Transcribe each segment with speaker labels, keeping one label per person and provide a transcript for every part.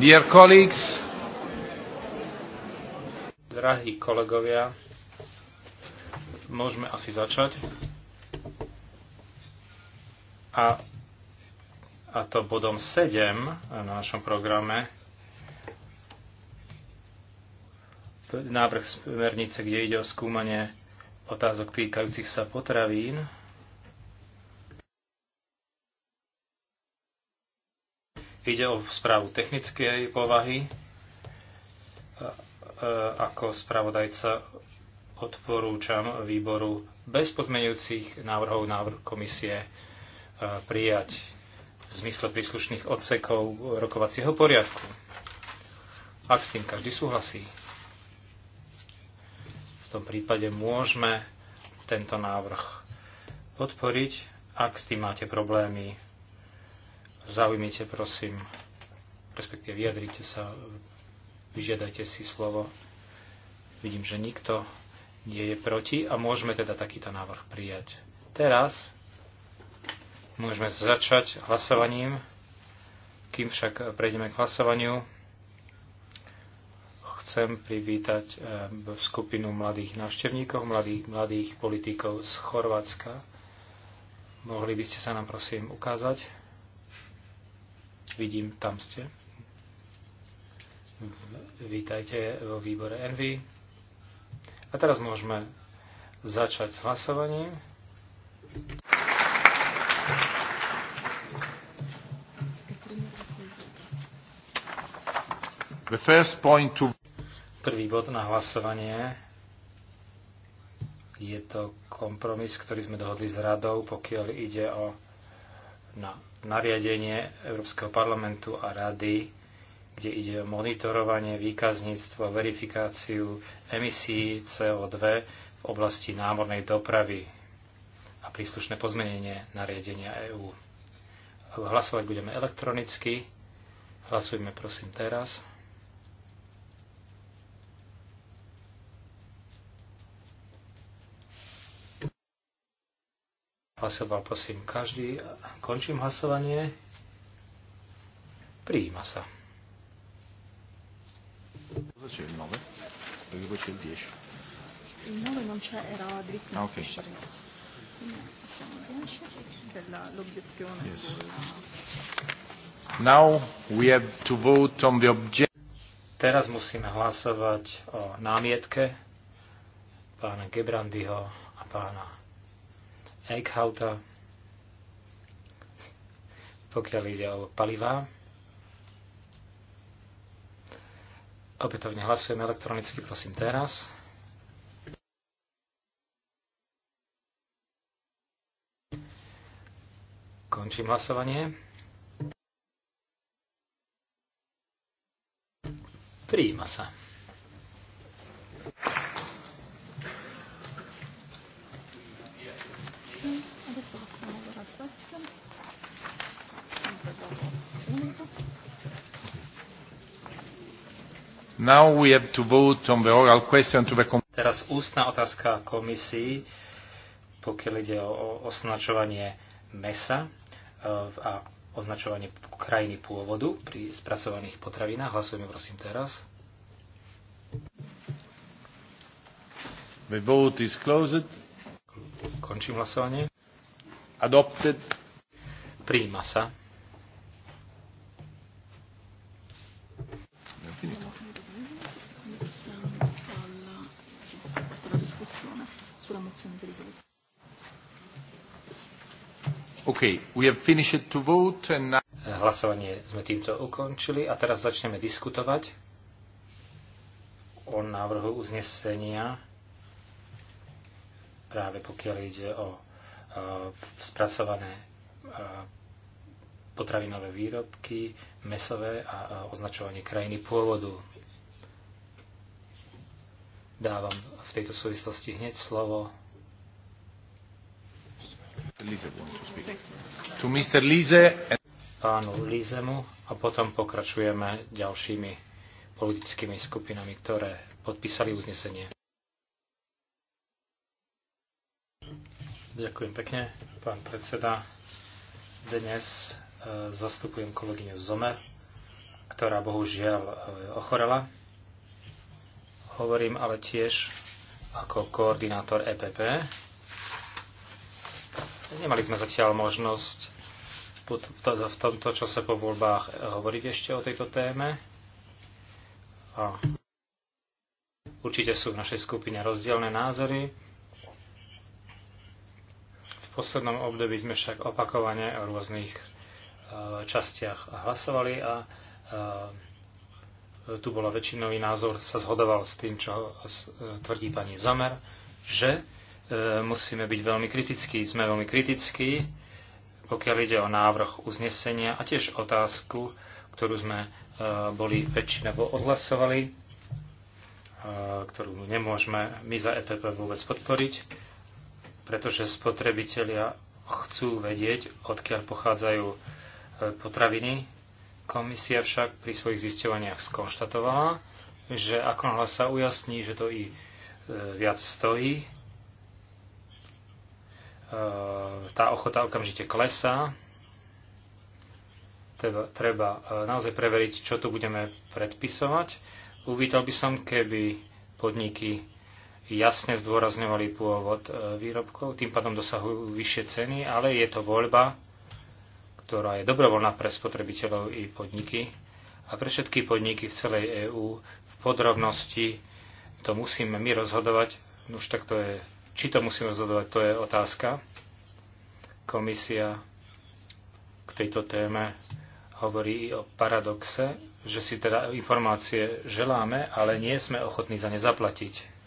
Speaker 1: Dear colleagues,
Speaker 2: drahí kolegovia, môžeme asi začať. A, a to bodom 7 na našom programe. Návrh smernice, kde ide o skúmanie otázok týkajúcich sa potravín Ide o správu technickej povahy. Ako spravodajca odporúčam výboru bez pozmenujúcich návrhov návrh komisie prijať v zmysle príslušných odsekov rokovacieho poriadku. Ak s tým každý súhlasí, v tom prípade môžeme tento návrh podporiť. Ak s tým máte problémy, Zaujmite, prosím, respektíve vyjadrite sa, vyžiadajte si slovo. Vidím, že nikto nie je proti a môžeme teda takýto návrh prijať. Teraz môžeme začať hlasovaním. Kým však prejdeme k hlasovaniu, chcem privítať eh, skupinu mladých návštevníkov, mladých, mladých politikov z Chorvátska. Mohli by ste sa nám prosím ukázať? vidím, tam ste. Vítajte vo výbore Envy. A teraz môžeme začať s hlasovaním.
Speaker 3: The first point to...
Speaker 2: Prvý bod na hlasovanie je to kompromis, ktorý sme dohodli s radou, pokiaľ ide o na nariadenie Európskeho parlamentu a rady, kde ide o monitorovanie, výkazníctvo, verifikáciu emisí CO2 v oblasti námornej dopravy a príslušné pozmenenie nariadenia EÚ. Hlasovať budeme elektronicky. Hlasujme prosím teraz. Hlasoval prosím každý. Končím hlasovanie. Prijíma sa.
Speaker 3: Ah, Now we have to vote on the
Speaker 2: Teraz musíme hlasovať o námietke pána Gebrandyho a pána Eichhauta, pokiaľ ide o palivá. Opätovne hlasujeme elektronicky, prosím, teraz. Končím hlasovanie. Prijíma sa. Now we have to vote on the oral question to the Teraz ústna otázka komisii, pokiaľ ide o označovanie mesa eh, a označovanie krajiny pôvodu pri spracovaných potravinách. Hlasujeme prosím teraz. The vote is closed. Končím hlasovanie. Adopted. prima sa.
Speaker 3: sulla Okay,
Speaker 2: we have finished to vote and now... Hlasovanie sme týmto ukončili a teraz začneme diskutovať o návrhu uznesenia práve pokiaľ ide o E, spracované e, potravinové výrobky, mesové a označovanie krajiny pôvodu. Dávam v tejto súvislosti hneď slovo pánu Lízemu a potom pokračujeme ďalšími politickými skupinami, ktoré podpísali uznesenie. Ďakujem pekne, pán predseda. Dnes e, zastupujem kolegyňu Zomer, ktorá bohužiaľ e, ochorela. Hovorím ale tiež ako koordinátor EPP. Nemali sme zatiaľ možnosť v tomto čase po voľbách e, hovoriť ešte o tejto téme. A určite sú v našej skupine rozdielne názory poslednom období sme však opakovane o rôznych e, častiach hlasovali a e, tu bola väčšinový názor, sa zhodoval s tým, čo e, tvrdí pani Zomer, že musíme byť veľmi kritickí. Sme veľmi kritickí, pokiaľ ide o návrh uznesenia a tiež otázku, ktorú sme boli väčšinovo odhlasovali, ktorú nemôžeme my za EPP vôbec podporiť pretože spotrebitelia chcú vedieť, odkiaľ pochádzajú e, potraviny. Komisia však pri svojich zisťovaniach skonštatovala, že ako sa ujasní, že to i e, viac stojí, e, tá ochota okamžite klesá. Teda treba naozaj preveriť, čo tu budeme predpisovať. Uvítal by som, keby podniky jasne zdôrazňovali pôvod e, výrobkov, tým pádom dosahujú vyššie ceny, ale je to voľba, ktorá je dobrovoľná pre spotrebiteľov i podniky a pre všetky podniky v celej EÚ v podrobnosti to musíme my rozhodovať, no už tak to je, či to musíme rozhodovať, to je otázka. Komisia k tejto téme hovorí o paradoxe, že si teda informácie želáme, ale nie sme ochotní za ne zaplatiť.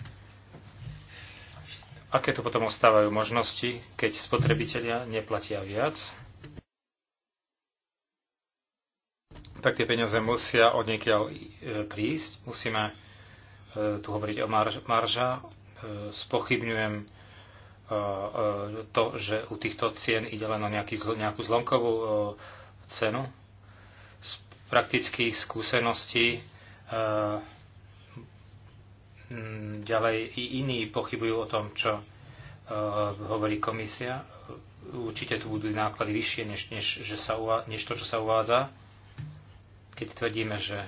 Speaker 2: Aké tu potom ostávajú možnosti, keď spotrebitelia neplatia viac? Tak tie peniaze musia od niekiaľ e, prísť. Musíme e, tu hovoriť o marža. E, spochybňujem to, že u týchto cien ide len o nejaký, nejakú zlomkovú cenu. Z praktických skúseností Mm, ďalej i iní pochybujú o tom, čo e, hovorí komisia. Určite tu budú náklady vyššie, než, než, že sa uva- než to, čo sa uvádza. Keď tvrdíme, že e,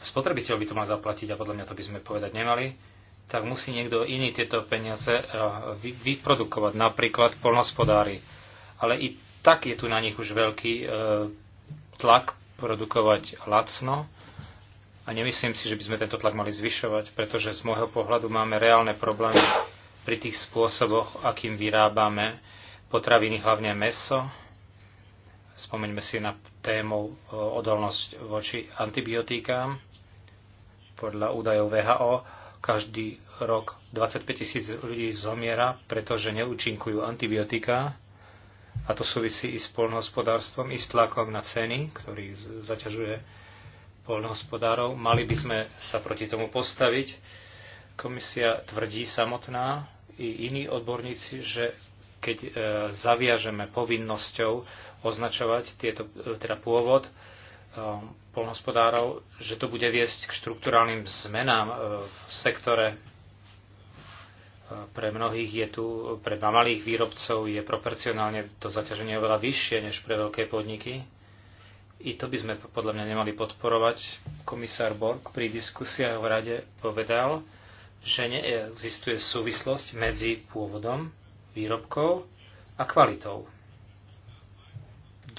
Speaker 2: spotrebiteľ by to mal zaplatiť a podľa mňa to by sme povedať nemali, tak musí niekto iný tieto peniaze e, vyprodukovať, napríklad polnospodári. Ale i tak je tu na nich už veľký tlak produkovať lacno a nemyslím si, že by sme tento tlak mali zvyšovať, pretože z môjho pohľadu máme reálne problémy pri tých spôsoboch, akým vyrábame potraviny, hlavne meso. Spomeňme si na tému e, odolnosť voči antibiotikám. Podľa údajov VHO každý rok 25 tisíc ľudí zomiera, pretože neúčinkujú antibiotika. A to súvisí i s polnohospodárstvom, i s tlakom na ceny, ktorý zaťažuje poľnohospodárov. Mali by sme sa proti tomu postaviť. Komisia tvrdí samotná i iní odborníci, že keď e, zaviažeme povinnosťou označovať tieto, e, teda pôvod e, že to bude viesť k štruktúrálnym zmenám e, v sektore. E, pre mnohých je tu, pre malých výrobcov je proporcionálne to zaťaženie oveľa vyššie než pre veľké podniky i to by sme podľa mňa nemali podporovať. Komisár Borg pri diskusiách v rade povedal, že neexistuje súvislosť medzi pôvodom výrobkov a kvalitou.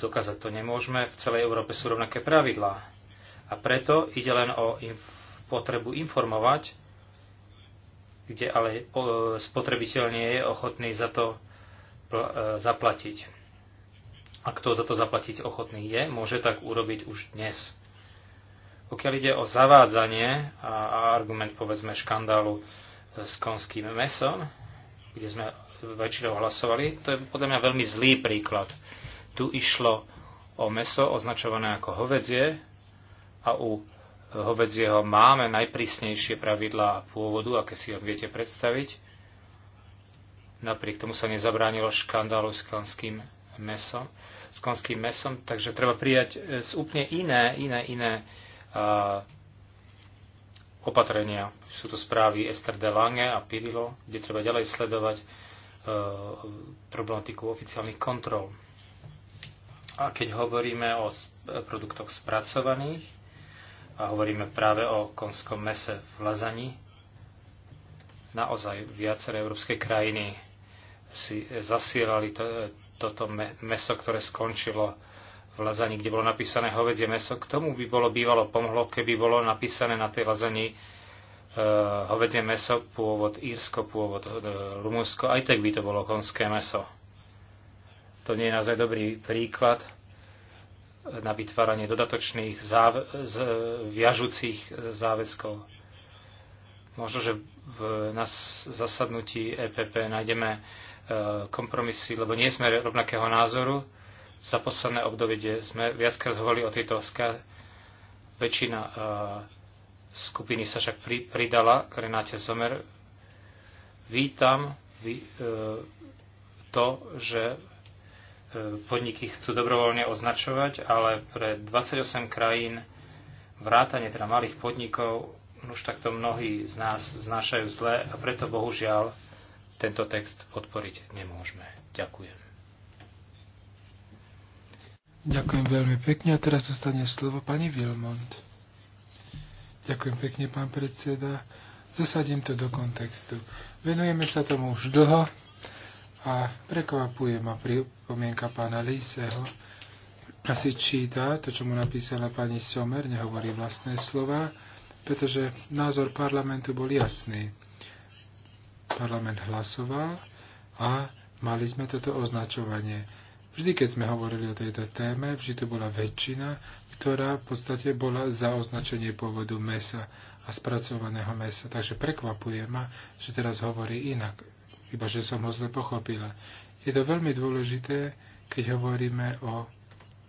Speaker 2: Dokázať to nemôžeme, v celej Európe sú rovnaké pravidlá. A preto ide len o inf- potrebu informovať, kde ale spotrebiteľ nie je ochotný za to e, zaplatiť a kto za to zaplatiť ochotný je, môže tak urobiť už dnes. Pokiaľ ide o zavádzanie a argument povedzme škandálu e, s konským mesom, kde sme väčšinou hlasovali, to je podľa mňa veľmi zlý príklad. Tu išlo o meso označované ako hovedzie a u hovedzieho máme najprísnejšie pravidlá pôvodu, aké si ho viete predstaviť. Napriek tomu sa nezabránilo škandálu s konským mesom s konským mesom, takže treba prijať e, z úplne iné, iné, iné uh, opatrenia. Sú to správy Ester de Lange a Pirilo, kde treba ďalej sledovať uh, problematiku oficiálnych kontrol. A keď hovoríme o produktoch spracovaných, a hovoríme práve o konskom mese v lazani, naozaj viaceré európske krajiny si zasielali toto meso, ktoré skončilo v lazani, kde bolo napísané hovedzie meso, k tomu by bolo bývalo pomohlo, keby bolo napísané na tej lazani uh, e, hovedzie meso, pôvod Írsko, pôvod uh, Rumunsko, aj tak by to bolo konské meso. To nie je naozaj dobrý príklad na vytváranie dodatočných záv- z, e, viažúcich záväzkov. Možno, že v, na zasadnutí EPP nájdeme kompromisy, lebo nie sme rovnakého názoru. Za posledné obdobie kde sme viackrát hovorili o tejto oska, Väčšina e, skupiny sa však pridala k Renáte Zomer. Vítam e, to, že e, podniky chcú dobrovoľne označovať, ale pre 28 krajín vrátane teda malých podnikov, už takto mnohí z nás znášajú zle a preto bohužiaľ tento text podporiť nemôžeme. Ďakujem.
Speaker 1: Ďakujem veľmi pekne a teraz zostane slovo pani Vilmont. Ďakujem pekne, pán predseda. Zasadím to do kontextu. Venujeme sa tomu už dlho a prekvapuje ma pripomienka pána Liseho. Asi číta to, čo mu napísala pani Somer, nehovorí vlastné slova, pretože názor parlamentu bol jasný parlament hlasoval a mali sme toto označovanie. Vždy, keď sme hovorili o tejto téme, vždy to bola väčšina, ktorá v podstate bola za označenie pôvodu mesa a spracovaného mesa. Takže prekvapuje ma, že teraz hovorí inak, iba že som ho zle pochopila. Je to veľmi dôležité, keď hovoríme o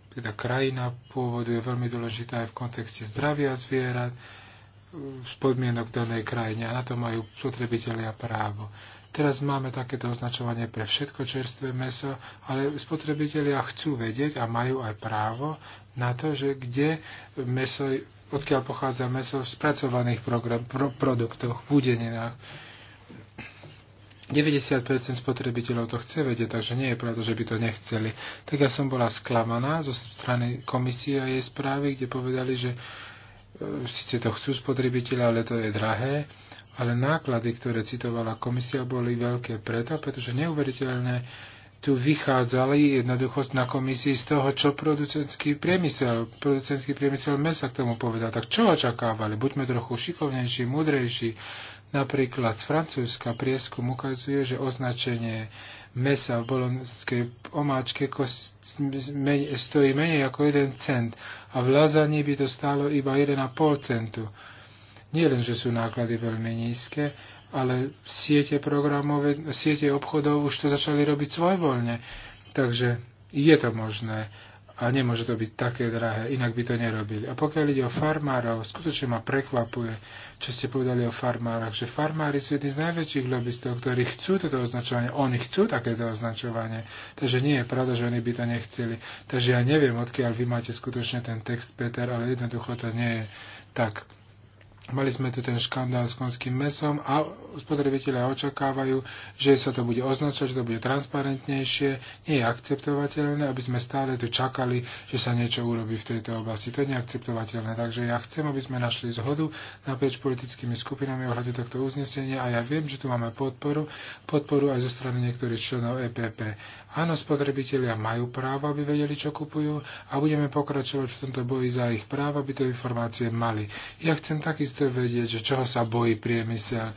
Speaker 1: teda krajina pôvodu je veľmi dôležitá aj v kontexte zdravia zvierat, z podmienok danej krajine a na to majú spotrebitelia právo. Teraz máme takéto označovanie pre všetko čerstvé meso, ale spotrebitelia chcú vedieť a majú aj právo na to, že kde meso, odkiaľ pochádza meso v spracovaných program, pro, produktoch, v údeninách. 90% spotrebiteľov to chce vedieť, takže nie je pravda, že by to nechceli. Tak ja som bola sklamaná zo strany komisie a jej správy, kde povedali, že E, síce to chcú spotrebiteľa ale to je drahé, ale náklady, ktoré citovala komisia, boli veľké preto, pretože neuveriteľné tu vychádzali jednoducho na komisii z toho, čo producentský priemysel, producentský priemysel mesa k tomu povedal. Tak čo očakávali? Buďme trochu šikovnejší, múdrejší. Napríklad z Francúzska prieskum ukazuje, že označenie mesa v bolonskej omáčke stojí menej ako 1 cent a v lazaní by to stálo iba 1,5 centu. Nie len, že sú náklady veľmi nízke, ale siete, programové, siete obchodov už to začali robiť svojvoľne. Takže je to možné a nemôže to byť také drahé, inak by to nerobili. A pokiaľ ide o farmárov, skutočne ma prekvapuje, čo ste povedali o farmároch, že farmári sú jedni z najväčších lobbystov, ktorí chcú toto označovanie, oni chcú takéto označovanie, takže nie je pravda, že oni by to nechceli. Takže ja neviem, odkiaľ vy máte skutočne ten text, Peter, ale jednoducho to nie je tak. Mali sme tu ten škandál s konským mesom a spotrebitelia očakávajú, že sa to bude označať, že to bude transparentnejšie. Nie je akceptovateľné, aby sme stále tu čakali, že sa niečo urobí v tejto oblasti. To je neakceptovateľné. Takže ja chcem, aby sme našli zhodu naprieč politickými skupinami ohľadne tohto uznesenia a ja viem, že tu máme podporu, podporu aj zo strany niektorých členov EPP. Áno, spotrebitelia majú právo, aby vedeli, čo kupujú a budeme pokračovať v tomto boji za ich právo, aby to informácie mali. Ja chcem takisto takisto vedieť, že čoho sa bojí priemysel.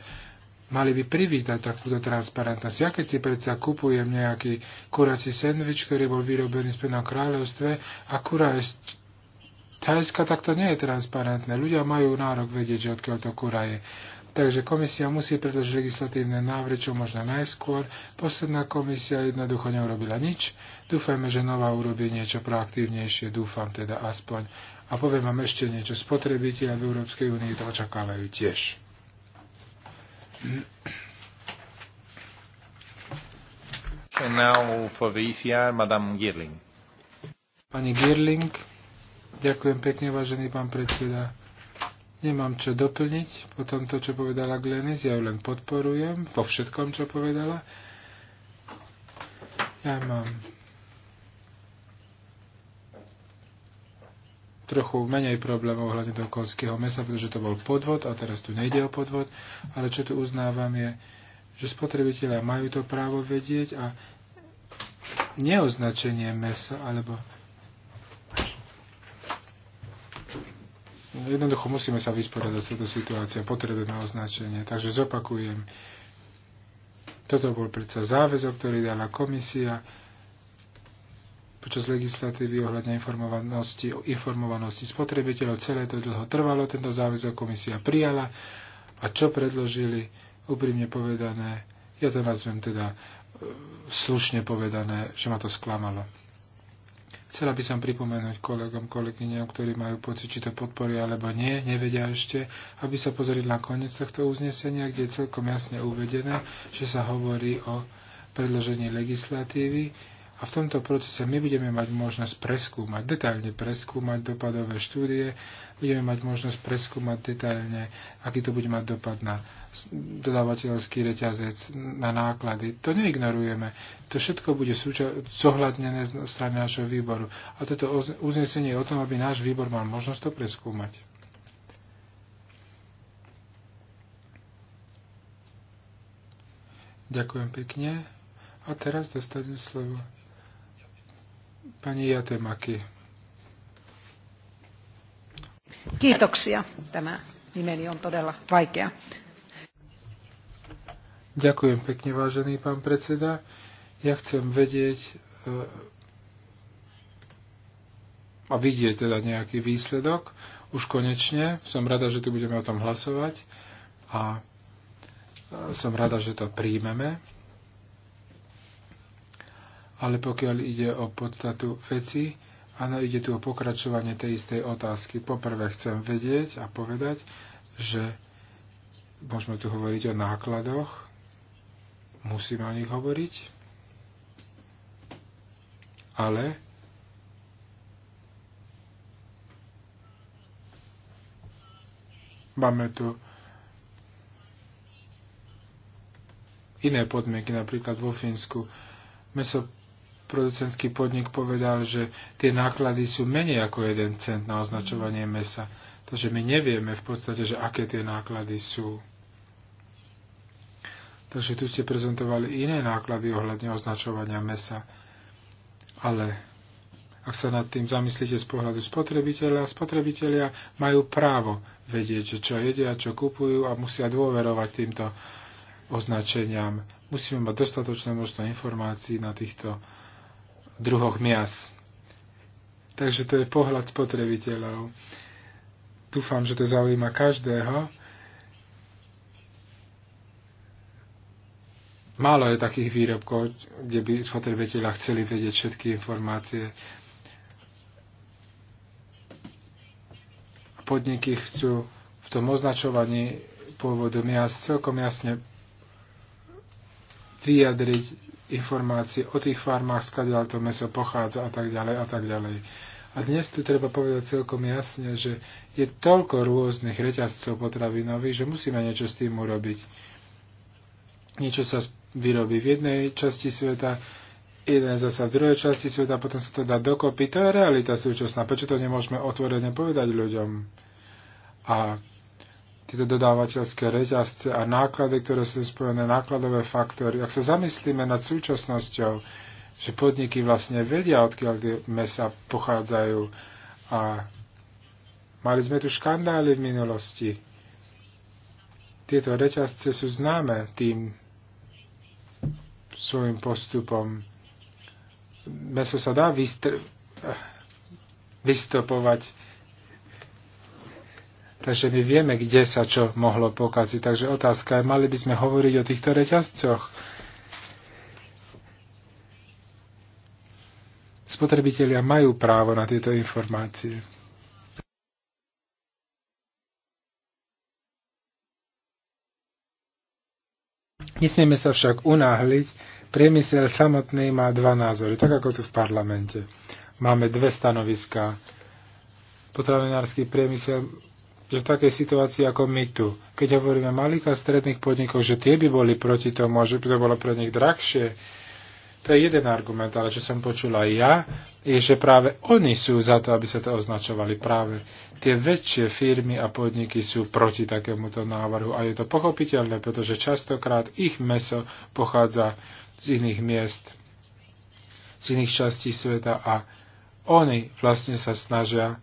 Speaker 1: Mali by privítať takúto transparentnosť. Ja keď si predsa kupujem nejaký kurací sendvič, ktorý bol vyrobený v Spojenom kráľovstve a kurá je z tak to nie je transparentné. Ľudia majú nárok vedieť, že odkiaľ to kura je. Takže komisia musí predložiť legislatívne návrhy čo možno najskôr. Posledná komisia jednoducho neurobila nič. Dúfajme, že nová urobí niečo proaktívnejšie, dúfam teda aspoň. A poviem vám ešte niečo. Spotrebitelia v Európskej únii to očakávajú tiež.
Speaker 2: And now for the ECR, Madame Girling.
Speaker 1: Pani Girling, ďakujem pekne, vážený pán predseda. Nemám čo doplniť po tomto, čo povedala Glenis. Ja ju len podporujem po všetkom, čo povedala. Ja mám trochu menej problémov ohľadne toho konského mesa, pretože to bol podvod a teraz tu nejde o podvod, ale čo tu uznávam je, že spotrebitelia majú to právo vedieť a neoznačenie mesa alebo no, Jednoducho musíme sa vysporiadať s touto situáciou, potrebujeme označenie. Takže zopakujem, toto bol predsa záväzok, ktorý dala komisia počas legislatívy ohľadne informovanosti, informovanosti spotrebiteľov. Celé to dlho trvalo, tento záväzok komisia prijala a čo predložili, úprimne povedané, ja to nazvem teda e, slušne povedané, že ma to sklamalo. Chcela by som pripomenúť kolegom, kolegyňom, ktorí majú pocit, či to podporia alebo nie, nevedia ešte, aby sa pozreli na koniec tohto uznesenia, kde je celkom jasne uvedené, že sa hovorí o predložení legislatívy, a v tomto procese my budeme mať možnosť preskúmať, detailne preskúmať dopadové štúdie, budeme mať možnosť preskúmať detailne, aký to bude mať dopad na dodávateľský reťazec, na náklady. To neignorujeme. To všetko bude zohľadnené z strany nášho výboru. A toto uznesenie je o tom, aby náš výbor mal možnosť to preskúmať. Ďakujem pekne. A teraz dostane slovo Pani Jatemaki.
Speaker 2: Kiitoksia. Tämä nimeni on todella vaikea.
Speaker 1: Ďakujem pekne, vážený pán predseda. Ja chcem vedieť eh, a vidieť teda nejaký výsledok. Už konečne. Som rada, že tu budeme o tom hlasovať a eh, som rada, že to príjmeme ale pokiaľ ide o podstatu veci, áno, ide tu o pokračovanie tej istej otázky. Poprvé chcem vedieť a povedať, že môžeme tu hovoriť o nákladoch, musíme o nich hovoriť, ale máme tu iné podmienky, napríklad vo Fínsku. Meso producentský podnik povedal, že tie náklady sú menej ako 1 cent na označovanie mesa. Takže my nevieme v podstate, že aké tie náklady sú. Takže tu ste prezentovali iné náklady ohľadne označovania mesa. Ale ak sa nad tým zamyslíte z pohľadu spotrebiteľa, spotrebitelia majú právo vedieť, že čo jedia, čo kupujú a musia dôverovať týmto označeniam. Musíme mať dostatočné množstvo informácií na týchto druhoch mias. Takže to je pohľad spotrebiteľov. Dúfam, že to zaujíma každého. Málo je takých výrobkov, kde by spotrebiteľa chceli vedieť všetky informácie. Podniky chcú v tom označovaní pôvodu miast celkom jasne vyjadriť informácie o tých farmách, skadiaľ to meso pochádza a tak ďalej a tak ďalej. A dnes tu treba povedať celkom jasne, že je toľko rôznych reťazcov potravinových, že musíme niečo s tým urobiť. Niečo sa vyrobí v jednej časti sveta, jeden zasa v druhej časti sveta, potom sa to dá dokopy. To je realita súčasná. Prečo to nemôžeme otvorene povedať ľuďom? A tieto dodávateľské reťazce a náklady, ktoré sú spojené, nákladové faktory. Ak sa zamyslíme nad súčasnosťou, že podniky vlastne vedia, odkiaľ tie mesa pochádzajú a mali sme tu škandály v minulosti. Tieto reťazce sú známe tým svojim postupom. Meso sa dá vystr- vystopovať Takže my vieme, kde sa čo mohlo pokaziť. Takže otázka je, mali by sme hovoriť o týchto reťazcoch. Spotrebitelia majú právo na tieto informácie. Nesmieme sa však unáhliť, priemysel samotný má dva názory, tak ako tu v parlamente. Máme dve stanoviská. Potravinársky priemysel že v takej situácii ako my tu, keď hovoríme o malých a stredných podnikoch, že tie by boli proti tomu, že by to bolo pre nich drahšie, to je jeden argument, ale čo som počul aj ja, je, že práve oni sú za to, aby sa to označovali. Práve tie väčšie firmy a podniky sú proti takémuto návrhu a je to pochopiteľné, pretože častokrát ich meso pochádza z iných miest, z iných častí sveta a oni vlastne sa snažia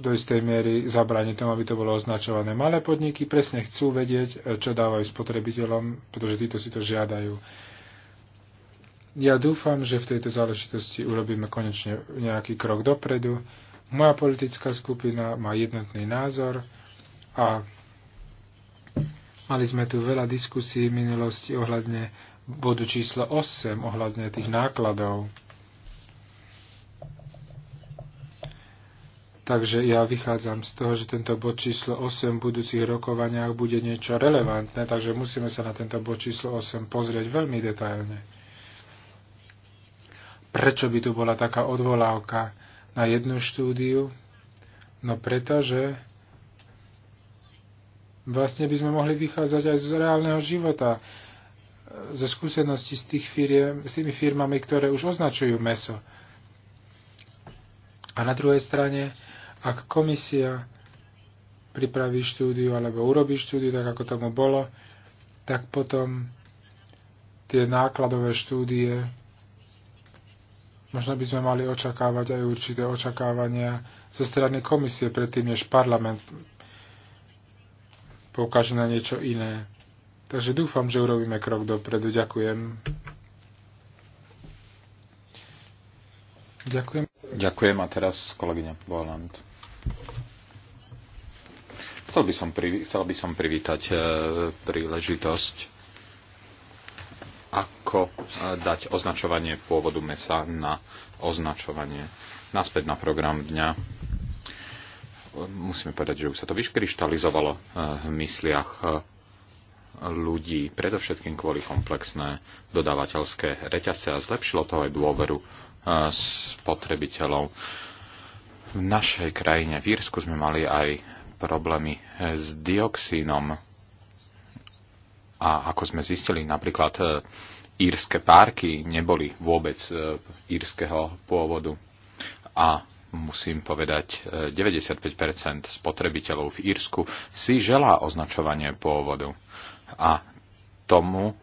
Speaker 1: do istej miery zabrániť tomu, aby to bolo označované. Malé podniky presne chcú vedieť, e, čo dávajú spotrebiteľom, pretože títo si to žiadajú. Ja dúfam, že v tejto záležitosti urobíme konečne nejaký krok dopredu. Moja politická skupina má jednotný názor a mali sme tu veľa diskusí v minulosti ohľadne bodu číslo 8, ohľadne tých nákladov Takže ja vychádzam z toho, že tento bod číslo 8 v budúcich rokovaniach bude niečo relevantné, takže musíme sa na tento bod číslo 8 pozrieť veľmi detailne. Prečo by tu bola taká odvolávka na jednu štúdiu? No pretože vlastne by sme mohli vychádzať aj z reálneho života, zo skúsenosti s, tých firiem, s tými firmami, ktoré už označujú meso. A na druhej strane ak komisia pripraví štúdiu alebo urobí štúdiu, tak ako tomu bolo, tak potom tie nákladové štúdie, možno by sme mali očakávať aj určité očakávania zo strany komisie predtým, než parlament poukáže na niečo iné. Takže dúfam, že urobíme krok dopredu. Ďakujem. Ďakujem.
Speaker 3: Ďakujem a teraz kolegyňa Boland. Chcel by som, privi- chcel by som privítať e, príležitosť ako e, dať označovanie pôvodu mesa na označovanie naspäť na program dňa. Musíme povedať, že už sa to vyškryštalizovalo e, v mysliach e, ľudí, predovšetkým kvôli komplexné dodávateľské reťazce a zlepšilo to aj dôveru spotrebiteľov. V našej krajine, v Írsku, sme mali aj problémy eh, s dioxínom. A ako sme zistili, napríklad eh, írske párky neboli vôbec eh, írskeho pôvodu. A musím povedať, 95% spotrebiteľov v Írsku si želá označovanie pôvodu. A tomu,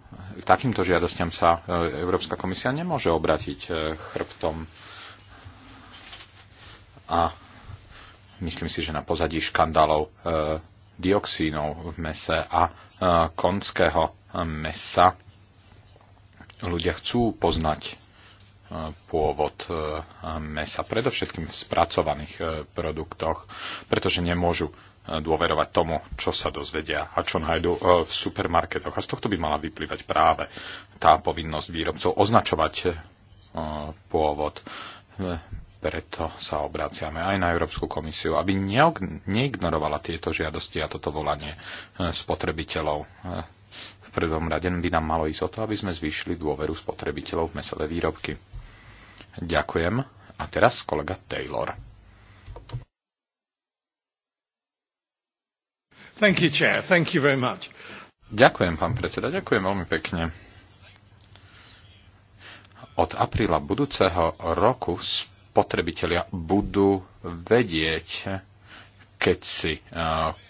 Speaker 3: takýmto žiadostiam sa Európska komisia nemôže obratiť chrbtom a myslím si, že na pozadí škandálov e, dioxínov v mese a e, konského mesa ľudia chcú poznať e, pôvod mesa, predovšetkým v spracovaných produktoch, pretože nemôžu dôverovať tomu, čo sa dozvedia a čo nájdu v supermarketoch. A z tohto by mala vyplývať práve tá povinnosť výrobcov označovať pôvod preto sa obráciame aj na Európsku komisiu, aby neignorovala tieto žiadosti a toto volanie eh, spotrebiteľov. Eh, v prvom rade by nám malo ísť o to, aby sme zvýšili dôveru spotrebiteľov v mesové výrobky. Ďakujem. A teraz kolega Taylor. Thank
Speaker 2: you, chair. Thank you very much.
Speaker 3: Ďakujem, pán predseda. Ďakujem veľmi pekne. Od apríla budúceho roku spotrebitelia budú vedieť, keď si eh,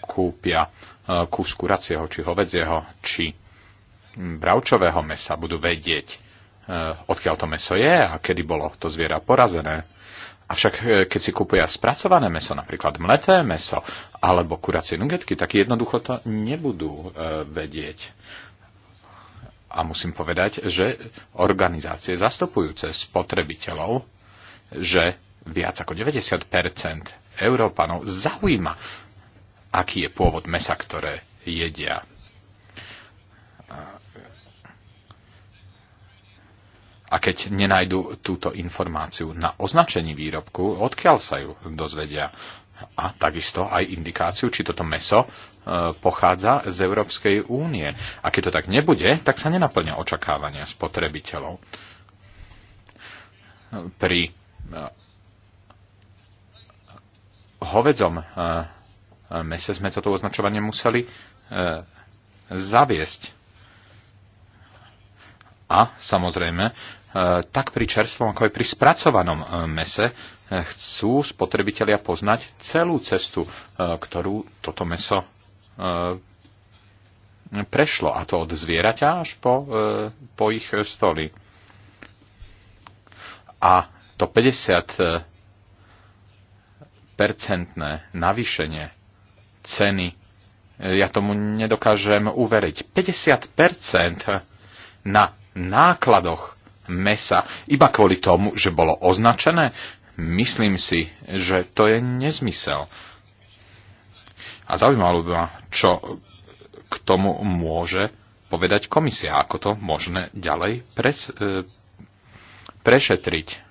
Speaker 3: kúpia eh, kus kuracieho, či hovedzieho, či bravčového mesa, budú vedieť, eh, odkiaľ to meso je a kedy bolo to zviera porazené. Avšak keď si kúpia spracované meso, napríklad mleté meso alebo kuracie nugetky, tak jednoducho to nebudú vedieť. A musím povedať, že organizácie zastupujúce spotrebiteľov že viac ako 90 Európanov zaujíma, aký je pôvod mesa, ktoré jedia. A keď nenajdu túto informáciu na označení výrobku, odkiaľ sa ju dozvedia? A takisto aj indikáciu, či toto meso e, pochádza z Európskej únie. A keď to tak nebude, tak sa nenaplňa očakávania spotrebiteľov. Pri E, hovedzom e, e, mese sme toto označovanie museli zaviesť. A samozrejme, tak pri čerstvom, ako aj pri spracovanom mese chcú spotrebitelia poznať celú cestu, ktorú toto meso prešlo, a to od zvieraťa až po, po ich stoli. A to 50-percentné navýšenie ceny, ja tomu nedokážem uveriť. 50% na nákladoch mesa iba kvôli tomu, že bolo označené? Myslím si, že to je nezmysel. A zaujímalo by ma, čo k tomu môže povedať komisia, ako to možné ďalej pres, e, prešetriť.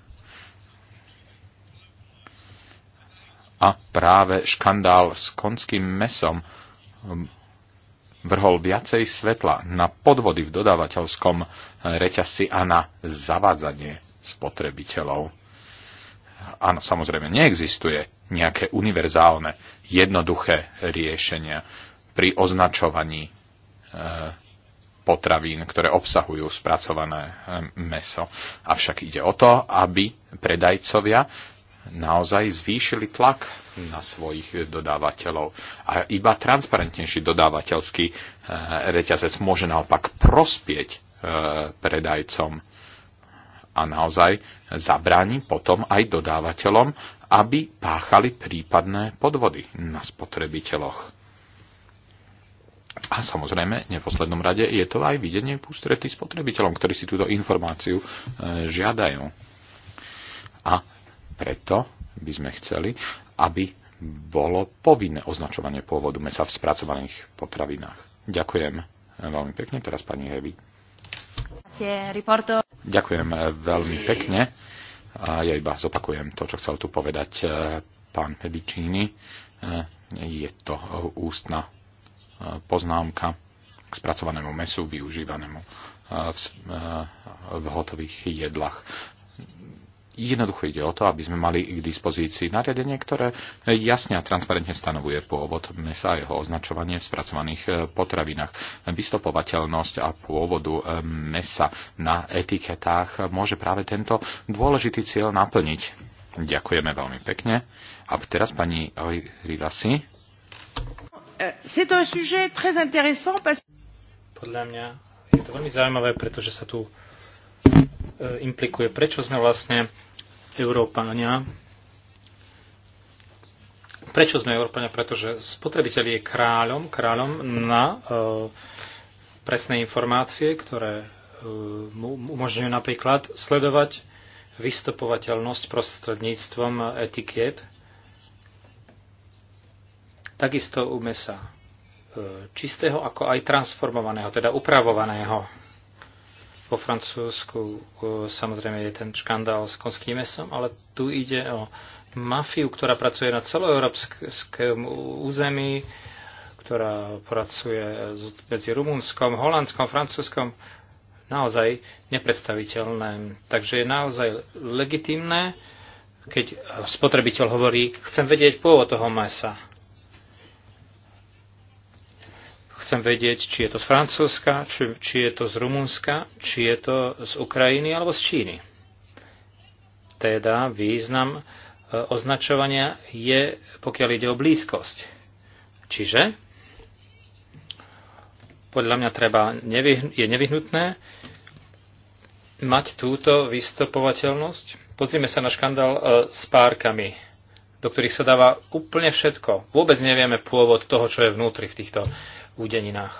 Speaker 3: a práve škandál s konským mesom um, vrhol viacej svetla na podvody v dodávateľskom eh, reťazci a na zavádzanie spotrebiteľov. Áno, samozrejme, neexistuje nejaké univerzálne, jednoduché riešenia pri označovaní eh, potravín, ktoré obsahujú spracované eh, meso. Avšak ide o to, aby predajcovia naozaj zvýšili tlak na svojich dodávateľov. A iba transparentnejší dodávateľský e, reťazec môže naopak prospieť e, predajcom a naozaj zabráni potom aj dodávateľom, aby páchali prípadné podvody na spotrebiteľoch. A samozrejme, v neposlednom rade je to aj videnie v ústretí spotrebiteľom, ktorí si túto informáciu e, žiadajú. A preto by sme chceli, aby bolo povinné označovanie pôvodu mesa v spracovaných potravinách. Ďakujem veľmi pekne. Teraz pani Hevi. Ďakujem veľmi pekne. A ja iba zopakujem to, čo chcel tu povedať e, pán Pedicini. E, je to ústna e, poznámka k spracovanému mesu využívanému v, v hotových jedlách. Jednoducho ide o to, aby sme mali k dispozícii nariadenie, ktoré jasne a transparentne stanovuje pôvod mesa a jeho označovanie v spracovaných e, potravinách. Vystopovateľnosť a pôvodu e, mesa na etiketách môže práve tento dôležitý cieľ naplniť. Ďakujeme veľmi pekne. A teraz pani Rivasi.
Speaker 2: E, Podľa mňa je to veľmi zaujímavé, pretože sa tu implikuje, prečo sme vlastne Európania. Prečo sme Európania? Pretože spotrebiteľ je kráľom, kráľom na e, presné informácie, ktoré e, mu umožňujú napríklad sledovať vystupovateľnosť prostredníctvom etikiet. Takisto u mesa eh, čistého, ako aj transformovaného, teda upravovaného vo Francúzsku e, samozrejme je ten škandál s konským mesom, ale tu ide o mafiu, ktorá pracuje na celoeurópskom území, ktorá pracuje medzi Rumunskom, Holandskom, Francúzskom, naozaj nepredstaviteľné. Takže je naozaj legitimné, keď spotrebiteľ hovorí, chcem vedieť pôvod toho mesa. Chcem vedieť, či je to z Francúzska, či, či je to z Rumunska, či je to z Ukrajiny alebo z Číny. Teda význam e, označovania je, pokiaľ ide o blízkosť. Čiže podľa mňa treba, je nevyhnutné mať túto vystopovateľnosť. Pozrime sa na škandál e, s párkami, do ktorých sa dáva úplne všetko. Vôbec nevieme pôvod toho, čo je vnútri v týchto údeninách.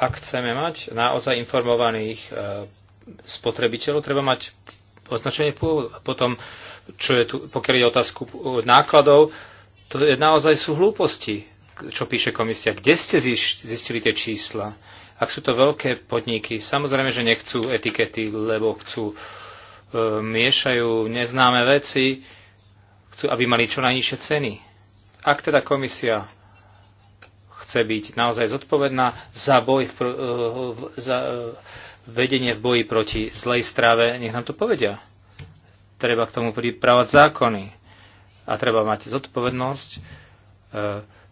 Speaker 2: Ak chceme mať naozaj informovaných e, spotrebiteľov, treba mať označenie pôvodu. A potom, čo je tu, pokiaľ je otázku nákladov, to je, naozaj sú hlúposti, čo píše komisia. Kde ste zistili tie čísla? Ak sú to veľké podniky, samozrejme, že nechcú etikety, lebo chcú, e, miešajú neznáme veci, chcú, aby mali čo najnižšie ceny. Ak teda komisia chce byť naozaj zodpovedná za boj, v, za e, vedenie v boji proti zlej strave, nech nám to povedia. Treba k tomu pripravať zákony a treba mať zodpovednosť. E,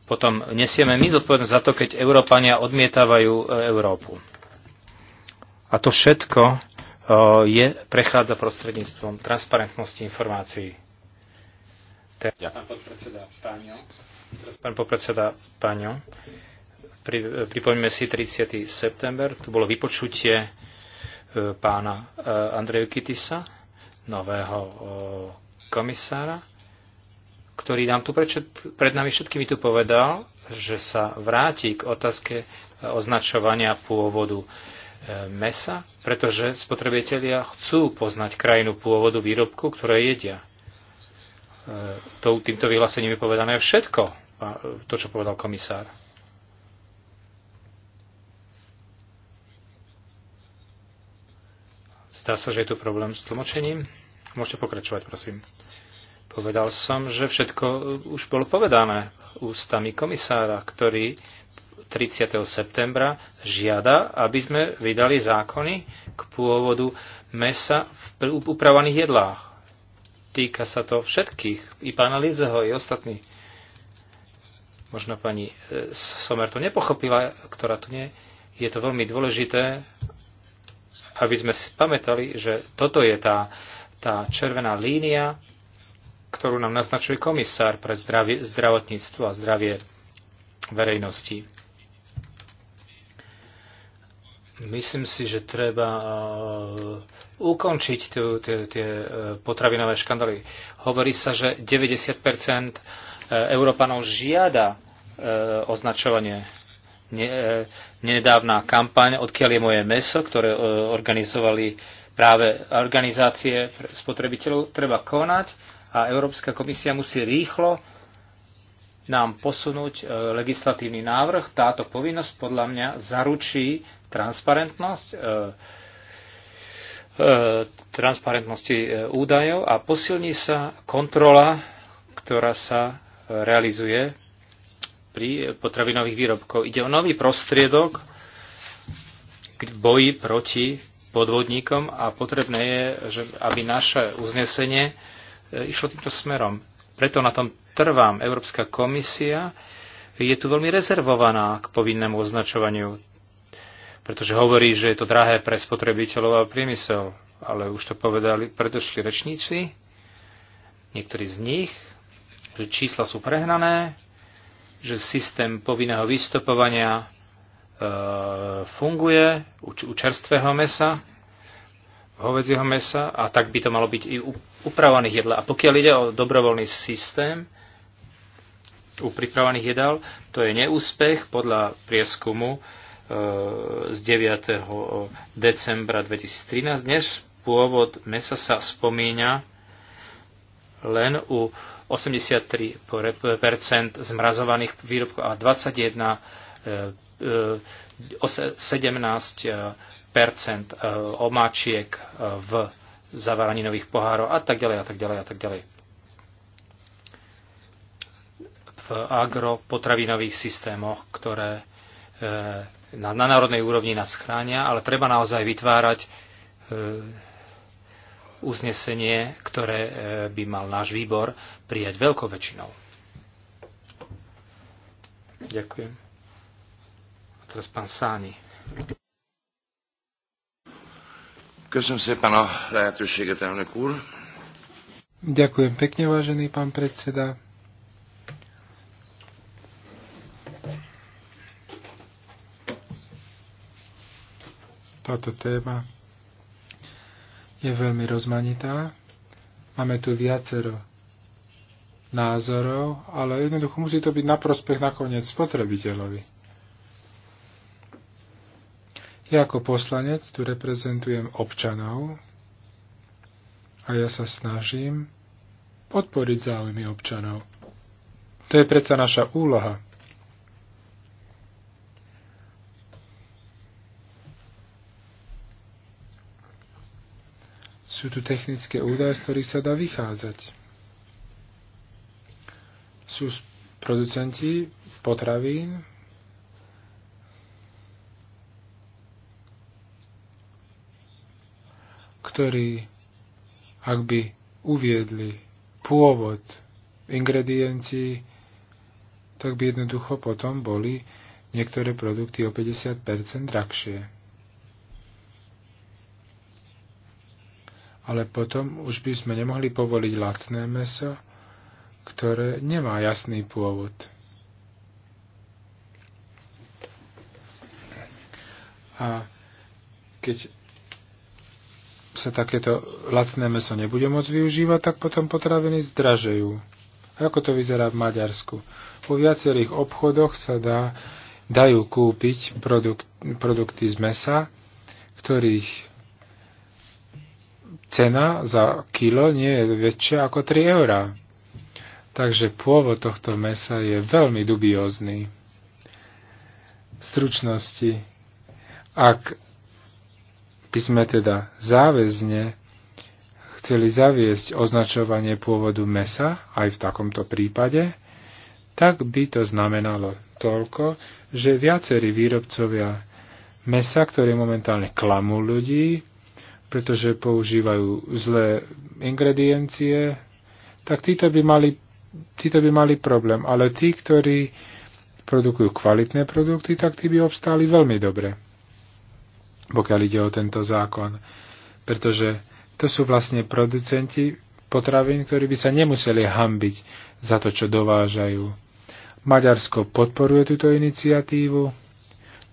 Speaker 2: potom nesieme my zodpovednosť za to, keď Európania odmietávajú e, Európu. A to všetko je, prechádza prostredníctvom transparentnosti informácií. Ďakujem, pán podpredseda Páňo. Pán popredseda, Paňo, pri, pripoňme si 30. september, tu bolo vypočutie e, pána e, Andreju Kitisa, nového komisára, ktorý nám tu pred, pred nami všetkými tu povedal, že sa vráti k otázke e, označovania pôvodu mesa, pretože spotrebitelia chcú poznať krajinu pôvodu výrobku, ktoré jedia. Týmto vyhlásením je povedané všetko. E, to, čo povedal komisár. Zdá sa, že je tu problém s tlmočením. Môžete pokračovať, prosím. Povedal som, že všetko e, už bolo povedané ústami komisára, ktorý 30. septembra žiada, aby sme vydali zákony k pôvodu mesa v upravovaných jedlách. Týka sa to všetkých, i pána Lizeho, i ostatných. Možno pani e, Somer to nepochopila, ktorá tu nie. Je to veľmi dôležité, aby sme si pamätali, že toto je tá, tá červená línia, ktorú nám naznačuje komisár pre zdravie, zdravotníctvo a zdravie verejnosti. Myslím si, že treba e, ukončiť tie e, potravinové škandály. Hovorí sa, že 90 Európanov žiada e, označovanie. E, nedávna kampaň Odkiaľ je moje meso, ktoré e, organizovali práve organizácie spotrebiteľov, treba konať a Európska komisia musí rýchlo nám posunúť legislatívny návrh. Táto povinnosť podľa mňa zaručí transparentnosť, transparentnosti údajov a posilní sa kontrola, ktorá sa realizuje pri potravinových výrobkoch. Ide o nový prostriedok k boji proti podvodníkom a potrebné je, že aby naše uznesenie e, išlo týmto smerom. Preto na tom trvám. Európska komisia je tu veľmi rezervovaná k povinnému označovaniu, pretože hovorí, že je to drahé pre spotrebiteľov a priemysel. Ale už to povedali predošli rečníci, niektorí z nich, že čísla sú prehnané, že systém povinného vystupovania e, funguje u, u čerstvého mesa, hovedzieho mesa a tak by to malo byť i u upravovaných jedl. A pokiaľ ide o dobrovoľný systém u pripravených jedál, to je neúspech podľa prieskumu e, z 9. decembra 2013. Dnes pôvod mesa sa spomína len u 83 zmrazovaných výrobkov a 21 17 e, e, e, omáčiek v zavaraninových pohárov a tak ďalej a tak ďalej a tak ďalej. V agropotravinových systémoch, ktoré na, na národnej úrovni nás chránia, ale treba naozaj vytvárať uznesenie, ktoré e, by mal náš výbor prijať veľkou väčšinou. Ďakujem. A teraz pán Sáni. Ďakujem sa, a lehetőséget,
Speaker 3: elnök úr.
Speaker 1: Ďakujem pekne, vážený pán predseda. Táto téma je veľmi rozmanitá. Máme tu viacero názorov, ale jednoducho musí to byť na prospech nakoniec spotrebiteľovi. Ja ako poslanec tu reprezentujem občanov a ja sa snažím podporiť záujmy občanov. To je predsa naša úloha. Sú tu technické údaje, z ktorých sa dá vychádzať. Sú producenti potravín, ktorí, ak by uviedli pôvod ingrediencií, tak by jednoducho potom boli niektoré produkty o 50% drahšie. ale potom už by sme nemohli povoliť lacné meso, ktoré nemá jasný pôvod. A keď sa takéto lacné meso nebude môcť využívať, tak potom potraviny zdražejú. Ako to vyzerá v Maďarsku? Po viacerých obchodoch sa dá, dajú kúpiť produkt, produkty z mesa, ktorých cena za kilo nie je väčšia ako 3 eurá. Takže pôvod tohto mesa je veľmi dubiózny. V stručnosti, ak by sme teda záväzne chceli zaviesť označovanie pôvodu mesa aj v takomto prípade, tak by to znamenalo toľko, že viacerí výrobcovia mesa, ktorí momentálne klamú ľudí, pretože používajú zlé ingrediencie, tak títo by mali, títo by mali problém. Ale tí, ktorí produkujú kvalitné produkty, tak tí by obstáli veľmi dobre, pokiaľ ide o tento zákon. Pretože to sú vlastne producenti potravín, ktorí by sa nemuseli hambiť za to, čo dovážajú. Maďarsko podporuje túto iniciatívu,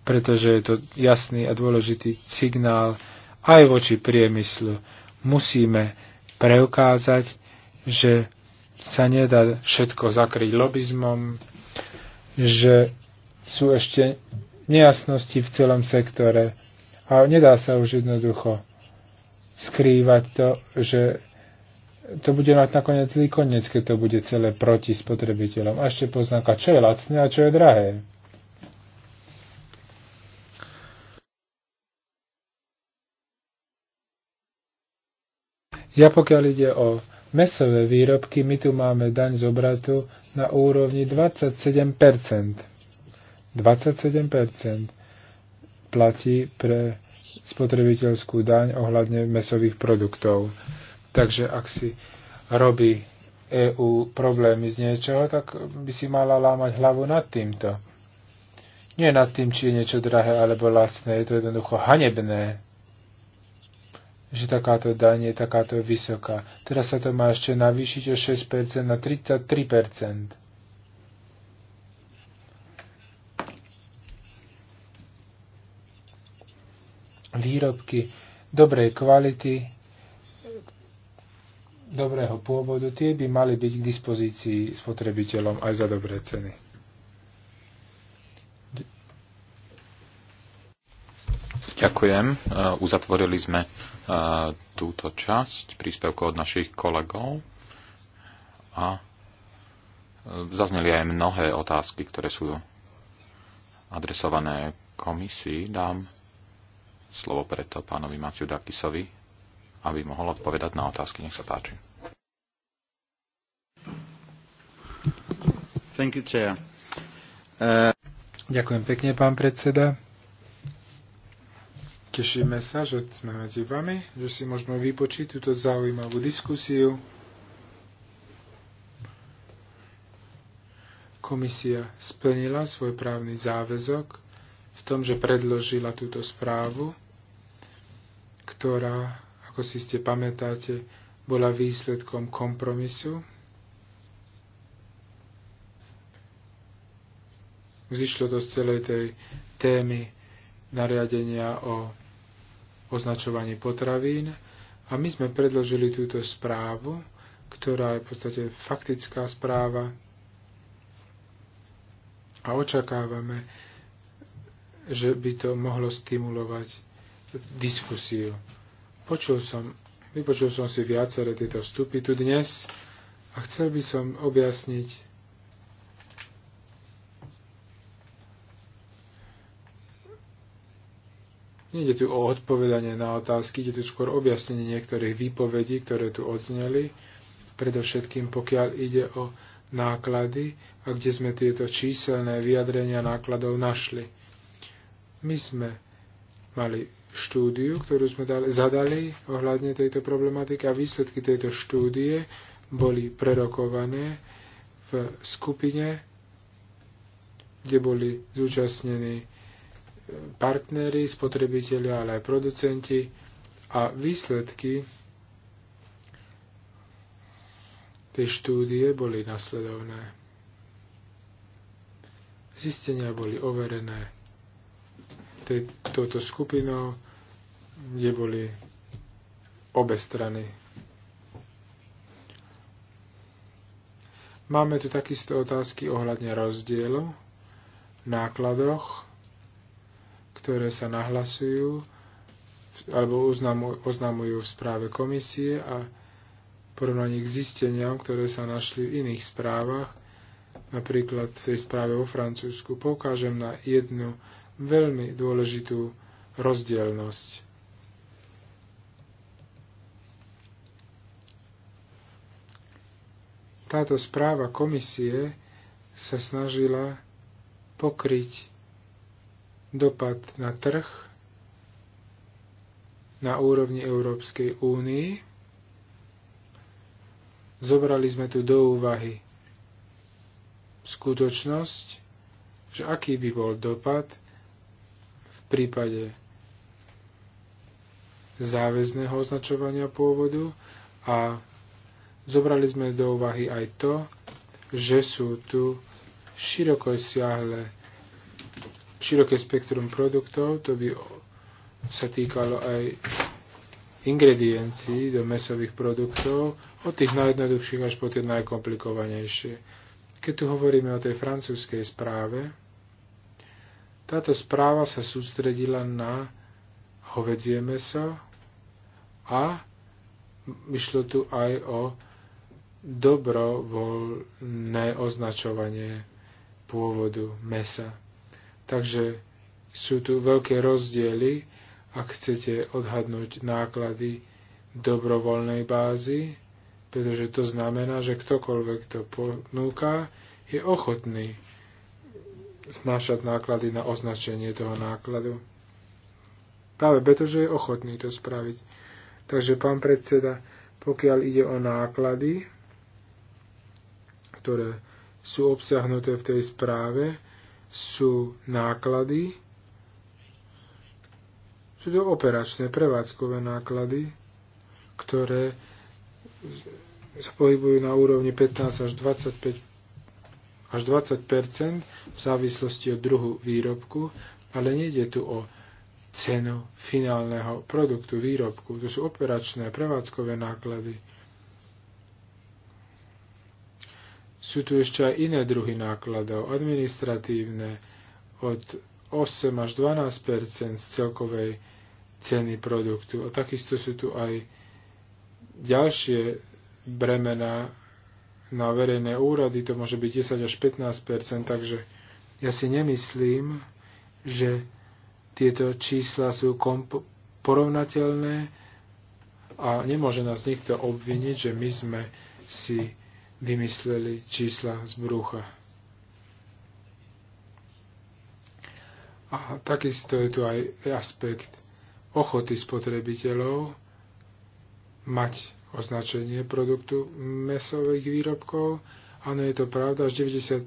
Speaker 1: pretože je to jasný a dôležitý signál aj voči priemyslu. Musíme preukázať, že sa nedá všetko zakryť lobizmom, že sú ešte nejasnosti v celom sektore a nedá sa už jednoducho skrývať to, že to bude mať nakoniec zlý koniec, keď to bude celé proti spotrebiteľom. A ešte poznáka, čo je lacné a čo je drahé. Ja pokiaľ ide o mesové výrobky, my tu máme daň z obratu na úrovni 27%. 27% platí pre spotrebiteľskú daň ohľadne mesových produktov. Takže ak si robí EU problémy z niečoho, tak by si mala lámať hlavu nad týmto. Nie nad tým, či je niečo drahé alebo lacné, je to jednoducho hanebné že takáto daň je takáto vysoká. Teraz sa to má ešte navýšiť o 6% na 33%. Výrobky dobrej kvality, dobrého pôvodu, tie by mali byť k dispozícii spotrebiteľom aj za dobré ceny.
Speaker 3: Ďakujem. E, uzatvorili sme e, túto časť príspevkov od našich kolegov a e, zazneli aj mnohé otázky, ktoré sú adresované komisii. Dám slovo preto pánovi Maciu Dakisovi, aby mohol odpovedať na otázky. Nech sa páči.
Speaker 1: Thank you, chair. Uh... Ďakujem pekne, pán predseda. Tešíme sa, že sme medzi vami, že si môžeme vypočiť túto zaujímavú diskusiu. Komisia splnila svoj právny záväzok v tom, že predložila túto správu, ktorá, ako si ste pamätáte, bola výsledkom kompromisu. Vzýšlo to z celej tej témy nariadenia o označovaní potravín a my sme predložili túto správu, ktorá je v podstate faktická správa a očakávame, že by to mohlo stimulovať diskusiu. Počul som, vypočul som si viaceré tieto vstupy tu dnes a chcel by som objasniť Nejde tu o odpovedanie na otázky, ide tu skôr objasnenie niektorých výpovedí, ktoré tu odzneli, predovšetkým pokiaľ ide o náklady a kde sme tieto číselné vyjadrenia nákladov našli. My sme mali štúdiu, ktorú sme dali, zadali ohľadne tejto problematiky a výsledky tejto štúdie boli prerokované v skupine, kde boli zúčastnení partnery, spotrebitelia, ale aj producenti a výsledky tej štúdie boli nasledovné. Zistenia boli overené tej, touto skupinou, kde boli obe strany. Máme tu takisto otázky ohľadne rozdielu, nákladoch ktoré sa nahlasujú alebo oznamujú, oznamujú v správe komisie a porovnaní k zisteniam, ktoré sa našli v iných správach, napríklad v tej správe o Francúzsku, poukážem na jednu veľmi dôležitú rozdielnosť. Táto správa komisie sa snažila pokryť dopad na trh na úrovni Európskej únii. Zobrali sme tu do úvahy skutočnosť, že aký by bol dopad v prípade záväzného označovania pôvodu a zobrali sme do úvahy aj to, že sú tu široko siahle široké spektrum produktov, to by sa týkalo aj ingrediencií do mesových produktov, od tých najjednoduchších až po tie najkomplikovanejšie. Keď tu hovoríme o tej francúzskej správe, táto správa sa sústredila na hovedzie meso a išlo tu aj o dobrovoľné označovanie pôvodu mesa. Takže sú tu veľké rozdiely, ak chcete odhadnúť náklady dobrovoľnej bázy, pretože to znamená, že ktokoľvek to ponúka, je ochotný znášať náklady na označenie toho nákladu. Práve preto, že je ochotný to spraviť. Takže, pán predseda, pokiaľ ide o náklady, ktoré sú obsiahnuté v tej správe, sú náklady, sú to operačné prevádzkové náklady, ktoré sa pohybujú na úrovni 15 až 25 až 20 v závislosti od druhu výrobku, ale nejde tu o cenu finálneho produktu, výrobku. To sú operačné prevádzkové náklady. Sú tu ešte aj iné druhy nákladov, administratívne, od 8 až 12 z celkovej ceny produktu. A takisto sú tu aj ďalšie bremena na verejné úrady, to môže byť 10 až 15 takže ja si nemyslím, že tieto čísla sú porovnateľné a nemôže nás nikto obviniť, že my sme si vymysleli čísla z brucha. A takisto je tu aj aspekt ochoty spotrebiteľov mať označenie produktu mesových výrobkov. Áno, je to pravda, až 90%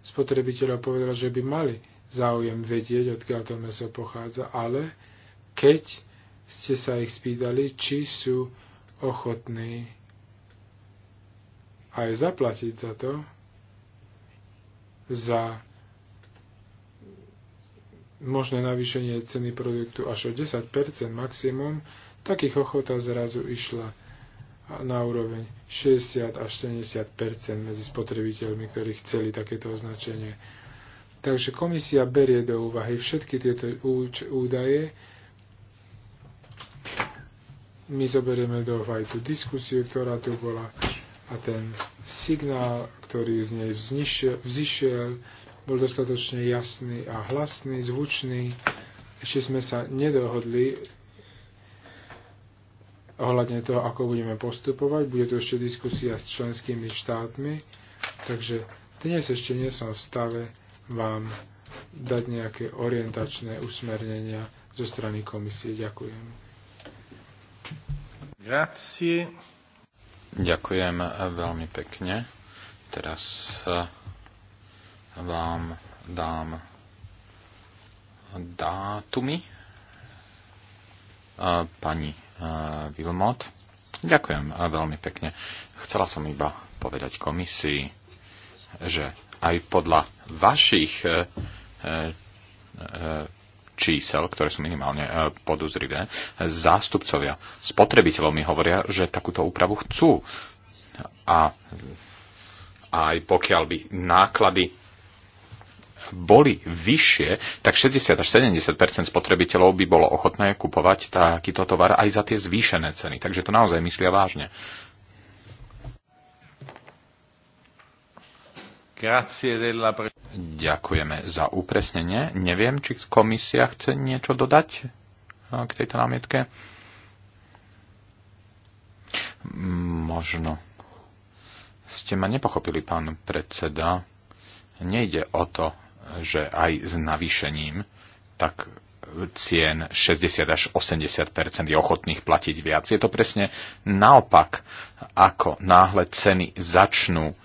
Speaker 1: spotrebiteľa povedalo, že by mali záujem vedieť, odkiaľ to meso pochádza, ale keď ste sa ich spýtali, či sú ochotní aj zaplatiť za to, za možné navýšenie ceny produktu až o 10% maximum, takých ochota zrazu išla na úroveň 60 až 70 medzi spotrebiteľmi, ktorí chceli takéto označenie. Takže komisia berie do úvahy všetky tieto údaje. My zoberieme do úvahy tú diskusiu, ktorá tu bola a ten signál, ktorý z nej vzýšiel, bol dostatočne jasný a hlasný, zvučný. Ešte sme sa nedohodli ohľadne toho, ako budeme postupovať. Bude to ešte diskusia s členskými štátmi, takže dnes ešte nie som v stave vám dať nejaké orientačné usmernenia zo strany komisie. Ďakujem. Grazie.
Speaker 3: Ďakujem veľmi pekne. Teraz eh, vám dám dátumy eh, pani Vilmot. Eh, Ďakujem veľmi pekne. Chcela som iba povedať komisii, že aj podľa vašich čísel, ktoré sú minimálne e, podozrivé, zástupcovia spotrebiteľov mi hovoria, že takúto úpravu chcú. A aj pokiaľ by náklady boli vyššie, tak 60 až 70 spotrebiteľov by bolo ochotné kupovať takýto tovar aj za tie zvýšené ceny. Takže to naozaj myslia vážne. Grazie della Ďakujeme za upresnenie. Neviem, či komisia chce niečo dodať e, k tejto námietke. Možno. Ste ma nepochopili, pán predseda. Nejde o to, že aj s navýšením tak cien 60 až 80 je ochotných platiť viac. Je to presne naopak, ako náhle ceny začnú e,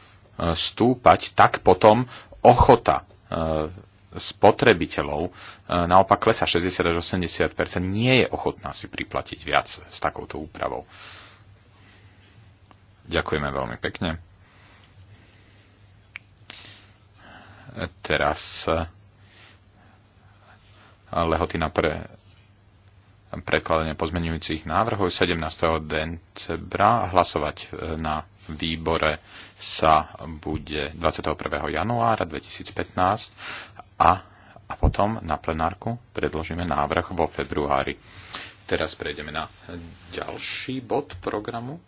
Speaker 3: stúpať, tak potom ochota eh, spotrebiteľov eh, naopak klesa 60 až 80 nie je ochotná si priplatiť viac s takouto úpravou. Ďakujeme veľmi pekne. Teraz eh, lehotina pre predkladanie pozmenujúcich návrhov 17. decembra hlasovať na výbore sa bude 21. januára 2015 a, a potom na plenárku predložíme návrh vo februári. Teraz prejdeme na ďalší bod programu.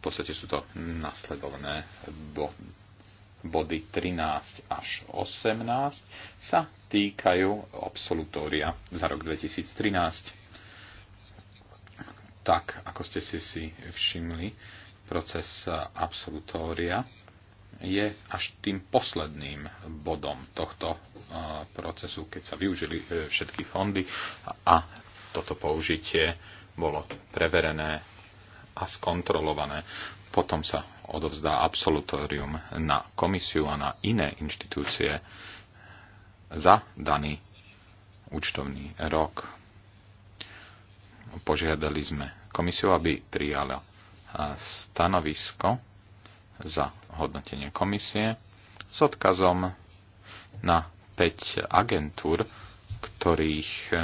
Speaker 3: V podstate sú to nasledovné body body 13 až 18 sa týkajú absolutória za rok 2013 tak, ako ste si si všimli, proces absolutória je až tým posledným bodom tohto e, procesu, keď sa využili e, všetky fondy a toto použitie bolo preverené a skontrolované. Potom sa odovzdá absolutórium na komisiu a na iné inštitúcie za daný účtovný rok. Požiadali sme komisiu, aby prijala stanovisko za hodnotenie komisie s odkazom na 5 agentúr, ktorých e,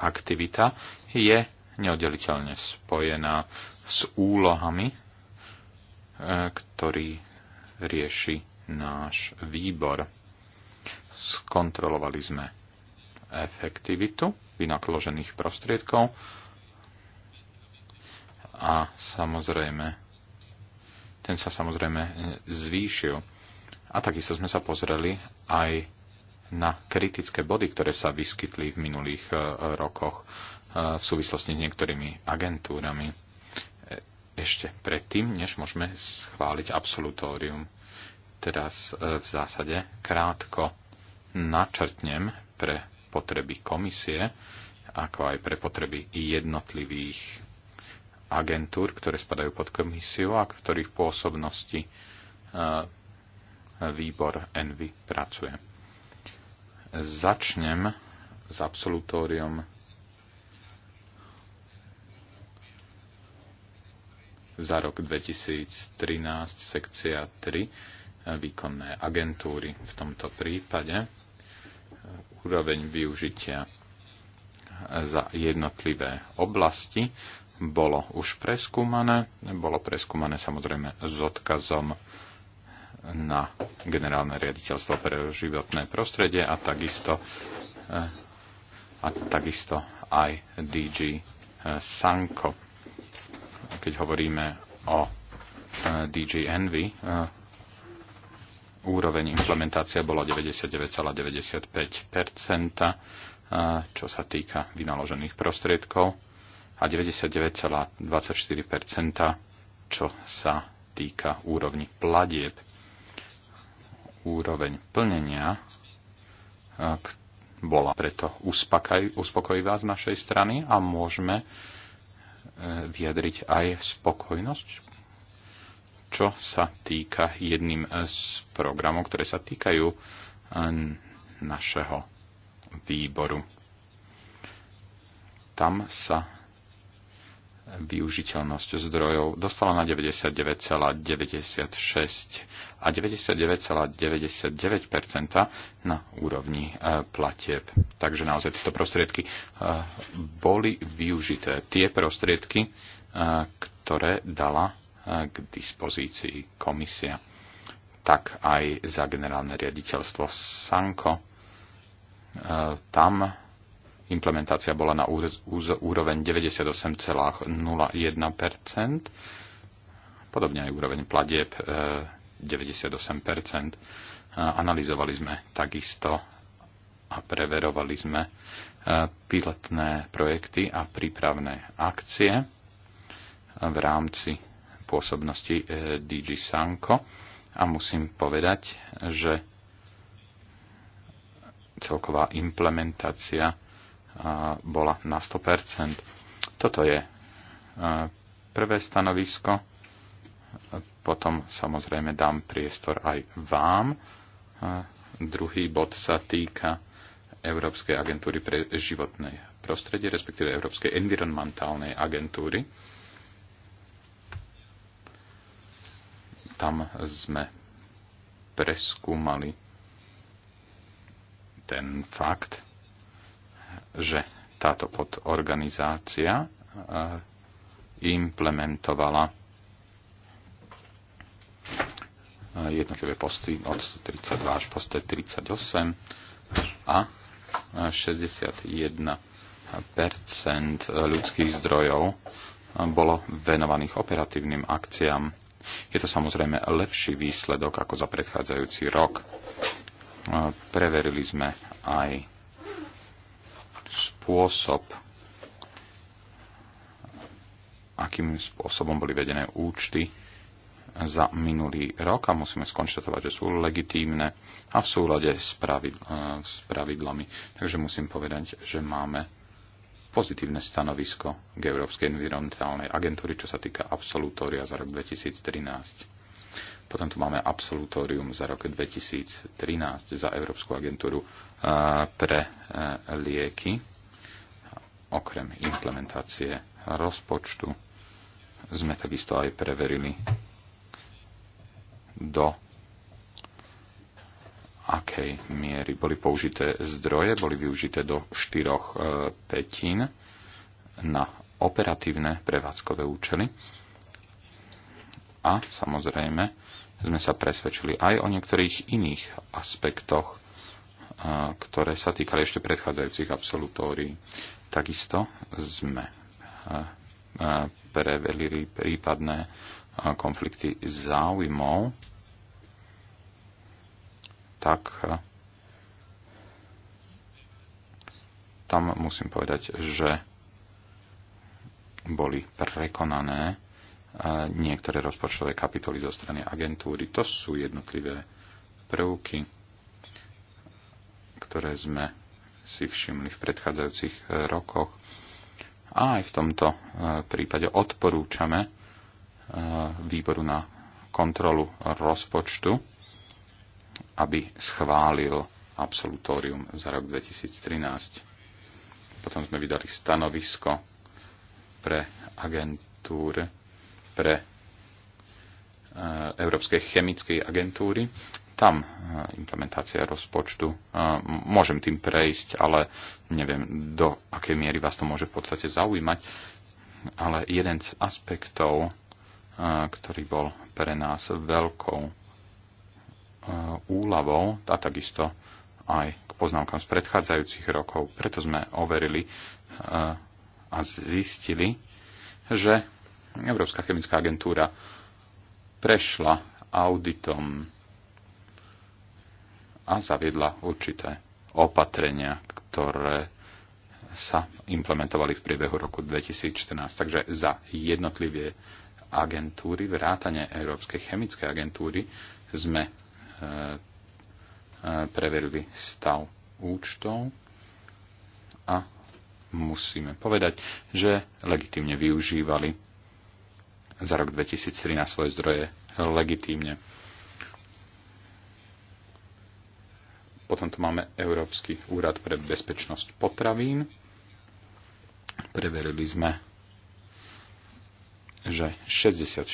Speaker 3: aktivita je neoddeliteľne spojená s úlohami, e, ktorý rieši náš výbor. Skontrolovali sme efektivitu vynakložených prostriedkov, a samozrejme, ten sa samozrejme e, zvýšil. A takisto sme sa pozreli aj na kritické body, ktoré sa vyskytli v minulých e, rokoch e, v súvislosti s niektorými agentúrami ešte predtým, než môžeme schváliť absolutórium. Teraz v zásade krátko načrtnem pre potreby komisie, ako aj pre potreby jednotlivých agentúr, ktoré spadajú pod komisiu a ktorých pôsobnosti e, výbor Envy pracuje. Začnem s absolutórium za rok 2013 sekcia 3 e, výkonné agentúry v tomto prípade úroveň využitia e, za jednotlivé oblasti bolo už preskúmané. Bolo preskúmané samozrejme s odkazom na generálne riaditeľstvo pre životné prostredie a takisto, eh, a takisto aj DG eh, Sanko. Keď hovoríme o eh, DG Envy, úroveň implementácie bola 99,95%, čo sa týka vynaložených prostriedkov a 99,24 čo sa týka úrovni platieb. Úroveň plnenia e, bola preto uspokojivá z našej strany a môžeme e, vyjadriť aj spokojnosť, čo sa týka jedným z programov, ktoré sa týkajú e, našeho výboru. Tam sa využiteľnosť zdrojov dostala na 99,96 a 99,99% na úrovni e, platieb. Takže naozaj tieto prostriedky e, boli využité. Tie prostriedky, e, ktoré dala k dispozícii komisia. Tak aj za generálne riaditeľstvo Sanko. Tam implementácia bola na úroveň 98,01%, podobne aj úroveň platieb 98%. E, e, Analizovali sme takisto a preverovali sme e, pilotné projekty a prípravné akcie v rámci pôsobnosti DG Sanko a musím povedať, že celková implementácia bola na 100%. Toto je e, prvé stanovisko. Potom samozrejme dám priestor aj vám. E, druhý bod sa týka Európskej agentúry pre životné prostredie, respektíve Európskej environmentálnej agentúry. Tam sme preskúmali ten fakt, že táto podorganizácia e, implementovala e, jednotlivé posty od 32 až po 38 a 61 e, ľudských zdrojov bolo venovaných operatívnym akciám. Je to samozrejme lepší výsledok ako za predchádzajúci rok. Preverili sme aj spôsob, akým spôsobom boli vedené účty za minulý rok a musíme skonštatovať, že sú legitímne a v súlade s, pravidl- eh, s pravidlami. Takže musím povedať, že máme pozitívne stanovisko k Európskej environmentálnej agentúry, čo sa týka absolutória za rok 2013. Potom tu máme absolutórium za rok 2013 za Európsku agentúru e, pre e, lieky, okrem implementácie rozpočtu sme takisto aj preverili, do akej miery boli použité zdroje, boli využité do štyroch e, petín na operatívne prevádzkové účely a samozrejme sme sa presvedčili aj o niektorých iných aspektoch, ktoré sa týkali ešte predchádzajúcich absolutórií. Takisto sme prevelili prípadné konflikty záujmov, tak tam musím povedať, že boli prekonané niektoré rozpočtové kapitoly zo strany agentúry. To sú jednotlivé prvky, ktoré sme si všimli v predchádzajúcich e, rokoch. A aj v tomto e, prípade odporúčame e, výboru na kontrolu rozpočtu, aby schválil absolutórium za rok 2013. Potom sme vydali stanovisko pre agentúry pre e, Európskej chemickej agentúry. Tam e, implementácia rozpočtu, e, môžem tým prejsť, ale neviem, do akej miery vás to môže v podstate zaujímať. Ale jeden z aspektov, ktorý bol pre nás veľkou úľavou a takisto aj k poznámkam z predchádzajúcich rokov. Preto sme overili a zistili, že Európska chemická agentúra prešla auditom a zaviedla určité opatrenia, ktoré sa implementovali v priebehu roku 2014. Takže za jednotlivé agentúry, vrátane Európskej chemickej agentúry, sme e, e, preverili stav účtov a musíme povedať, že legitimne využívali za rok 2003 na svoje zdroje legitímne. Potom tu máme Európsky úrad pre bezpečnosť potravín. Preverili sme, že 64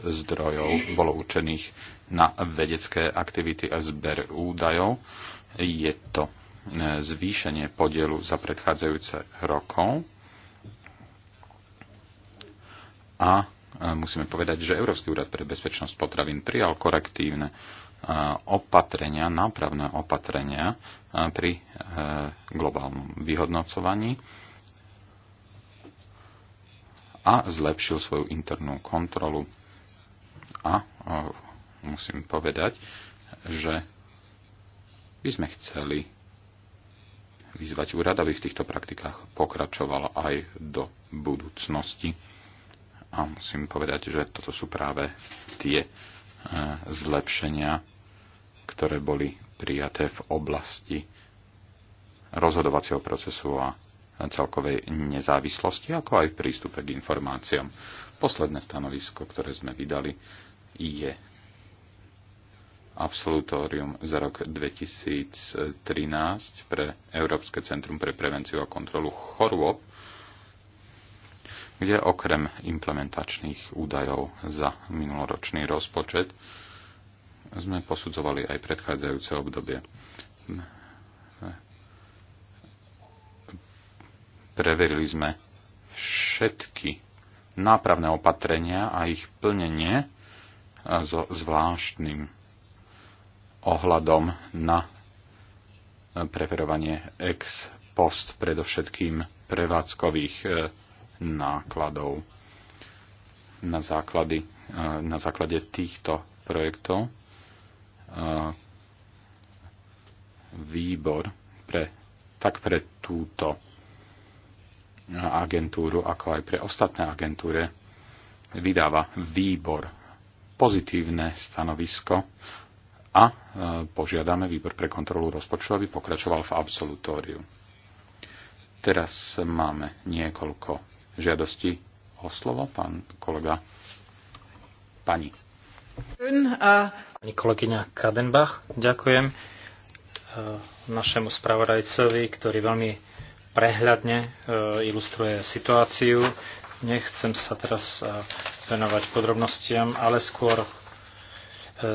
Speaker 3: zdrojov bolo určených na vedecké aktivity a zber údajov. Je to e, zvýšenie podielu za predchádzajúce rokov a e, musíme povedať, že Európsky úrad pre bezpečnosť potravín prijal korektívne e, opatrenia, nápravné opatrenia e, pri globálnom vyhodnocovaní a zlepšil svoju internú kontrolu. A musím povedať, že by sme chceli vyzvať úrad, aby v týchto praktikách pokračoval aj do budúcnosti. A musím povedať, že toto sú práve tie e, zlepšenia, ktoré boli prijaté v oblasti rozhodovacieho procesu a celkovej nezávislosti, ako aj prístupe k informáciám. Posledné stanovisko, ktoré sme vydali, je absolutórium za rok 2013 pre Európske centrum pre prevenciu a kontrolu chorôb, kde okrem implementačných údajov za minuloročný rozpočet sme posudzovali aj predchádzajúce obdobie. Preverili sme všetky nápravné opatrenia a ich plnenie so zvláštnym ohľadom na preferovanie ex post, predovšetkým prevádzkových eh, nákladov. Na, základy, na základe týchto projektov výbor pre, tak pre túto agentúru, ako aj pre ostatné agentúre, vydáva výbor pozitívne stanovisko a e, požiadame výbor pre kontrolu rozpočtu, aby pokračoval v absolutóriu. Teraz máme niekoľko žiadosti o slovo. Pán kolega, pani. Pani
Speaker 2: kolegyňa Kadenbach, ďakujem e, našemu spravodajcovi, ktorý veľmi prehľadne e, ilustruje situáciu. Nechcem sa teraz e, venovať podrobnostiam, ale skôr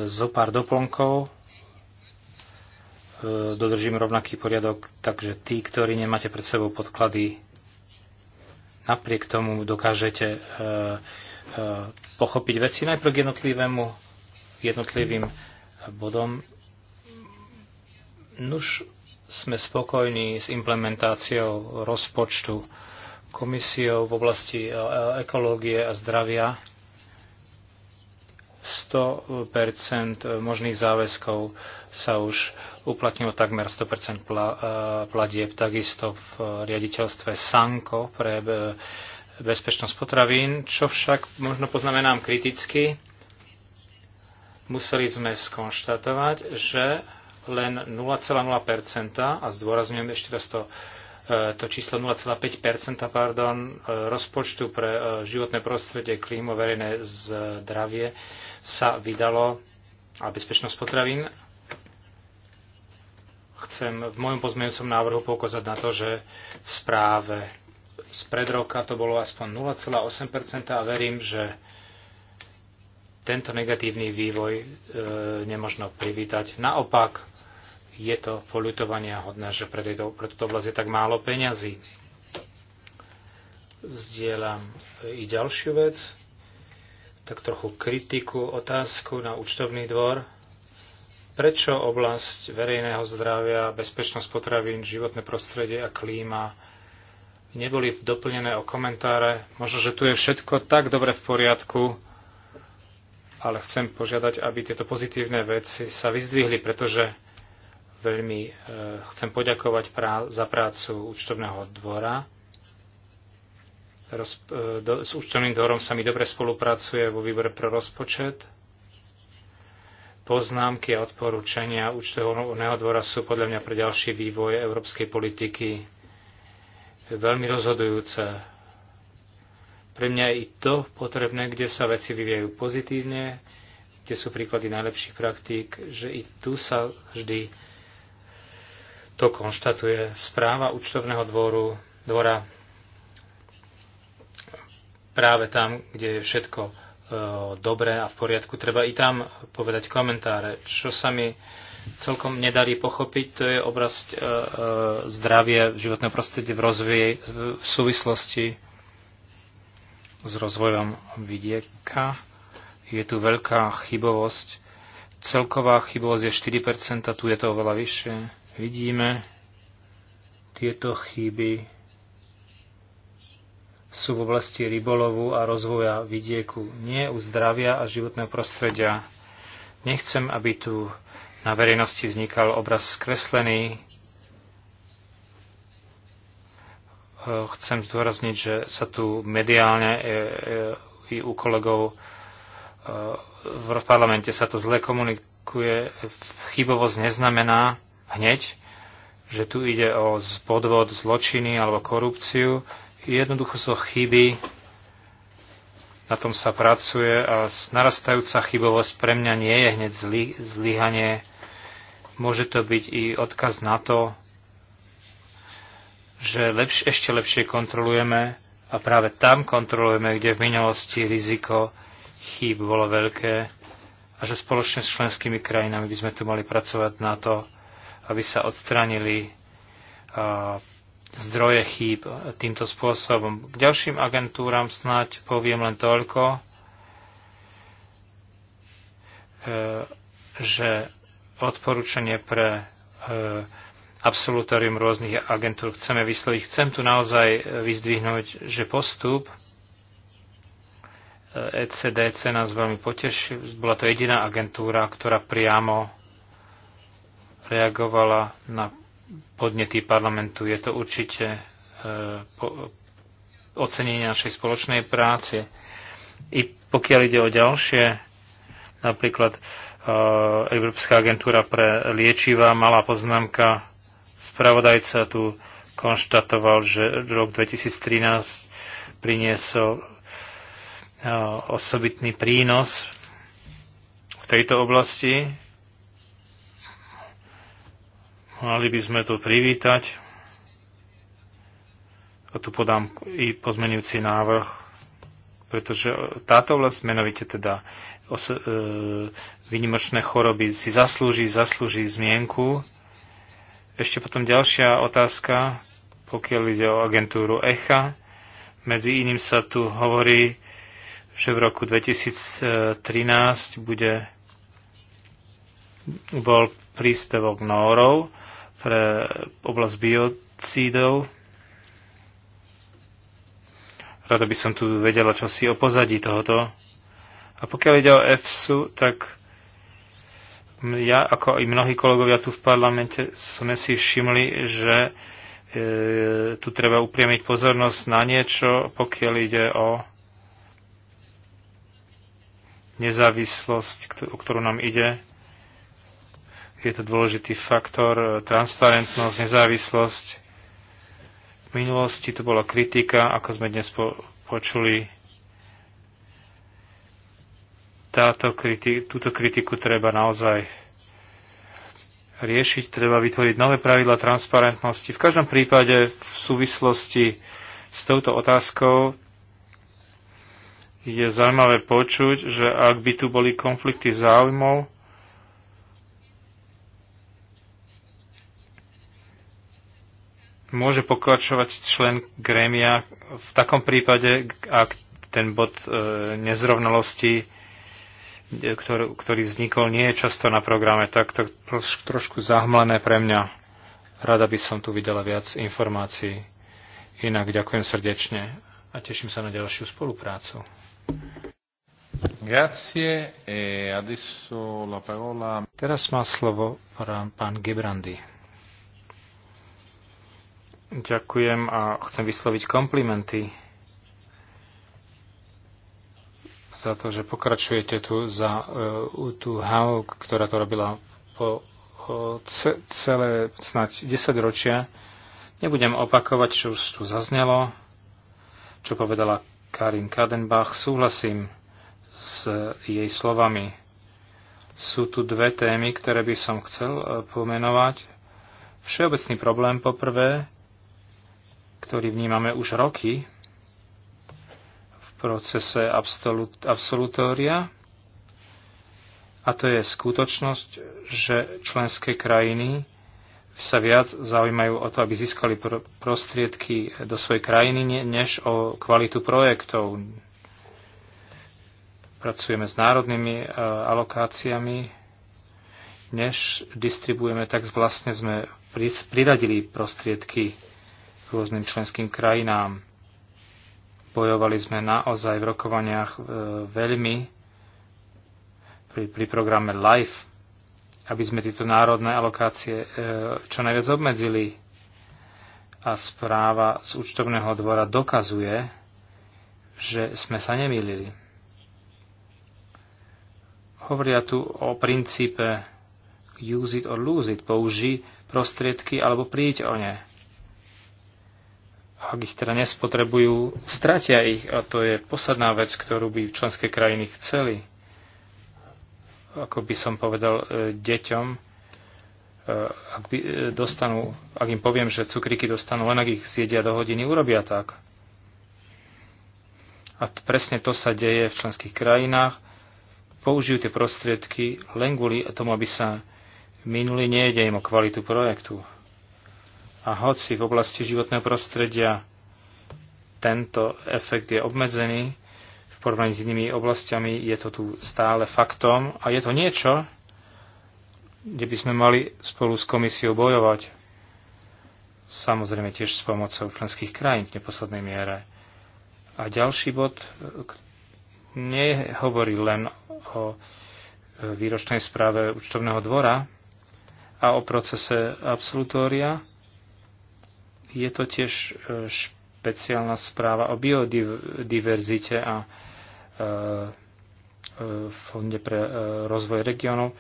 Speaker 2: zo pár doplnkov. Dodržím rovnaký poriadok, takže tí, ktorí nemáte pred sebou podklady, napriek tomu dokážete e, e, pochopiť veci najprv k jednotlivému, jednotlivým bodom. Nuž sme spokojní s implementáciou rozpočtu komisiou v oblasti e, ekológie a zdravia 100 možných záväzkov sa už uplatnilo takmer 100 e, platieb, takisto v riaditeľstve Sanko pre bezpečnosť potravín, čo však možno poznamenám kriticky, museli sme skonštatovať, že len 0,0% a zdôrazňujem ešte raz to E, to číslo 0,5 pardon, e, rozpočtu pre e, životné prostredie, klímu, verejné zdravie sa vydalo a bezpečnosť potravín. Chcem v mojom pozmeňujúcom návrhu poukázať na to, že v správe z pred roka to bolo aspoň 0,8 a verím, že tento negatívny vývoj e, nemožno privítať. Naopak, je to polutovania hodné, že pre, tejto, pre túto vlast je tak málo peňazí. Zdieľam i ďalšiu vec, tak trochu kritiku, otázku na účtovný dvor. Prečo oblasť verejného zdravia, bezpečnosť potravín, životné prostredie a klíma neboli doplnené o komentáre? Možno, že tu je všetko tak dobre v poriadku, ale chcem požiadať, aby tieto pozitívne veci sa vyzdvihli, pretože Veľmi e, chcem poďakovať za prácu účtovného dvora. E, s účtovným dvorom sa mi dobre spolupracuje vo výbore pro rozpočet. Poznámky a odporúčania účtovného dvora sú podľa mňa pre ďalší vývoj európskej politiky veľmi rozhodujúce. Pre mňa je i to potrebné, kde sa veci vyvíjajú pozitívne, kde sú príklady najlepších praktík, že i tu sa vždy to konštatuje správa účtovného dvoru, dvora práve tam, kde je všetko e, dobré a v poriadku. Treba i tam povedať komentáre. Čo sa mi celkom nedarí pochopiť, to je obraz e, e, zdravie životného prostredí v rozvoji v súvislosti s rozvojom vidieka. Je tu veľká chybovosť. Celková chybovosť je 4%, tu je to oveľa vyššie Vidíme, tieto chyby sú v oblasti rybolovu a rozvoja vidieku, nie u zdravia a životného prostredia. Nechcem, aby tu na verejnosti vznikal obraz skreslený. Chcem zdôrazniť, že sa tu mediálne e, e, i u kolegov e, v parlamente sa to zle komunikuje. Chybovosť neznamená, hneď, že tu ide o podvod, zločiny alebo korupciu. Jednoducho sú so chyby, na tom sa pracuje a narastajúca chybovosť pre mňa nie je hneď zly, zlyhanie. Môže to byť i odkaz na to, že lepš, ešte lepšie kontrolujeme a práve tam kontrolujeme, kde v minulosti riziko chýb bolo veľké a že spoločne s členskými krajinami by sme tu mali pracovať na to, aby sa odstránili zdroje chýb týmto spôsobom. K ďalším agentúram snáď poviem len toľko, e, že odporúčanie pre e, absolutórium rôznych agentúr chceme vysloviť. Chcem tu naozaj vyzdvihnúť, že postup ECDC e nás veľmi potešil. Bola to jediná agentúra, ktorá priamo reagovala na podnety parlamentu. Je to určite e, ocenenie našej spoločnej práce. I pokiaľ ide o ďalšie, napríklad e, Európska agentúra pre liečiva, malá poznámka, spravodajca tu konštatoval, že rok 2013 priniesol e, osobitný prínos v tejto oblasti Mali by sme to privítať. A tu podám i pozmenujúci návrh, pretože táto vlast, menovite teda e, výnimočné choroby, si zaslúži, zaslúži zmienku. Ešte potom ďalšia otázka, pokiaľ ide o agentúru ECHA. Medzi iným sa tu hovorí, že v roku 2013 bude bol príspevok Nórov pre oblasť biocídov. Rada by som tu vedela čo si o pozadí tohoto. A pokiaľ ide o EFSU, tak ja, ako i mnohí kolegovia tu v parlamente, sme si všimli, že e, tu treba upriamiť pozornosť na niečo, pokiaľ ide o nezávislosť, o ktorú nám ide. Je to dôležitý faktor, e, transparentnosť, nezávislosť. V minulosti to bola kritika, ako sme dnes po- počuli. Táto kriti- túto kritiku treba naozaj riešiť, treba vytvoriť nové pravidla transparentnosti. V každom prípade v súvislosti s touto otázkou je zaujímavé počuť, že ak by tu boli konflikty záujmov, môže pokračovať člen grémia v takom prípade, ak ten bod e, nezrovnalosti, e, ktorý, ktorý vznikol, nie je často na programe, tak to trošku zahmlené pre mňa. Rada by som tu videla viac informácií. Inak ďakujem srdečne a teším sa na ďalšiu spoluprácu.
Speaker 3: Grazie e adesso la parola...
Speaker 2: Teraz má slovo pán Gebrandi. Ďakujem a chcem vysloviť komplimenty za to, že pokračujete tu za uh, tú Hauk, ktorá to robila po uh, celé snáď 10 ročia. Nebudem opakovať, čo už tu zaznelo, čo povedala Karin Kadenbach. Súhlasím s jej slovami. Sú tu dve témy, ktoré by som chcel e, pomenovať. Všeobecný problém poprvé ktorý vnímame už roky v procese absolut, absolutória. A to je skutočnosť, že členské krajiny sa viac zaujímajú o to, aby získali pr- prostriedky do svojej krajiny, ne- než o kvalitu projektov. Pracujeme s národnými e, alokáciami, než distribujeme, tak vlastne sme pri- priradili prostriedky rôznym členským krajinám. Bojovali sme naozaj v rokovaniach e, veľmi pri, pri programe LIFE, aby sme tieto národné alokácie e, čo najviac obmedzili. A správa z účtovného dvora dokazuje, že sme sa nemýlili. Hovoria tu o princípe use it or lose it, použij prostriedky alebo príď o ne ak ich teda nespotrebujú, stratia ich a to je posledná vec, ktorú by členské krajiny chceli. Ako by som povedal e, deťom, e, ak, by, e, dostanú, ak im poviem, že cukriky dostanú, len ak ich zjedia do hodiny, urobia tak. A presne to sa deje v členských krajinách. Použijú tie prostriedky len kvôli tomu, aby sa minuli, nejde im o kvalitu projektu. A hoci v oblasti životného prostredia tento efekt je obmedzený v porovnaní s inými oblastiami, je to tu stále faktom a je to niečo, kde by sme mali spolu s komisiou bojovať. Samozrejme tiež s pomocou členských krajín v neposlednej miere. A ďalší bod nehovorí len o e, výročnej správe účtovného dvora a o procese absolutória, je to tiež e, špeciálna správa o biodiverzite a e, e, Fonde pre rozvoj regionov.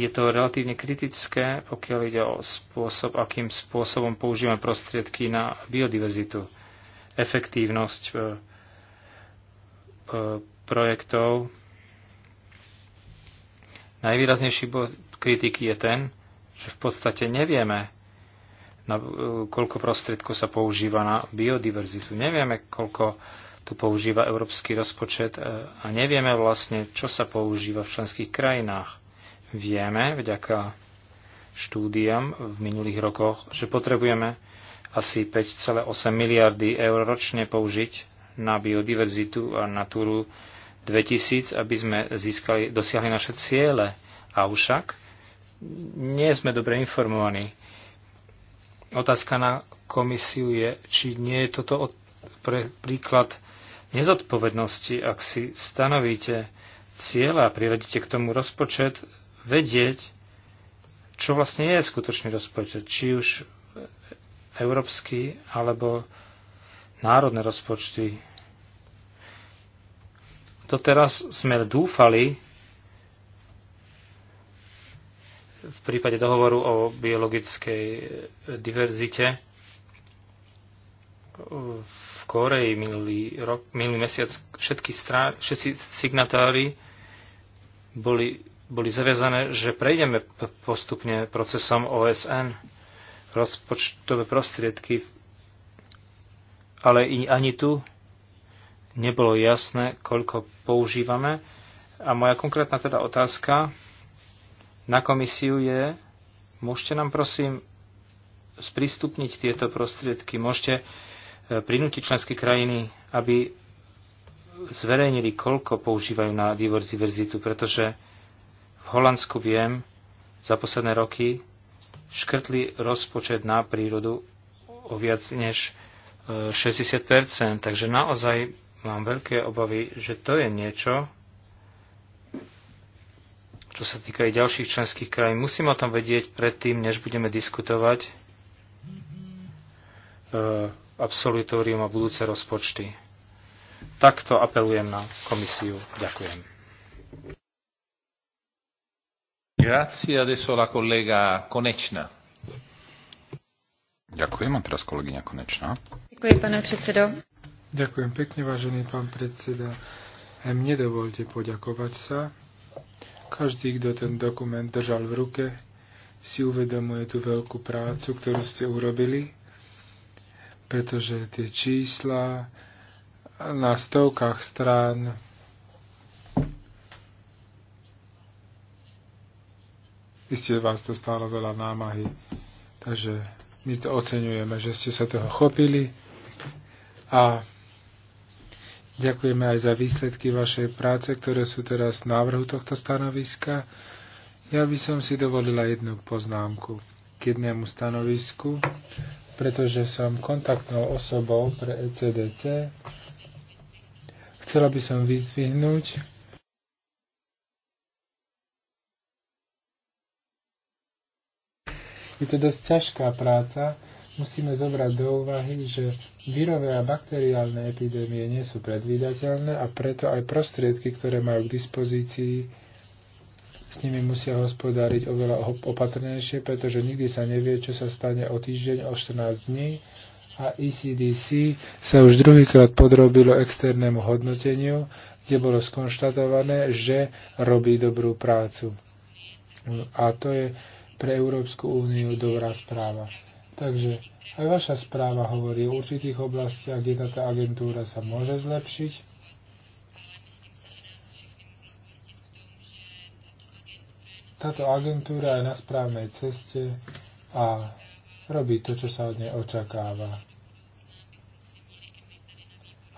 Speaker 2: Je to relatívne kritické, pokiaľ ide o spôsob, akým spôsobom používame prostriedky na biodiverzitu, efektívnosť projektov. Najvýraznejší bod kritiky je ten, že v podstate nevieme, na, e, koľko prostriedkov sa používa na biodiverzitu. Nevieme, koľko tu používa európsky rozpočet e, a nevieme vlastne, čo sa používa v členských krajinách. Vieme, vďaka štúdiam v minulých rokoch, že potrebujeme asi 5,8 miliardy eur ročne použiť na biodiverzitu a natúru 2000, aby sme získali, dosiahli naše ciele. A však nie sme dobre informovaní Otázka na komisiu je, či nie je toto od, pre, príklad nezodpovednosti, ak si stanovíte cieľa a priradíte k tomu rozpočet, vedieť, čo vlastne je skutočný rozpočet, či už európsky alebo národné rozpočty. Doteraz sme dúfali, v prípade dohovoru o biologickej diverzite
Speaker 1: v
Speaker 2: Koreji minulý, rok, minulý mesiac všetky strá, všetci signatári boli, boli zaviazané, že prejdeme postupne procesom OSN rozpočtové prostriedky, ale ani tu nebolo jasné, koľko používame. A moja konkrétna teda otázka, na komisiu je, môžete nám prosím sprístupniť tieto prostriedky, môžete e, prinútiť členské krajiny, aby zverejnili, koľko používajú na diverzitu, pretože v Holandsku viem, za posledné roky škrtli rozpočet na prírodu o viac než 60%, e, takže naozaj mám veľké obavy, že to je niečo, to sa týka aj ďalších členských krajín. Musíme o tom vedieť predtým, než budeme diskutovať e, absolutórium a budúce rozpočty. Takto apelujem na komisiu. Ďakujem.
Speaker 3: Grazie, adesso la collega Ďakujem, a teraz kolegyňa Konečná. Ďakujem, pane predsedo.
Speaker 1: Ďakujem pekne, vážený pán predseda. Mne dovolte poďakovať sa každý, kto ten dokument držal v ruke, si uvedomuje tú veľkú prácu, ktorú ste urobili, pretože tie čísla na stovkách strán Isté vás to stálo veľa námahy, takže my to oceňujeme, že ste sa toho chopili a Ďakujeme aj za výsledky vašej práce, ktoré sú teraz v návrhu tohto stanoviska. Ja by som si dovolila jednu poznámku k jednému stanovisku, pretože som kontaktnou osobou pre ECDC. Chcela by som vyzdvihnúť, je to dosť ťažká práca, musíme zobrať do úvahy, že vírové a bakteriálne epidémie nie sú predvídateľné a preto aj prostriedky, ktoré majú k dispozícii, s nimi musia hospodáriť oveľa opatrnejšie, pretože nikdy sa nevie, čo sa stane o týždeň, o 14 dní a ECDC sa už druhýkrát podrobilo externému hodnoteniu, kde bolo skonštatované, že robí dobrú prácu. A to je pre Európsku úniu dobrá správa. Takže aj vaša správa hovorí o určitých oblastiach, kde táto agentúra sa môže zlepšiť. Táto agentúra je na správnej ceste a robí to, čo sa od nej očakáva.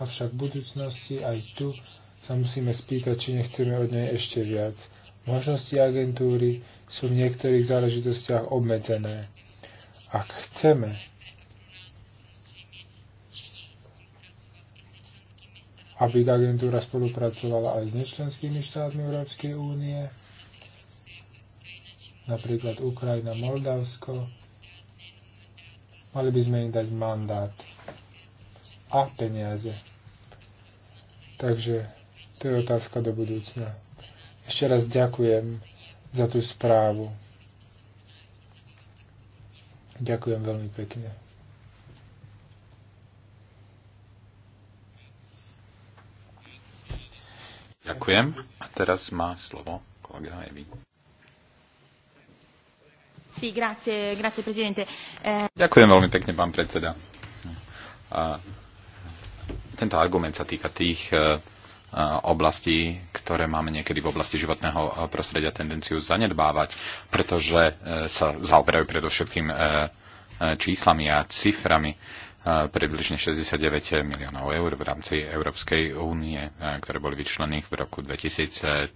Speaker 1: Avšak v budúcnosti aj tu sa musíme spýtať, či nechceme od nej ešte viac. Možnosti agentúry sú v niektorých záležitostiach obmedzené. Ak chceme aby agentúra spolupracovala aj s nečlenskými štátmi Európskej únie, napríklad Ukrajina, Moldavsko, mali by sme im dať mandát a peniaze. Takže to je otázka do budúcna. Ešte raz ďakujem za tú správu. Ďakujem veľmi pekne.
Speaker 3: Ďakujem. A teraz má slovo kolega Evi. Sí, grazie, grazie, prezidente. Eh... Ďakujem veľmi pekne, pán predseda. A tento argument sa týka tých eh, Eh, oblastí, ktoré máme niekedy v oblasti životného eh, prostredia tendenciu zanedbávať, pretože eh, sa zaoberajú predovšetkým číslami a ciframi približne 69 miliónov eur v rámci Európskej únie, ktoré boli vyčlených v roku 2013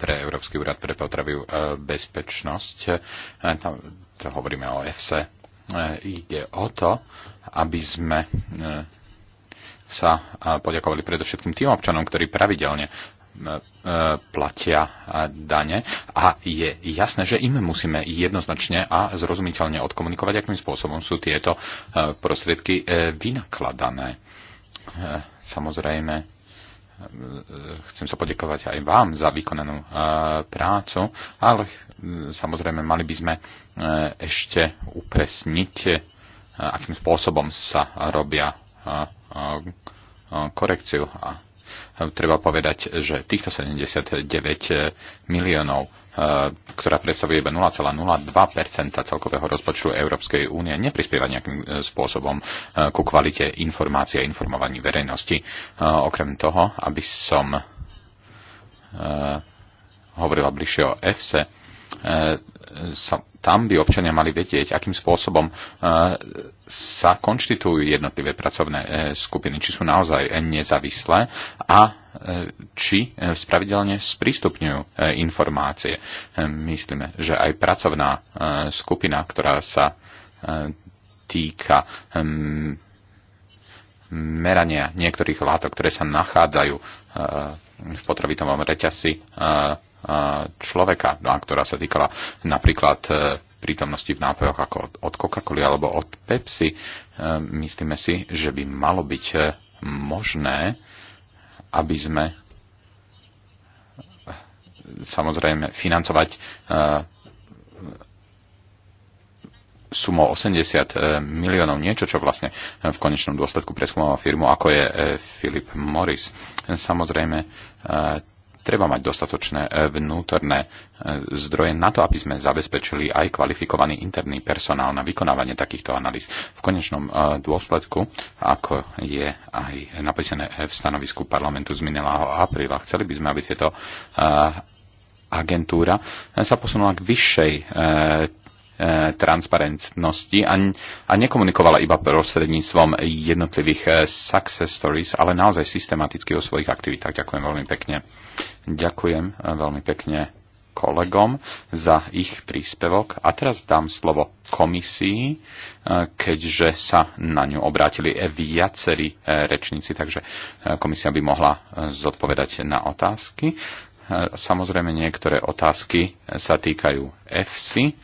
Speaker 3: pre Európsky úrad pre potraviu bezpečnosť. To, to hovoríme o EFSE. Ide o to, aby sme sa poďakovali predovšetkým tým občanom, ktorí pravidelne e, platia dane a je jasné, že im musíme jednoznačne a zrozumiteľne odkomunikovať, akým spôsobom sú tieto e, prostriedky e, vynakladané. Samozrejme, chcem sa podekovať aj vám za vykonanú prácu, ale samozrejme mali by sme ešte upresniť, akým spôsobom sa robia korekciu. A treba povedať, že týchto 79 e, miliónov, e, ktorá predstavuje iba 0,02 celkového rozpočtu Európskej únie, neprispieva nejakým e, spôsobom ku kvalite informácie a informovaní verejnosti. Okrem toho, aby som hovorila bližšie o EFSE, E, sa, tam by občania mali vedieť, akým spôsobom e, sa konštitujú jednotlivé pracovné e, skupiny, či sú naozaj nezávislé a či spravidelne sprístupňujú informácie. Myslíme, že aj pracovná skupina, ktorá sa týka merania niektorých látok, ktoré sa nachádzajú v potravitovom reťasi človeka, a ktorá sa týkala napríklad e, prítomnosti v nápojoch ako od Coca-Coly alebo od Pepsi, e, myslíme si, že by malo byť e, možné, aby sme samozrejme financovať sumou 80 miliónov, niečo, čo vlastne v konečnom dôsledku preskúmala firmu, ako je Philip Morris. Samozrejme, treba mať dostatočné e, vnútorné e, zdroje na to, aby sme zabezpečili aj kvalifikovaný interný personál na vykonávanie takýchto analýz. V konečnom e, dôsledku, ako je aj napísané v stanovisku parlamentu z minulého apríla, chceli by sme, aby tieto agentúra sa posunula k vyššej E, transparentnosti a, a nekomunikovala iba prostredníctvom jednotlivých e, success stories, ale naozaj systematicky o svojich aktivitách. Ďakujem veľmi pekne. Ďakujem e, veľmi pekne kolegom za ich príspevok a teraz dám slovo komisii, keďže sa na ňu obrátili viacerí rečníci, takže komisia by mohla zodpovedať na otázky. Samozrejme, niektoré otázky sa týkajú EFSI,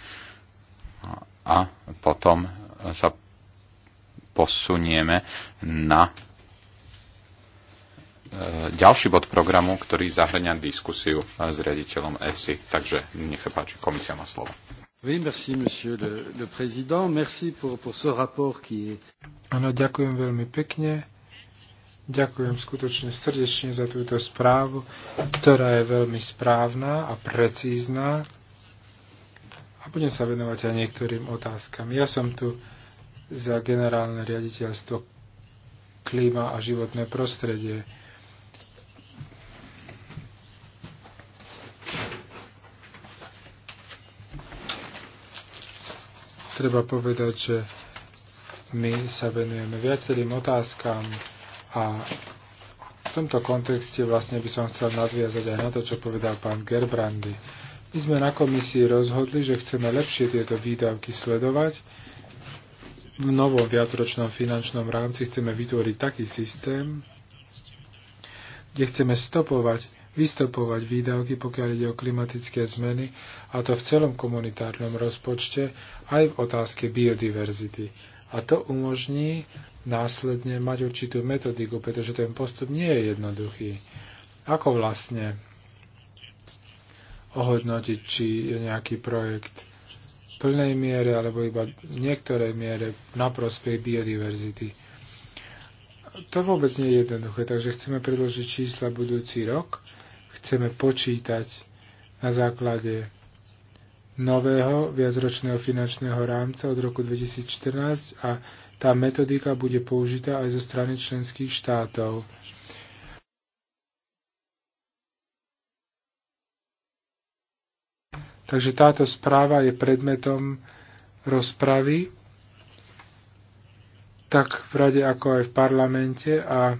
Speaker 3: a potom sa posunieme na e, ďalší bod programu, ktorý zahrňa diskusiu e, s riaditeľom EFSI. Takže nech sa páči, komisia má slovo.
Speaker 1: Oui, merci, monsieur le, le président. Merci pour, pour ce rapport qui est... Áno, ďakujem veľmi pekne. Ďakujem skutočne srdečne za túto správu, ktorá je veľmi správna a precízna a budem sa venovať aj niektorým otázkam. Ja som tu za generálne riaditeľstvo klíma a životné prostredie. Treba povedať, že my sa venujeme viacerým otázkam a v tomto kontexte vlastne by som chcel nadviazať aj na to, čo povedal pán Gerbrandy my sme na komisii rozhodli, že chceme lepšie tieto výdavky sledovať. V novom viacročnom finančnom rámci chceme vytvoriť taký systém, kde chceme stopovať, vystopovať výdavky, pokiaľ ide o klimatické zmeny, a to v celom komunitárnom rozpočte, aj v otázke biodiverzity. A to umožní následne mať určitú metodiku, pretože ten postup nie je jednoduchý. Ako vlastne ohodnotiť, či je nejaký projekt v plnej miere alebo iba v niektorej miere na prospech biodiverzity. To vôbec nie je jednoduché, takže chceme predložiť čísla budúci rok, chceme počítať na základe nového viacročného finančného rámca od roku 2014 a tá metodika bude použitá aj zo strany členských štátov. Takže táto správa je predmetom rozpravy, tak v rade ako aj v parlamente a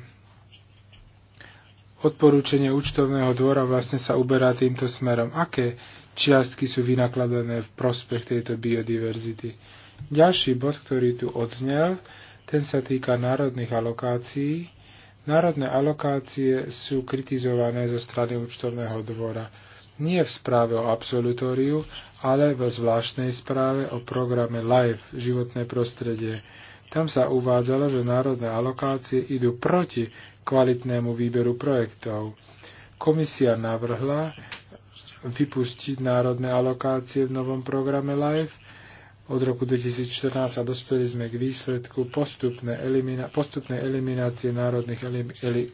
Speaker 1: odporúčanie účtovného dvora vlastne sa uberá týmto smerom. Aké čiastky sú vynakladané v prospech tejto biodiverzity? Ďalší bod, ktorý tu odznel, ten sa týka národných alokácií. Národné alokácie sú kritizované zo strany účtovného dvora nie v správe o absolutóriu, ale vo zvláštnej správe o programe LIFE životné prostredie. Tam sa uvádzalo, že národné alokácie idú proti kvalitnému výberu projektov. Komisia navrhla vypustiť národné alokácie v novom programe LIFE. Od roku 2014 sa dospeli sme k výsledku postupnej elimina- postupné eliminácie národných elim- eli-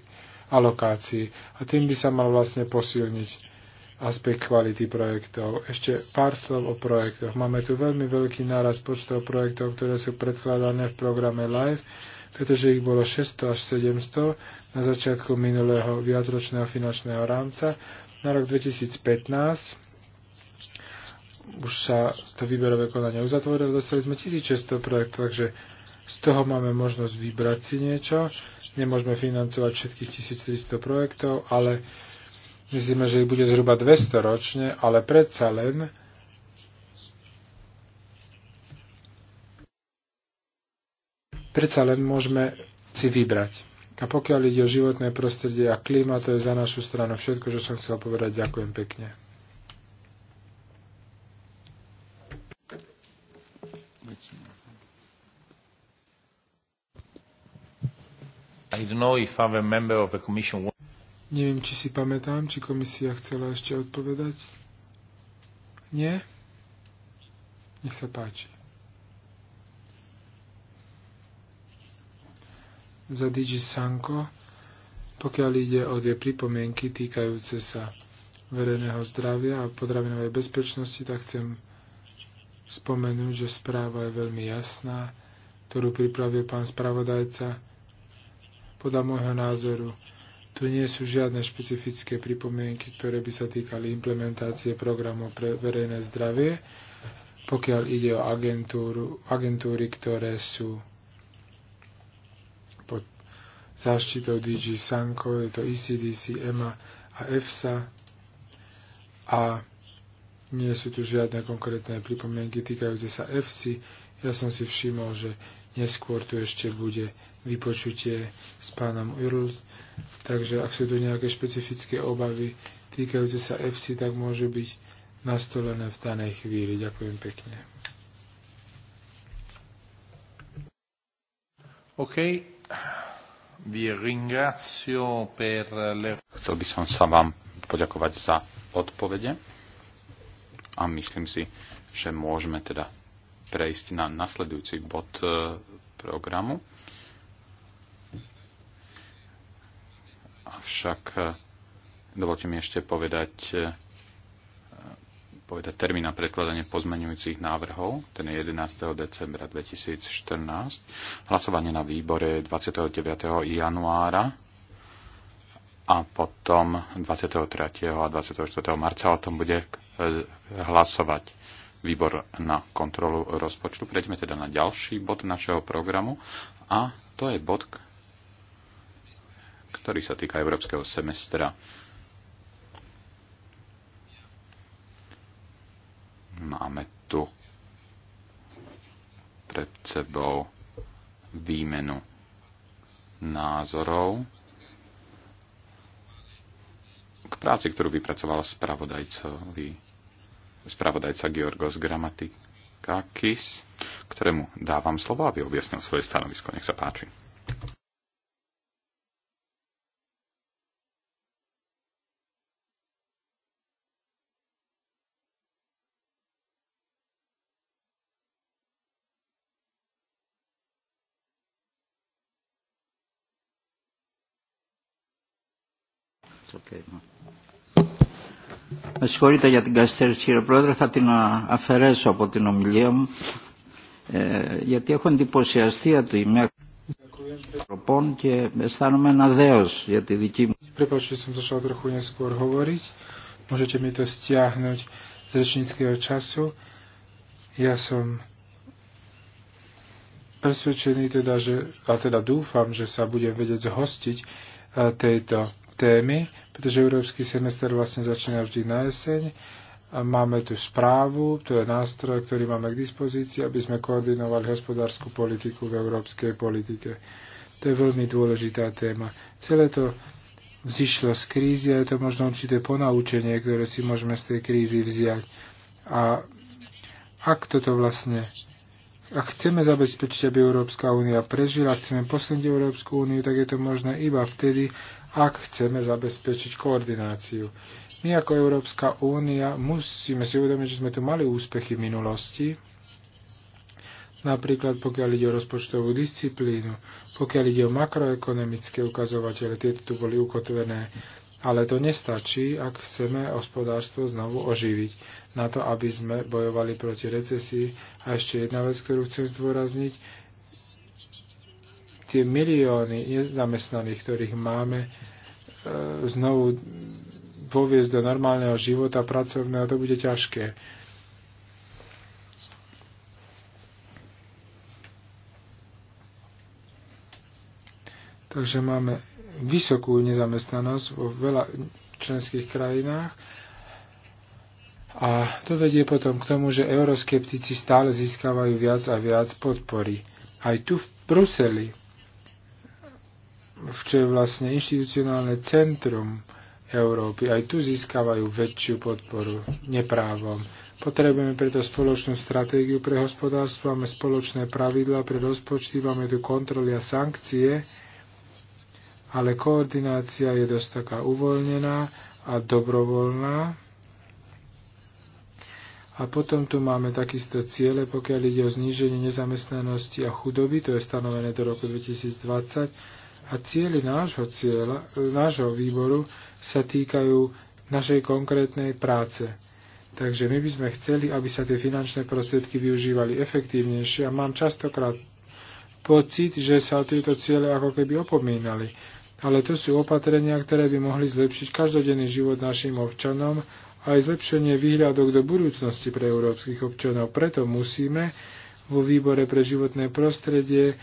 Speaker 1: alokácií. A tým by sa mal vlastne posilniť aspekt kvality projektov. Ešte pár slov o projektoch. Máme tu veľmi veľký náraz počtov projektov, ktoré sú predkladané v programe LIFE, pretože ich bolo 600 až 700 na začiatku minulého viacročného finančného rámca. Na rok 2015 už sa to výberové konanie uzatvorilo, dostali sme 1600 projektov, takže z toho máme možnosť vybrať si niečo. Nemôžeme financovať všetkých 1300 projektov, ale Myslíme, že ich bude zhruba 200 ročne, ale predsa len predsa len môžeme si vybrať. A pokiaľ ide o životné prostredie a klíma, to je za našu stranu všetko, čo som chcel povedať. Ďakujem pekne.
Speaker 3: I don't know
Speaker 2: if I'm a member of a commission
Speaker 1: Neviem, či si pamätám, či komisia chcela ešte odpovedať. Nie? Nech sa páči. Za Digi Sanko, pokiaľ ide o tie pripomienky týkajúce sa verejného zdravia a podravinovej bezpečnosti, tak chcem spomenúť, že správa je veľmi jasná, ktorú pripravil pán spravodajca. Podľa môjho názoru tu nie sú žiadne špecifické pripomienky, ktoré by sa týkali implementácie programov pre verejné zdravie, pokiaľ ide o agentúru, agentúry, ktoré sú pod záštitou DG Sanko, je to ECDC, EMA a EFSA. A e nie sú tu žiadne konkrétne pripomienky týkajúce sa FC. Ja som si všimol, že neskôr tu ešte bude vypočutie s pánom Url. Takže ak sú tu nejaké špecifické obavy týkajúce sa FC, tak môžu byť nastolené v danej chvíli. Ďakujem pekne. OK.
Speaker 3: Vi
Speaker 2: ringrazio per le...
Speaker 3: Chcel by som sa vám poďakovať za odpovede. A myslím si, že môžeme teda prejsť na nasledujúci bod e, programu. Avšak e, dovolte mi ešte povedať, e, povedať termín na predkladanie pozmenujúcich návrhov, ten je 11. decembra 2014. Hlasovanie na výbore 29. januára a potom 23. a 24. marca o tom bude e, hlasovať výbor na kontrolu rozpočtu. Prejdeme teda na ďalší bod našeho programu a to je bod, ktorý sa týka európskeho semestra. Máme tu pred sebou výmenu názorov k práci, ktorú vypracoval spravodajcovi, spravodajca Georgos Gramatikakis, ktorému dávam slovo, aby objasnil svoje stanovisko. Nech sa páči.
Speaker 2: okay. No. Με συγχωρείτε για την καθυστέρηση κύριε Πρόεδρε, θα την αφαιρέσω από την ομιλία μου
Speaker 1: ε, γιατί έχω εντυπωσιαστεί από τη μια Ďakujem. και αισθάνομαι ένα δέος για τη δική μου. Prepačte, som začal trochu neskôr hovoriť. Môžete mi to stiahnuť z rečníckého času. Ja som presvedčený teda, že, a teda dúfam, že sa budem vedieť zhostiť e, tejto témy, pretože európsky semester vlastne začína vždy na jeseň. A máme tu správu, to je nástroj, ktorý máme k dispozícii, aby sme koordinovali hospodárskú politiku v európskej politike. To je veľmi dôležitá téma. Celé to vzýšlo z krízy a je to možno určité ponaučenie, ktoré si môžeme z tej krízy vziať. A ak toto vlastne ak chceme zabezpečiť, aby Európska únia prežila, ak chceme posledniť Európsku úniu, tak je to možné iba vtedy, ak chceme zabezpečiť koordináciu. My ako Európska únia musíme si uvedomiť, že sme tu mali úspechy v minulosti, napríklad pokiaľ ide o rozpočtovú disciplínu, pokiaľ ide o makroekonomické ukazovatele, tieto tu boli ukotvené, ale to nestačí, ak chceme hospodárstvo znovu oživiť, na to, aby sme bojovali proti recesii. A ešte jedna vec, ktorú chcem zdôrazniť, tie milióny nezamestnaných, ktorých máme, e, znovu poviesť do normálneho života pracovného, to bude ťažké. Takže máme vysokú nezamestnanosť vo veľa členských krajinách. A to vedie potom k tomu, že euroskeptici stále získavajú viac a viac podpory. Aj tu v Bruseli čo je vlastne inštitucionálne centrum Európy. Aj tu získavajú väčšiu podporu neprávom. Potrebujeme preto spoločnú stratégiu pre hospodárstvo, máme spoločné pravidlá pre rozpočty, máme tu kontroly a sankcie, ale koordinácia je dosť taká uvoľnená a dobrovoľná. A potom tu máme takisto ciele, pokiaľ ide o zníženie nezamestnanosti a chudoby, to je stanovené do roku 2020 a cieľy nášho, cieľa, e, nášho výboru sa týkajú našej konkrétnej práce. Takže my by sme chceli, aby sa tie finančné prostriedky využívali efektívnejšie a mám častokrát pocit, že sa tieto ciele ako keby opomínali. Ale to sú opatrenia, ktoré by mohli zlepšiť každodenný život našim občanom a aj zlepšenie výhľadok do budúcnosti pre európskych občanov. Preto musíme vo výbore pre životné prostredie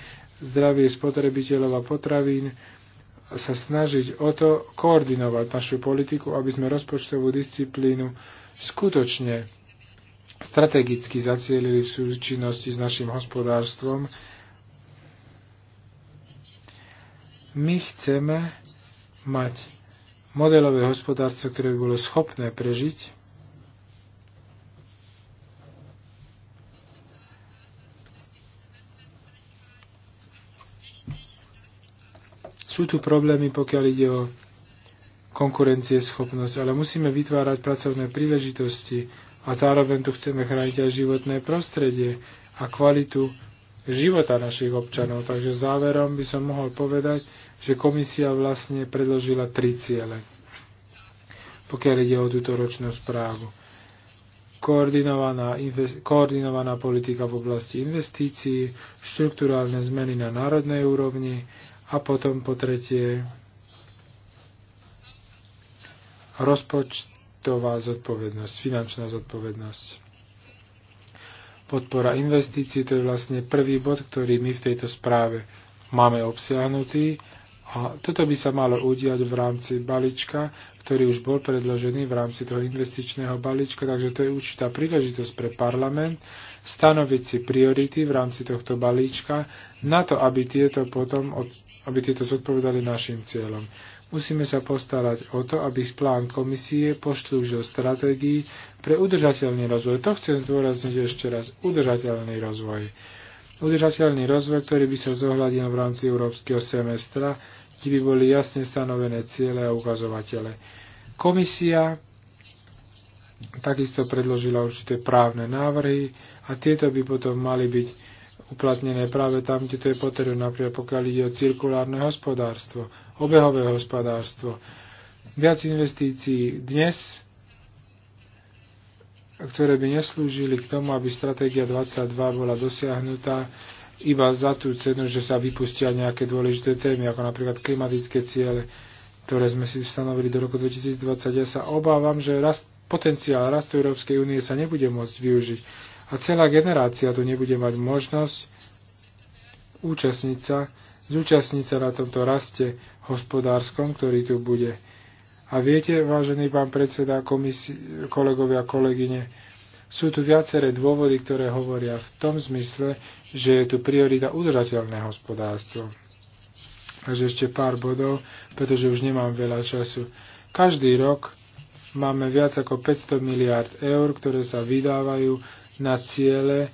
Speaker 1: zdravie spotrebiteľov a potravín sa snažiť o to koordinovať našu politiku, aby sme rozpočtovú disciplínu skutočne strategicky zacielili v súčinnosti s našim hospodárstvom. My chceme mať modelové hospodárstvo, ktoré by bolo schopné prežiť Sú tu problémy, pokiaľ ide o schopnosť, ale musíme vytvárať pracovné príležitosti a zároveň tu chceme chrániť aj životné prostredie a kvalitu života našich občanov. Takže záverom by som mohol povedať, že komisia vlastne predložila tri ciele, pokiaľ ide o túto ročnú správu. Koordinovaná, koordinovaná politika v oblasti investícií, štruktúrálne zmeny na národnej úrovni, a potom po tretie rozpočtová zodpovednosť, finančná zodpovednosť. Podpora investícií, to je vlastne prvý bod, ktorý my v tejto správe máme obsiahnutý a toto by sa malo udiať v rámci balíčka, ktorý už bol predložený v rámci toho investičného balíčka, takže to je určitá príležitosť pre parlament stanoviť si priority v rámci tohto balíčka na to, aby tieto potom od, aby tieto zodpovedali našim cieľom. Musíme sa postarať o to, aby plán komisie poštúžil stratégii pre udržateľný rozvoj. To chcem zdôrazniť ešte raz. Udržateľný rozvoj. Udržateľný rozvoj, ktorý by sa zohľadil v rámci európskeho semestra, kde by boli jasne stanovené ciele a ukazovatele. Komisia takisto predložila určité právne návrhy a tieto by potom mali byť uplatnené práve tam, kde to je potrebné, napríklad pokiaľ ide o cirkulárne hospodárstvo, obehové hospodárstvo. Viac investícií dnes, ktoré by neslúžili k tomu, aby stratégia 22 bola dosiahnutá, iba za tú cenu, že sa vypustia nejaké dôležité témy, ako napríklad klimatické ciele, ktoré sme si stanovili do roku 2020. Ja sa obávam, že rast, potenciál rastu Európskej únie sa nebude môcť využiť a celá generácia tu nebude mať možnosť účastniť sa, zúčastniť sa na tomto raste hospodárskom, ktorý tu bude. A viete, vážený pán predseda, komisi- kolegovia, kolegyne, sú tu viaceré dôvody, ktoré hovoria v tom zmysle, že je tu priorita udržateľné hospodárstvo. Takže ešte pár bodov, pretože už nemám veľa času. Každý rok máme viac ako 500 miliard eur, ktoré sa vydávajú na ciele, e,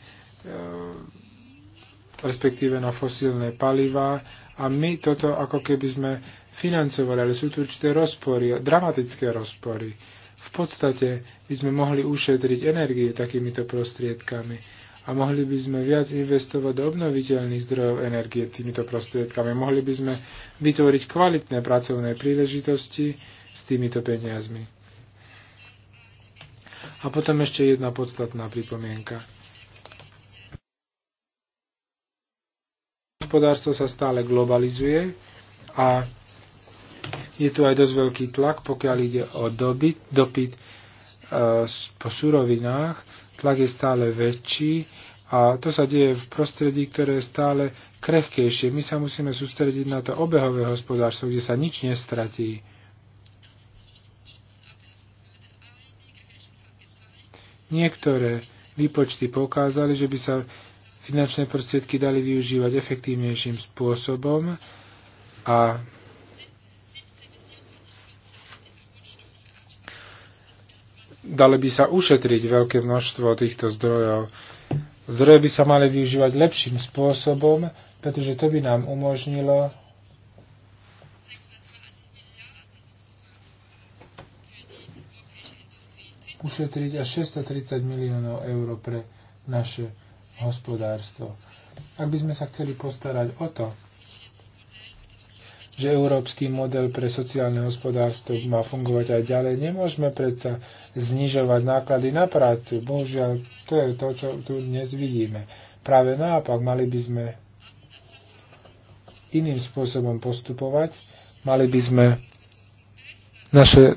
Speaker 1: respektíve na fosílne palivá a my toto ako keby sme financovali, ale sú tu určité rozpory, dramatické rozpory v podstate by sme mohli ušetriť energiu takýmito prostriedkami a mohli by sme viac investovať do obnoviteľných zdrojov energie týmito prostriedkami. Mohli by sme vytvoriť kvalitné pracovné príležitosti s týmito peniazmi. A potom ešte jedna podstatná pripomienka. Hospodárstvo sa stále globalizuje a je tu aj dosť veľký tlak, pokiaľ ide o dobyt, dopyt uh, po surovinách. Tlak je stále väčší a to sa deje v prostredí, ktoré je stále krehkejšie. My sa musíme sústrediť na to obehové hospodárstvo, kde sa nič nestratí. Niektoré výpočty pokázali, že by sa finančné prostriedky dali využívať efektívnejším spôsobom a dali by sa ušetriť veľké množstvo týchto zdrojov. Zdroje by sa mali využívať lepším spôsobom, pretože to by nám umožnilo ušetriť až 630 miliónov eur pre naše hospodárstvo. Ak by sme sa chceli postarať o to, že európsky model pre sociálne hospodárstvo má fungovať aj ďalej. Nemôžeme predsa znižovať náklady na prácu. Bohužiaľ, to je to, čo tu dnes vidíme. Práve naopak, mali by sme iným spôsobom postupovať. Mali by sme naše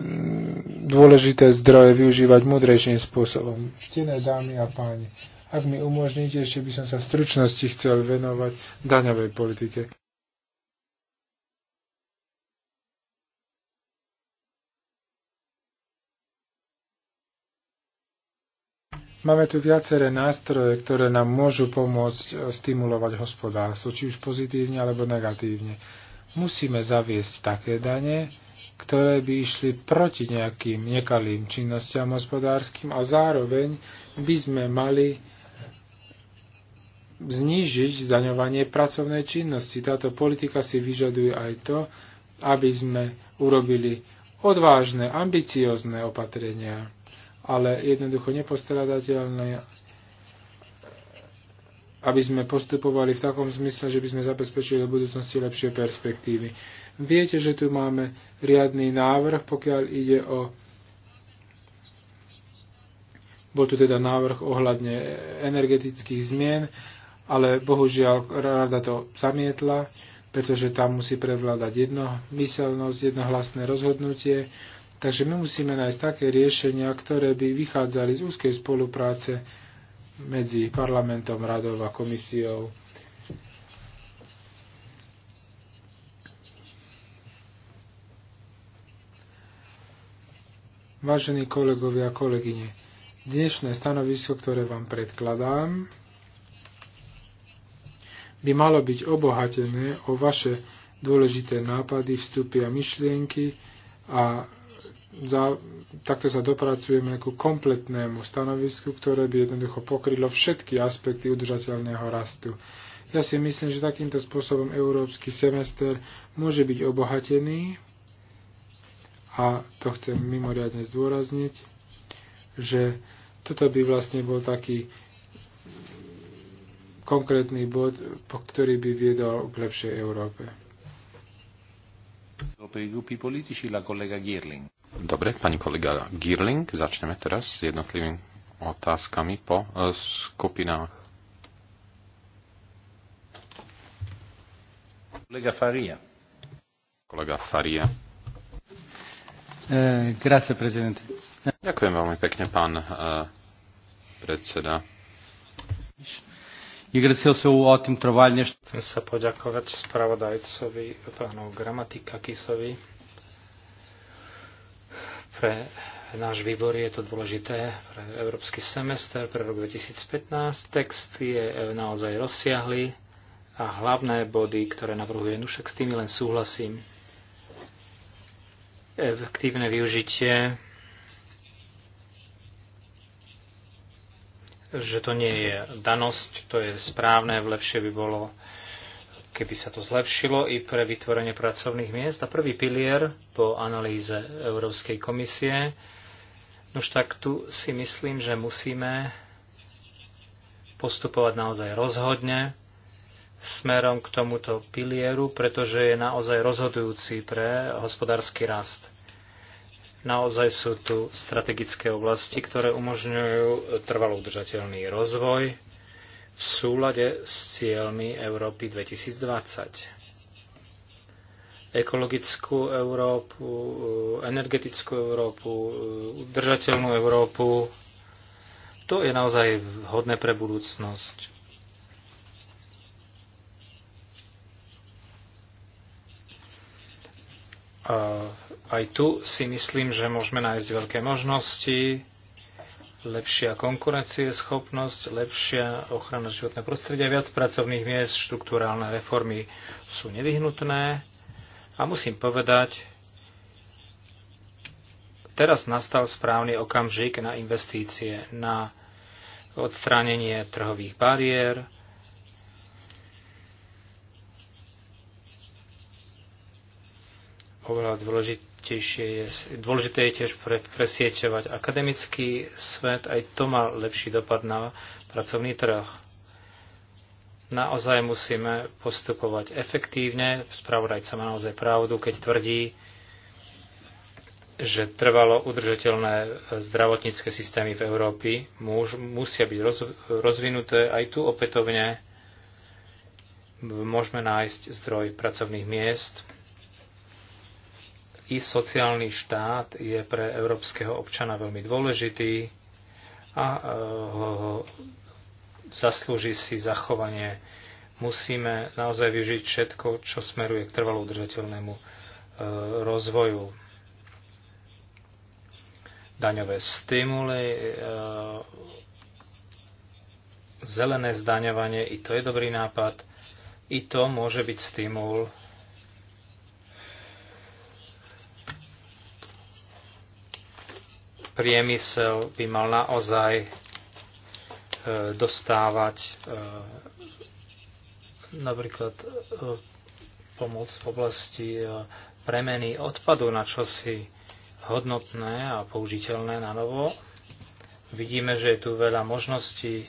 Speaker 1: dôležité zdroje využívať múdrejším spôsobom. Stené dámy a páni, ak mi umožníte, ešte by som sa v stručnosti chcel venovať daňovej politike. Máme tu viaceré nástroje, ktoré nám môžu pomôcť e, stimulovať hospodárstvo, či už pozitívne alebo negatívne. Musíme zaviesť také dane, ktoré by išli proti nejakým nekalým činnostiam hospodárskym a zároveň by sme mali znížiť zdaňovanie pracovnej činnosti. Táto politika si vyžaduje aj to, aby sme urobili odvážne, ambiciozne opatrenia ale jednoducho nepostradateľné, aby sme postupovali v takom zmysle, že by sme zabezpečili do budúcnosti lepšie perspektívy. Viete, že tu máme riadný návrh, pokiaľ ide o bol tu teda návrh ohľadne energetických zmien, ale bohužiaľ rada to zamietla, pretože tam musí prevládať jednomyselnosť, jednohlasné rozhodnutie Takže my musíme nájsť také riešenia, ktoré by vychádzali z úzkej spolupráce medzi parlamentom, radou a komisiou. Vážení kolegovia a kolegyne, dnešné stanovisko, ktoré vám predkladám, by malo byť obohatené o vaše dôležité nápady, vstupy a myšlienky a za, takto sa dopracujeme ku kompletnému stanovisku, ktoré by jednoducho pokrylo všetky aspekty udržateľného rastu. Ja si myslím, že takýmto spôsobom európsky semester môže byť obohatený a to chcem mimoriadne zdôrazniť, že toto by vlastne bol taký konkrétny bod, po ktorý by viedol k lepšej Európe. Per
Speaker 3: politici la collega Gierling. Dobre, pani kolega Girling, začneme teraz s jednotlivými otázkami po e, skupinách. Kolega Faria. Kolega Faria.
Speaker 2: E, grazie, prezident.
Speaker 3: Ďakujem veľmi pekne, pán e, predseda.
Speaker 2: Chcem sa poďakovať spravodajcovi, pánu Gramatika Kisovi pre náš výbor je to dôležité pre európsky semester, pre rok 2015. Text je e, naozaj rozsiahly a hlavné body, ktoré navrhuje Nušek, s tými len súhlasím. Efektívne využitie, že to nie je danosť, to je správne, lepšie by bolo keby sa to zlepšilo i pre vytvorenie pracovných miest. A prvý pilier po analýze Európskej komisie, už tak tu si myslím, že musíme postupovať naozaj rozhodne smerom k tomuto pilieru, pretože je naozaj rozhodujúci pre hospodársky rast. Naozaj sú tu strategické oblasti, ktoré umožňujú trvalo udržateľný rozvoj, v súlade s cieľmi Európy 2020. Ekologickú Európu, e, energetickú Európu, e, udržateľnú Európu. To je naozaj vhodné pre budúcnosť. A aj tu si myslím, že môžeme nájsť veľké možnosti lepšia konkurencieschopnosť, lepšia ochrana životného prostredia, viac pracovných miest, štruktúrálne reformy sú nevyhnutné. A musím povedať, teraz nastal správny okamžik na investície, na odstránenie trhových bariér, oveľa dôležitejšie dôležitejšie je, dôležité je tiež pre, presieťovať akademický svet, aj to má lepší dopad na pracovný trh. Naozaj musíme postupovať efektívne, spravodajca má naozaj pravdu, keď tvrdí, že trvalo udržateľné zdravotnícke systémy v Európy môž, musia byť roz, rozvinuté. Aj tu opätovne môžeme nájsť zdroj pracovných miest, i sociálny štát je pre európskeho občana veľmi dôležitý a e, zaslúži si zachovanie. Musíme naozaj vyžiť všetko, čo smeruje k trvalo udržateľnému e, rozvoju. Daňové stimuly, e, zelené zdaňovanie, i to je dobrý nápad, i to môže byť stimul priemysel by mal naozaj e, dostávať e, napríklad e, pomoc v oblasti premeny odpadu na čosi hodnotné a použiteľné na novo. Vidíme, že je tu veľa možností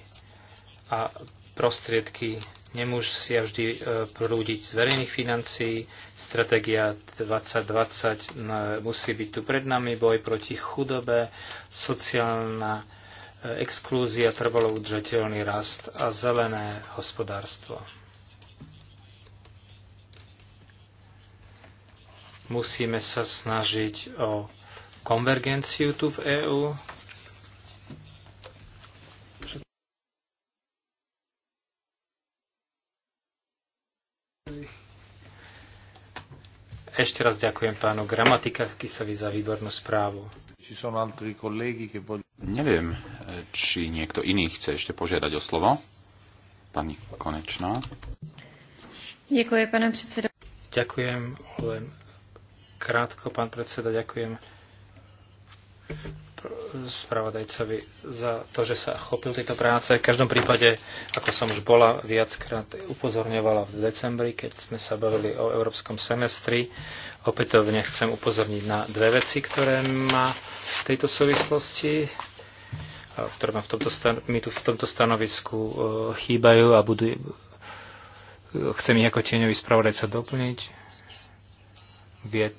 Speaker 2: a prostriedky nemusia vždy e, prúdiť z verejných financií. Stratégia 2020 musí byť tu pred nami, boj proti chudobe, sociálna e, exklúzia, trvalo udržateľný rast a zelené hospodárstvo. Musíme sa snažiť o konvergenciu tu v EÚ, Ešte raz ďakujem pánu Gramatika Kisovi za výbornú správu.
Speaker 3: Neviem, či niekto iný chce ešte požiadať o slovo. Pani Konečná. Ďakujem, pán predseda. Ďakujem,
Speaker 2: len krátko, pán predseda, ďakujem spravodajcovi za to, že sa chopil tejto práce. V každom prípade, ako som už bola viackrát upozorňovala v decembri, keď sme sa bavili o európskom semestri, opätovne chcem upozorniť na dve veci, ktoré ma v tejto súvislosti ktoré ma v tomto, stan- mi tu v tomto stanovisku e, chýbajú a budú, chcem ich ako tieňový spravodajca doplniť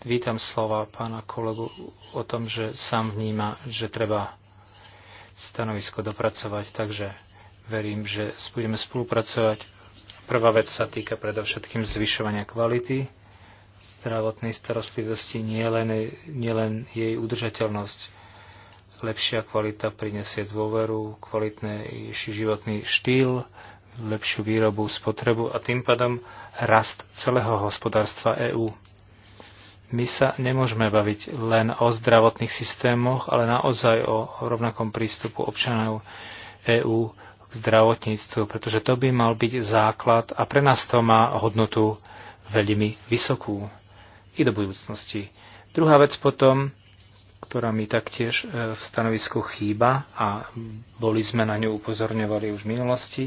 Speaker 2: Vítam slova pána kolegu o tom, že sám vníma, že treba stanovisko dopracovať, takže verím, že budeme spolupracovať. Prvá vec sa týka predovšetkým zvyšovania kvality zdravotnej starostlivosti, nielen nie len jej udržateľnosť. Lepšia kvalita prinesie dôveru, kvalitnejší životný štýl, lepšiu výrobu, spotrebu a tým pádom rast celého hospodárstva EÚ my sa nemôžeme baviť len o zdravotných systémoch, ale naozaj o rovnakom prístupu občanov EÚ k zdravotníctvu, pretože to by mal byť základ a pre nás to má hodnotu veľmi vysokú i do budúcnosti. Druhá vec potom, ktorá mi taktiež e, v stanovisku chýba a boli sme na ňu upozorňovali už v minulosti,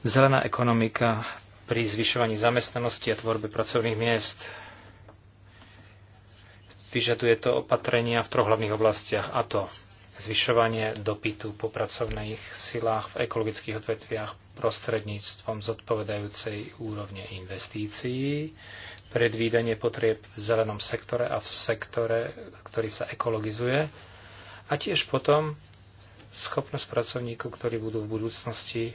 Speaker 2: zelená ekonomika pri zvyšovaní zamestnanosti a tvorbe pracovných miest Vyžaduje to opatrenia v troch hlavných oblastiach, a to zvyšovanie dopytu po pracovných silách v ekologických odvetviach prostredníctvom zodpovedajúcej úrovne investícií, predvídanie potrieb v zelenom sektore a v sektore, ktorý sa ekologizuje, a tiež potom schopnosť pracovníkov, ktorí budú v budúcnosti e,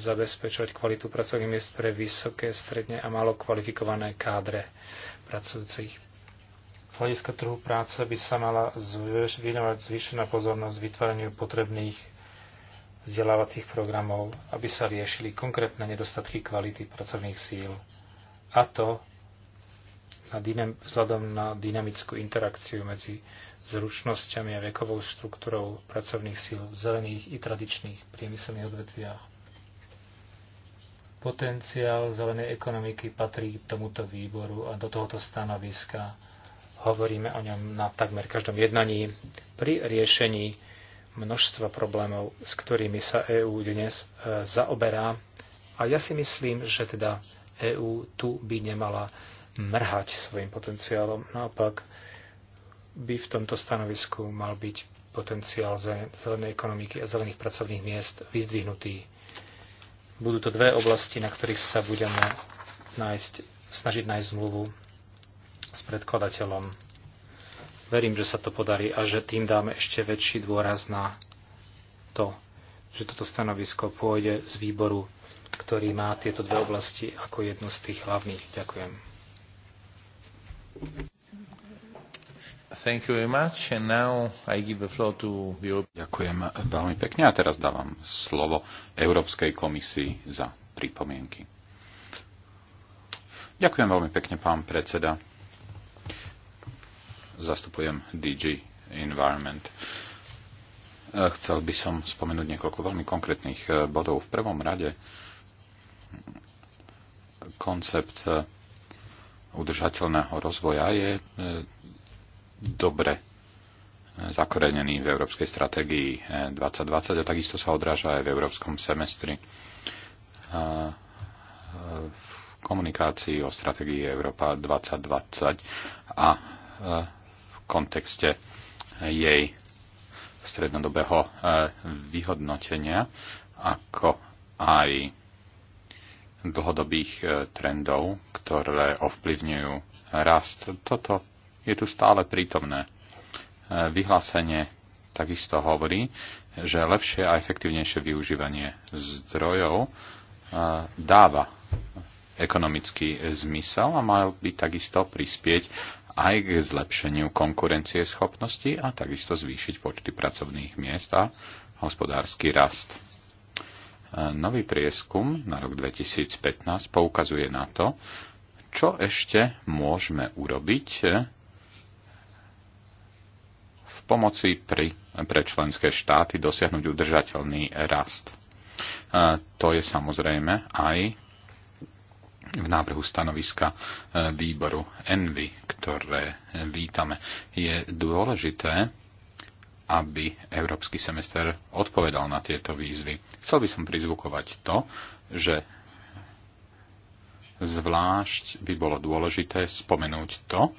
Speaker 2: zabezpečovať kvalitu pracovných miest pre vysoké, stredne a malo kvalifikované kádre pracujúcich z hľadiska trhu práce by sa mala venovať zvýšená pozornosť vytváraniu potrebných vzdelávacích programov, aby sa riešili konkrétne nedostatky kvality pracovných síl. A to na dynam- vzhľadom na dynamickú interakciu medzi zručnosťami a vekovou štruktúrou pracovných síl v zelených i tradičných priemyselných odvetviach. Potenciál zelenej ekonomiky patrí k tomuto výboru a do tohoto stanoviska Hovoríme o ňom na takmer každom jednaní pri riešení množstva problémov, s ktorými sa EÚ dnes e, zaoberá. A ja si myslím, že teda EÚ tu by nemala mrhať svojim potenciálom. Naopak by v tomto stanovisku mal byť potenciál zelenej ekonomiky a zelených pracovných miest vyzdvihnutý. Budú to dve oblasti, na ktorých sa budeme nájsť, snažiť nájsť zmluvu s predkladateľom. Verím, že sa to podarí a že tým dáme ešte väčší dôraz na to, že toto stanovisko pôjde z výboru, ktorý má tieto dve oblasti ako jednu z tých hlavných. Ďakujem.
Speaker 3: Thank you very much. And now I give the floor to the... Ďakujem veľmi pekne a teraz dávam slovo Európskej komisii za pripomienky. Ďakujem veľmi pekne, pán predseda zastupujem DG Environment. E, chcel by som spomenúť niekoľko veľmi konkrétnych e, bodov. V prvom rade koncept e, udržateľného rozvoja je dobre zakorenený v Európskej stratégii 2020 a takisto sa odráža aj v Európskom semestri v komunikácii o stratégii Európa 2020 a kontexte jej strednodobého e, vyhodnotenia, ako aj dlhodobých e, trendov, ktoré ovplyvňujú rast. Toto je tu stále prítomné. E, vyhlásenie takisto hovorí, že lepšie a efektívnejšie využívanie zdrojov dáva ekonomický e, zmysel a mal by takisto prispieť aj k zlepšeniu konkurencie schopnosti a takisto zvýšiť počty pracovných miest a hospodársky rast. E, nový prieskum na rok 2015 poukazuje na to, čo ešte môžeme urobiť e, v pomoci pri, pre členské štáty dosiahnuť udržateľný rast. To je samozrejme aj v návrhu stanoviska e, výboru Envy, ktoré e, vítame. Je dôležité, aby európsky semester odpovedal na tieto výzvy. Chcel by som prizvukovať to, že zvlášť by bolo dôležité spomenúť to, e,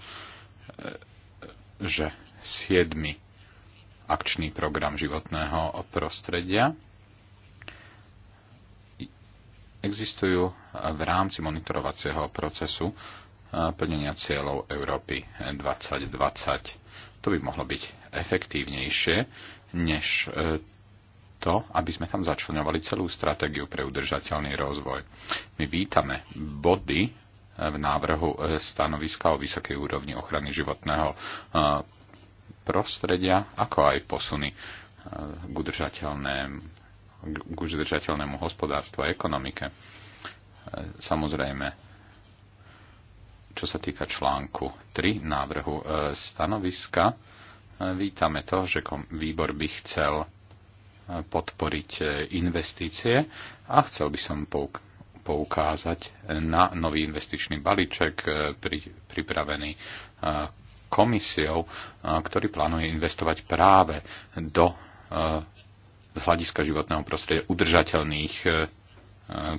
Speaker 3: že 7. akčný program životného prostredia existujú v rámci monitorovacieho procesu plnenia cieľov Európy 2020. E, to by mohlo byť efektívnejšie, než e, to, aby sme tam začlňovali celú stratégiu pre udržateľný rozvoj. My vítame body e, v návrhu stanoviska o vysokej úrovni ochrany životného prostredia, ako aj posuny k udržateľnému k udržateľnému hospodárstvu a ekonomike. E, samozrejme, čo sa týka článku 3 návrhu e, stanoviska, e, vítame to, že výbor by chcel podporiť investície a chcel by som poukázať na nový investičný balíček pripravený komisiou, ktorý plánuje investovať práve do z hľadiska životného prostredia udržateľných e,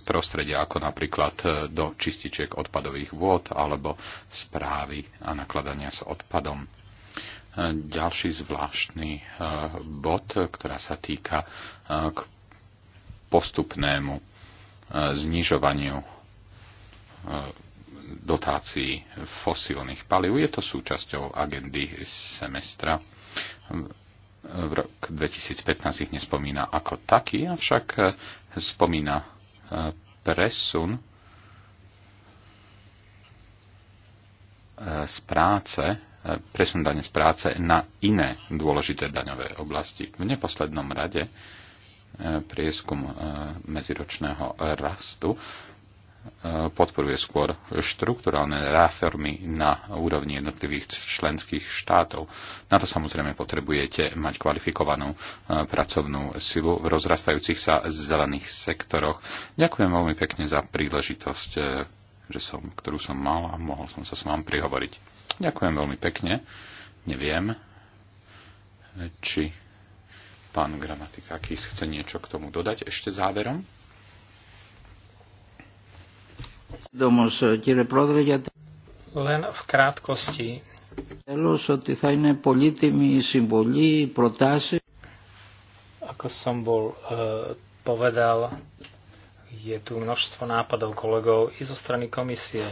Speaker 3: prostredia, ako napríklad e, do čističiek odpadových vôd alebo správy a nakladania s odpadom. E, ďalší zvláštny bod, ktorá sa týka k postupnému znižovaniu dotácií fosílnych palív. Je to súčasťou agendy semestra v rok 2015 ich nespomína ako taký, avšak eh, spomína eh, presun eh, z práce, presun dane z práce na iné dôležité daňové oblasti. V neposlednom rade prieskum medziročného rastu E, podporuje skôr štrukturálne reformy na úrovni jednotlivých členských štátov. Na to samozrejme potrebujete mať kvalifikovanú e, pracovnú silu v rozrastajúcich sa zelených sektoroch. Ďakujem veľmi pekne za príležitosť, e, že som, ktorú som mal a mohol som sa s vám prihovoriť. Ďakujem veľmi pekne. Neviem, či pán Gramatikakis chce niečo k tomu dodať ešte záverom.
Speaker 2: Len v krátkosti. Ako som bol e, povedal, je tu množstvo nápadov kolegov i zo strany komisie.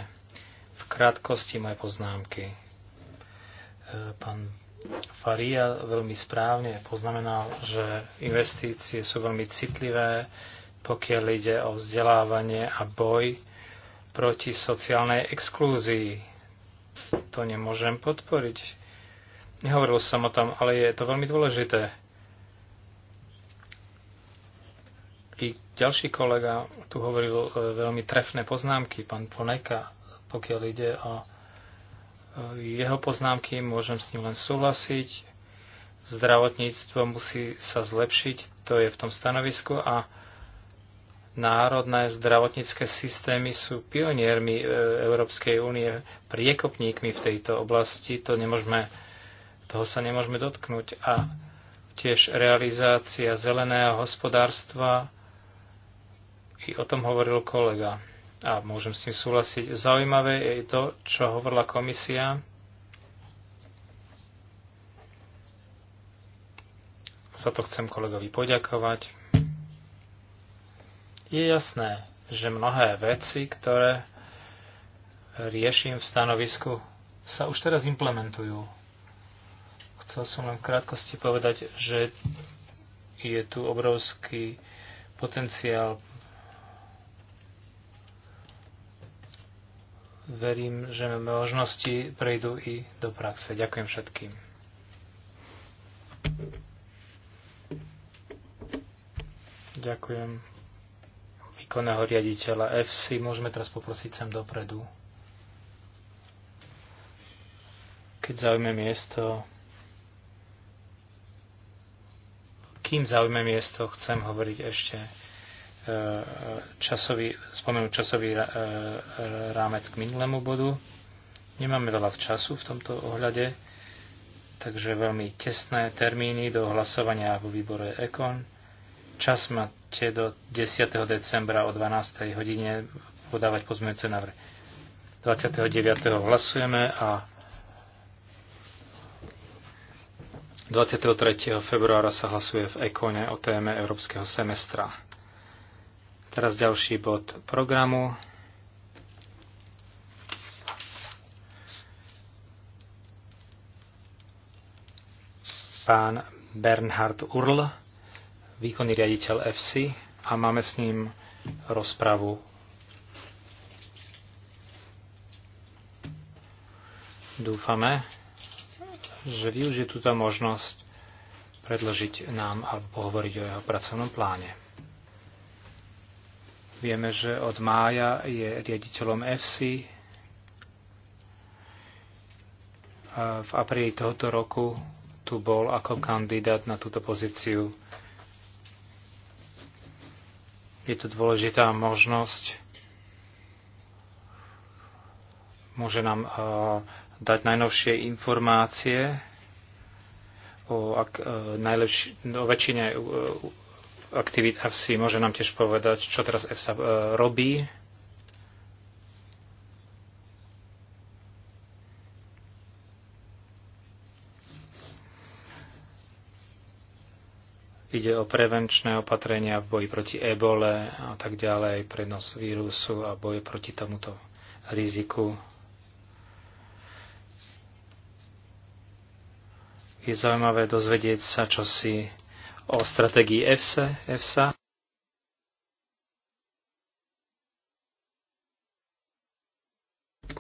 Speaker 2: V krátkosti moje poznámky. E, pán Faria veľmi správne poznamenal, že investície sú veľmi citlivé, pokiaľ ide o vzdelávanie a boj proti sociálnej exklúzii. To nemôžem podporiť. Nehovoril som o tom, ale je to veľmi dôležité. I ďalší kolega tu hovoril e, veľmi trefné poznámky, pán Poneka, pokiaľ ide o e, jeho poznámky, môžem s ním len súhlasiť. Zdravotníctvo musí sa zlepšiť, to je v tom stanovisku a národné zdravotnícke systémy sú pioniermi e, Európskej únie, priekopníkmi v tejto oblasti, to nemôžeme, toho sa nemôžeme dotknúť. A tiež realizácia zeleného hospodárstva, i o tom hovoril kolega. A môžem s tým súhlasiť. Zaujímavé je to, čo hovorila komisia. Za to chcem kolegovi poďakovať. Je jasné, že mnohé veci, ktoré riešim v stanovisku, sa už teraz implementujú. Chcel som len v krátkosti povedať, že je tu obrovský potenciál. Verím, že možnosti prejdú i do praxe. Ďakujem všetkým. Ďakujem výkonného riaditeľa FC. Môžeme teraz poprosiť sem dopredu. Keď zaujme miesto, kým zaujme miesto, chcem hovoriť ešte e, časový, spomenúť časový e, rámec k minulému bodu. Nemáme veľa času v tomto ohľade, takže veľmi tesné termíny do hlasovania vo výbore EKON. Čas má Môžete do 10. decembra o 12. hodine podávať pozmeňujúce návrhy. 29. hlasujeme a 23. februára sa hlasuje v Ekone o téme Európskeho semestra. Teraz ďalší bod programu. Pán Bernhard Url výkonný riaditeľ FC a máme s ním rozpravu. Dúfame, že využije túto možnosť predložiť nám alebo pohovoriť o jeho pracovnom pláne. Vieme, že od mája je riaditeľom FC. V apríli tohoto roku tu bol ako kandidát na túto pozíciu je to dôležitá možnosť. Môže nám eh, dať najnovšie informácie o, ak, eh, najlepši, o väčšine eh, aktivít FC. Môže nám tiež povedať, čo teraz EFSA robí Ide o prevenčné opatrenia v boji proti ebole a tak ďalej, prenos vírusu a boje proti tomuto riziku. Je zaujímavé dozvedieť sa čosi o stratégii EFSA. EFSA.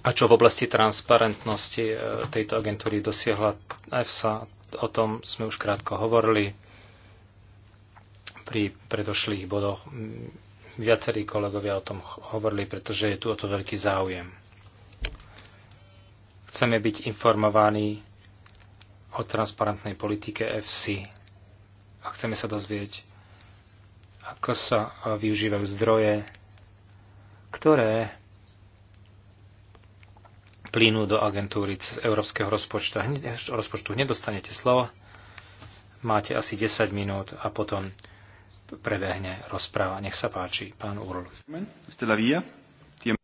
Speaker 2: A čo v oblasti transparentnosti e, tejto agentúry dosiahla EFSA, o tom sme už krátko hovorili pri predošlých bodoch viacerí kolegovia o tom hovorili, pretože je tu o to veľký záujem. Chceme byť informovaní o transparentnej politike FC a chceme sa dozvieť, ako sa využívajú zdroje, ktoré plynú do agentúry z európskeho rozpočtu. Hneď, rozpočtu hneď dostanete slovo, máte asi 10 minút a potom prebehne rozpráva. Nech sa páči, pán Url.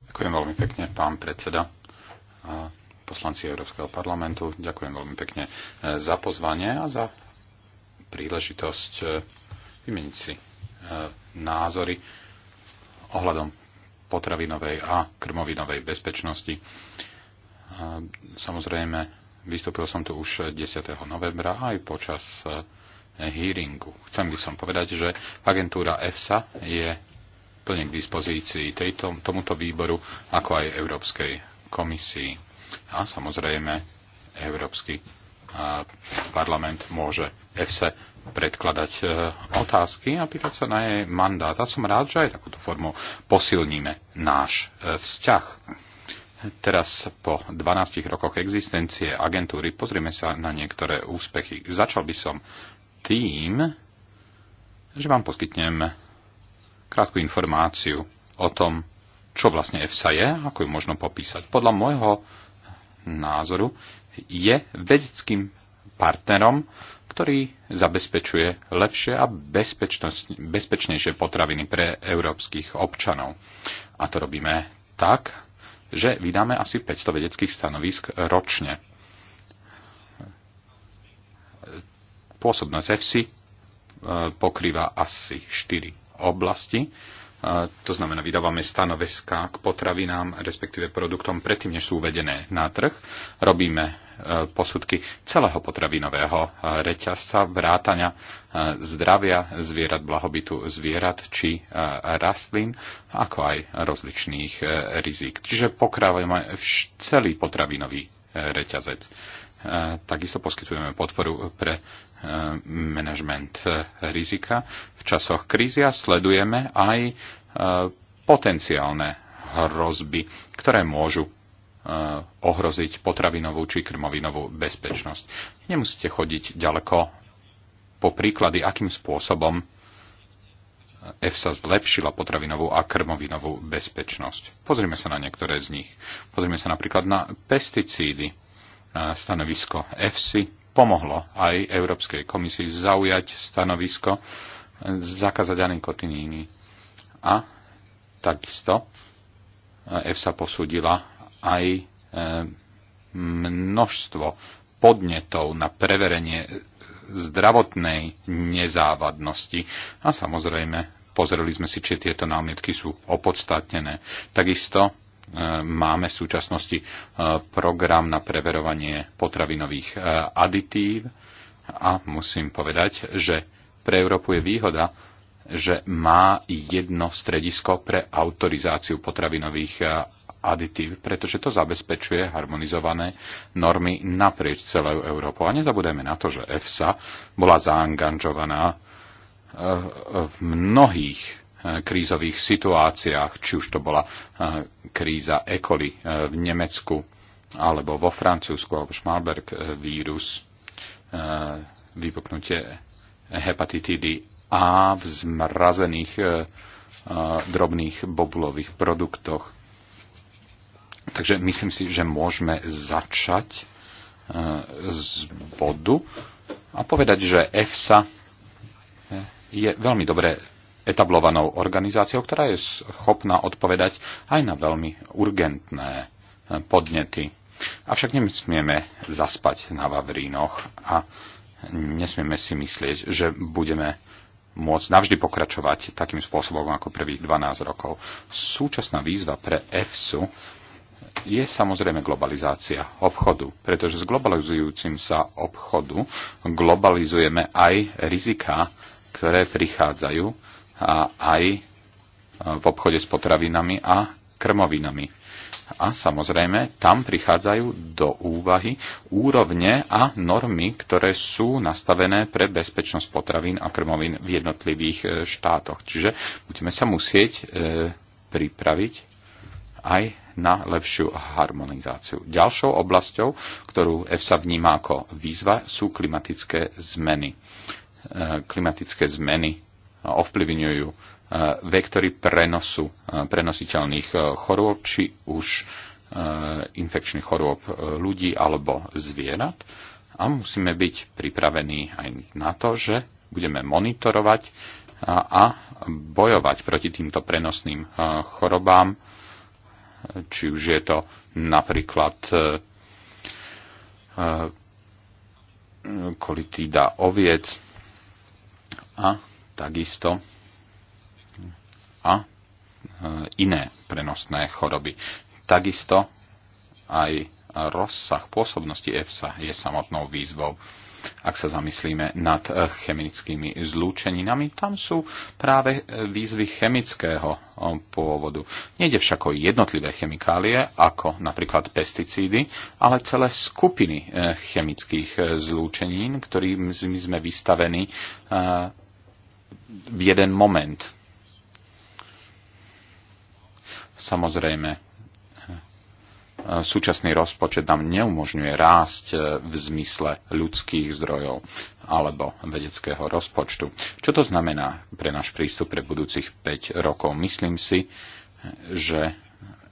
Speaker 3: Ďakujem veľmi pekne, pán predseda a poslanci Európskeho parlamentu. Ďakujem veľmi pekne e, za pozvanie a za príležitosť e, vymeniť si e, názory ohľadom potravinovej a krmovinovej bezpečnosti. Samozrejme, vystúpil som tu už 10. novembra aj počas hearingu. Chcem by som povedať, že agentúra EFSA je plne k dispozícii tejto, tomuto výboru, ako aj Európskej komisii. A samozrejme, Európsky parlament môže EFSA predkladať e, otázky a pýtať sa na jej mandát. A som rád, že aj takúto formou posilníme náš e, vzťah. Teraz po 12 rokoch existencie agentúry pozrieme sa na niektoré úspechy. Začal by som tým, že vám poskytnem krátku informáciu o tom, čo vlastne EFSA je, ako ju možno popísať. Podľa môjho názoru je vedeckým partnerom, ktorý zabezpečuje lepšie a bezpečnejšie potraviny pre európskych občanov. A to robíme tak, že vydáme asi 500 vedeckých stanovisk ročne Pôsobnosť EFSI e, pokrýva asi 4 oblasti. E, to znamená, vydávame stanoviská k potravinám, respektíve produktom predtým, než sú uvedené na trh. Robíme e, posudky celého potravinového reťazca, vrátania zdravia zvierat, blahobytu zvierat či rastlín, ako aj rozličných rizik. Čiže pokrávame celý potravinový reťazec takisto poskytujeme podporu pre e, manažment rizika. V časoch krízy a sledujeme aj e, potenciálne hrozby, ktoré môžu e, ohroziť potravinovú či krmovinovú bezpečnosť. Nemusíte chodiť ďaleko po príklady, akým spôsobom EFSA zlepšila potravinovú a krmovinovú bezpečnosť. Pozrime sa na niektoré z nich. Pozrime sa napríklad na pesticídy stanovisko EFSI pomohlo aj Európskej komisii zaujať stanovisko zakázať anikotiníny. A takisto e, EFSA posúdila aj e, množstvo podnetov na preverenie zdravotnej nezávadnosti a samozrejme pozreli sme si, či tieto námietky sú opodstatnené. Takisto E, máme v súčasnosti e, program na preverovanie potravinových e, aditív a musím povedať, že pre Európu je výhoda, že má jedno stredisko pre autorizáciu potravinových aditív, pretože to zabezpečuje harmonizované normy naprieč celou Európou. A nezabudeme na to, že EFSA bola zaangažovaná v mnohých krízových situáciách, či už to bola eh, kríza E. coli eh, v Nemecku alebo vo Francúzsku, alebo Schmalberg eh, vírus, vypuknutie hepatitidy A v zmrazených drobných bobulových produktoch. Takže myslím si, že môžeme začať z bodu a povedať, že EFSA je veľmi dobre etablovanou organizáciou, ktorá je schopná odpovedať aj na veľmi urgentné e, podnety. Avšak nemyslíme zaspať na Vavrínoch a nesmieme si myslieť, že budeme môcť navždy pokračovať takým spôsobom ako prvých 12 rokov. Súčasná výzva pre EFSU je samozrejme globalizácia obchodu, pretože s globalizujúcim sa obchodu globalizujeme aj rizika, ktoré prichádzajú aj e, v obchode s potravinami a krmovinami. A samozrejme, tam prichádzajú do úvahy úrovne a normy, ktoré sú nastavené pre bezpečnosť potravín a krmovín v jednotlivých e, štátoch. Čiže budeme sa musieť e, pripraviť aj na lepšiu harmonizáciu. Ďalšou oblasťou, ktorú EFSA vníma ako výzva, sú klimatické zmeny. E, klimatické zmeny ovplyvňujú e, vektory prenosu e, prenositeľných e, chorôb, či už infekčných chorôb ľudí alebo zvierat. A musíme byť pripravení aj na to, že budeme monitorovať a bojovať proti týmto prenosným chorobám, či už je to napríklad kolitída oviec a takisto a e, iné prenosné choroby. Takisto aj rozsah pôsobnosti EFSA je samotnou výzvou. Ak sa zamyslíme nad e, chemickými zlúčeninami, tam sú práve e, výzvy chemického pôvodu. Nejde však o jednotlivé chemikálie, ako napríklad pesticídy, ale celé skupiny chemických zlúčenín, ktorým sme vystavení v jeden moment. Samozrejme, súčasný rozpočet nám neumožňuje rásť v zmysle ľudských zdrojov alebo vedeckého rozpočtu. Čo to znamená pre náš prístup pre budúcich 5 rokov? Myslím si, že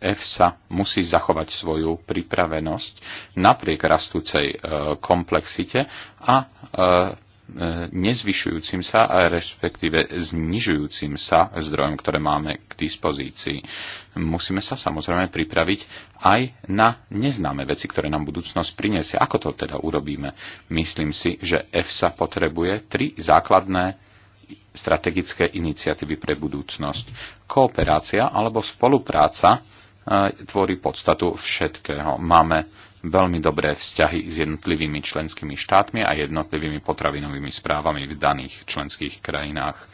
Speaker 3: EFSA musí zachovať svoju pripravenosť napriek rastúcej e, komplexite a e, nezvyšujúcim sa, a respektíve znižujúcim sa zdrojom, ktoré máme k dispozícii. Musíme sa samozrejme pripraviť aj na neznáme veci, ktoré nám budúcnosť priniesie. Ako to teda urobíme? Myslím si, že EFSA potrebuje tri základné strategické iniciatívy pre budúcnosť. Kooperácia alebo spolupráca e, tvorí podstatu všetkého. Máme veľmi dobré vzťahy s jednotlivými členskými štátmi a jednotlivými potravinovými správami v daných členských krajinách. E,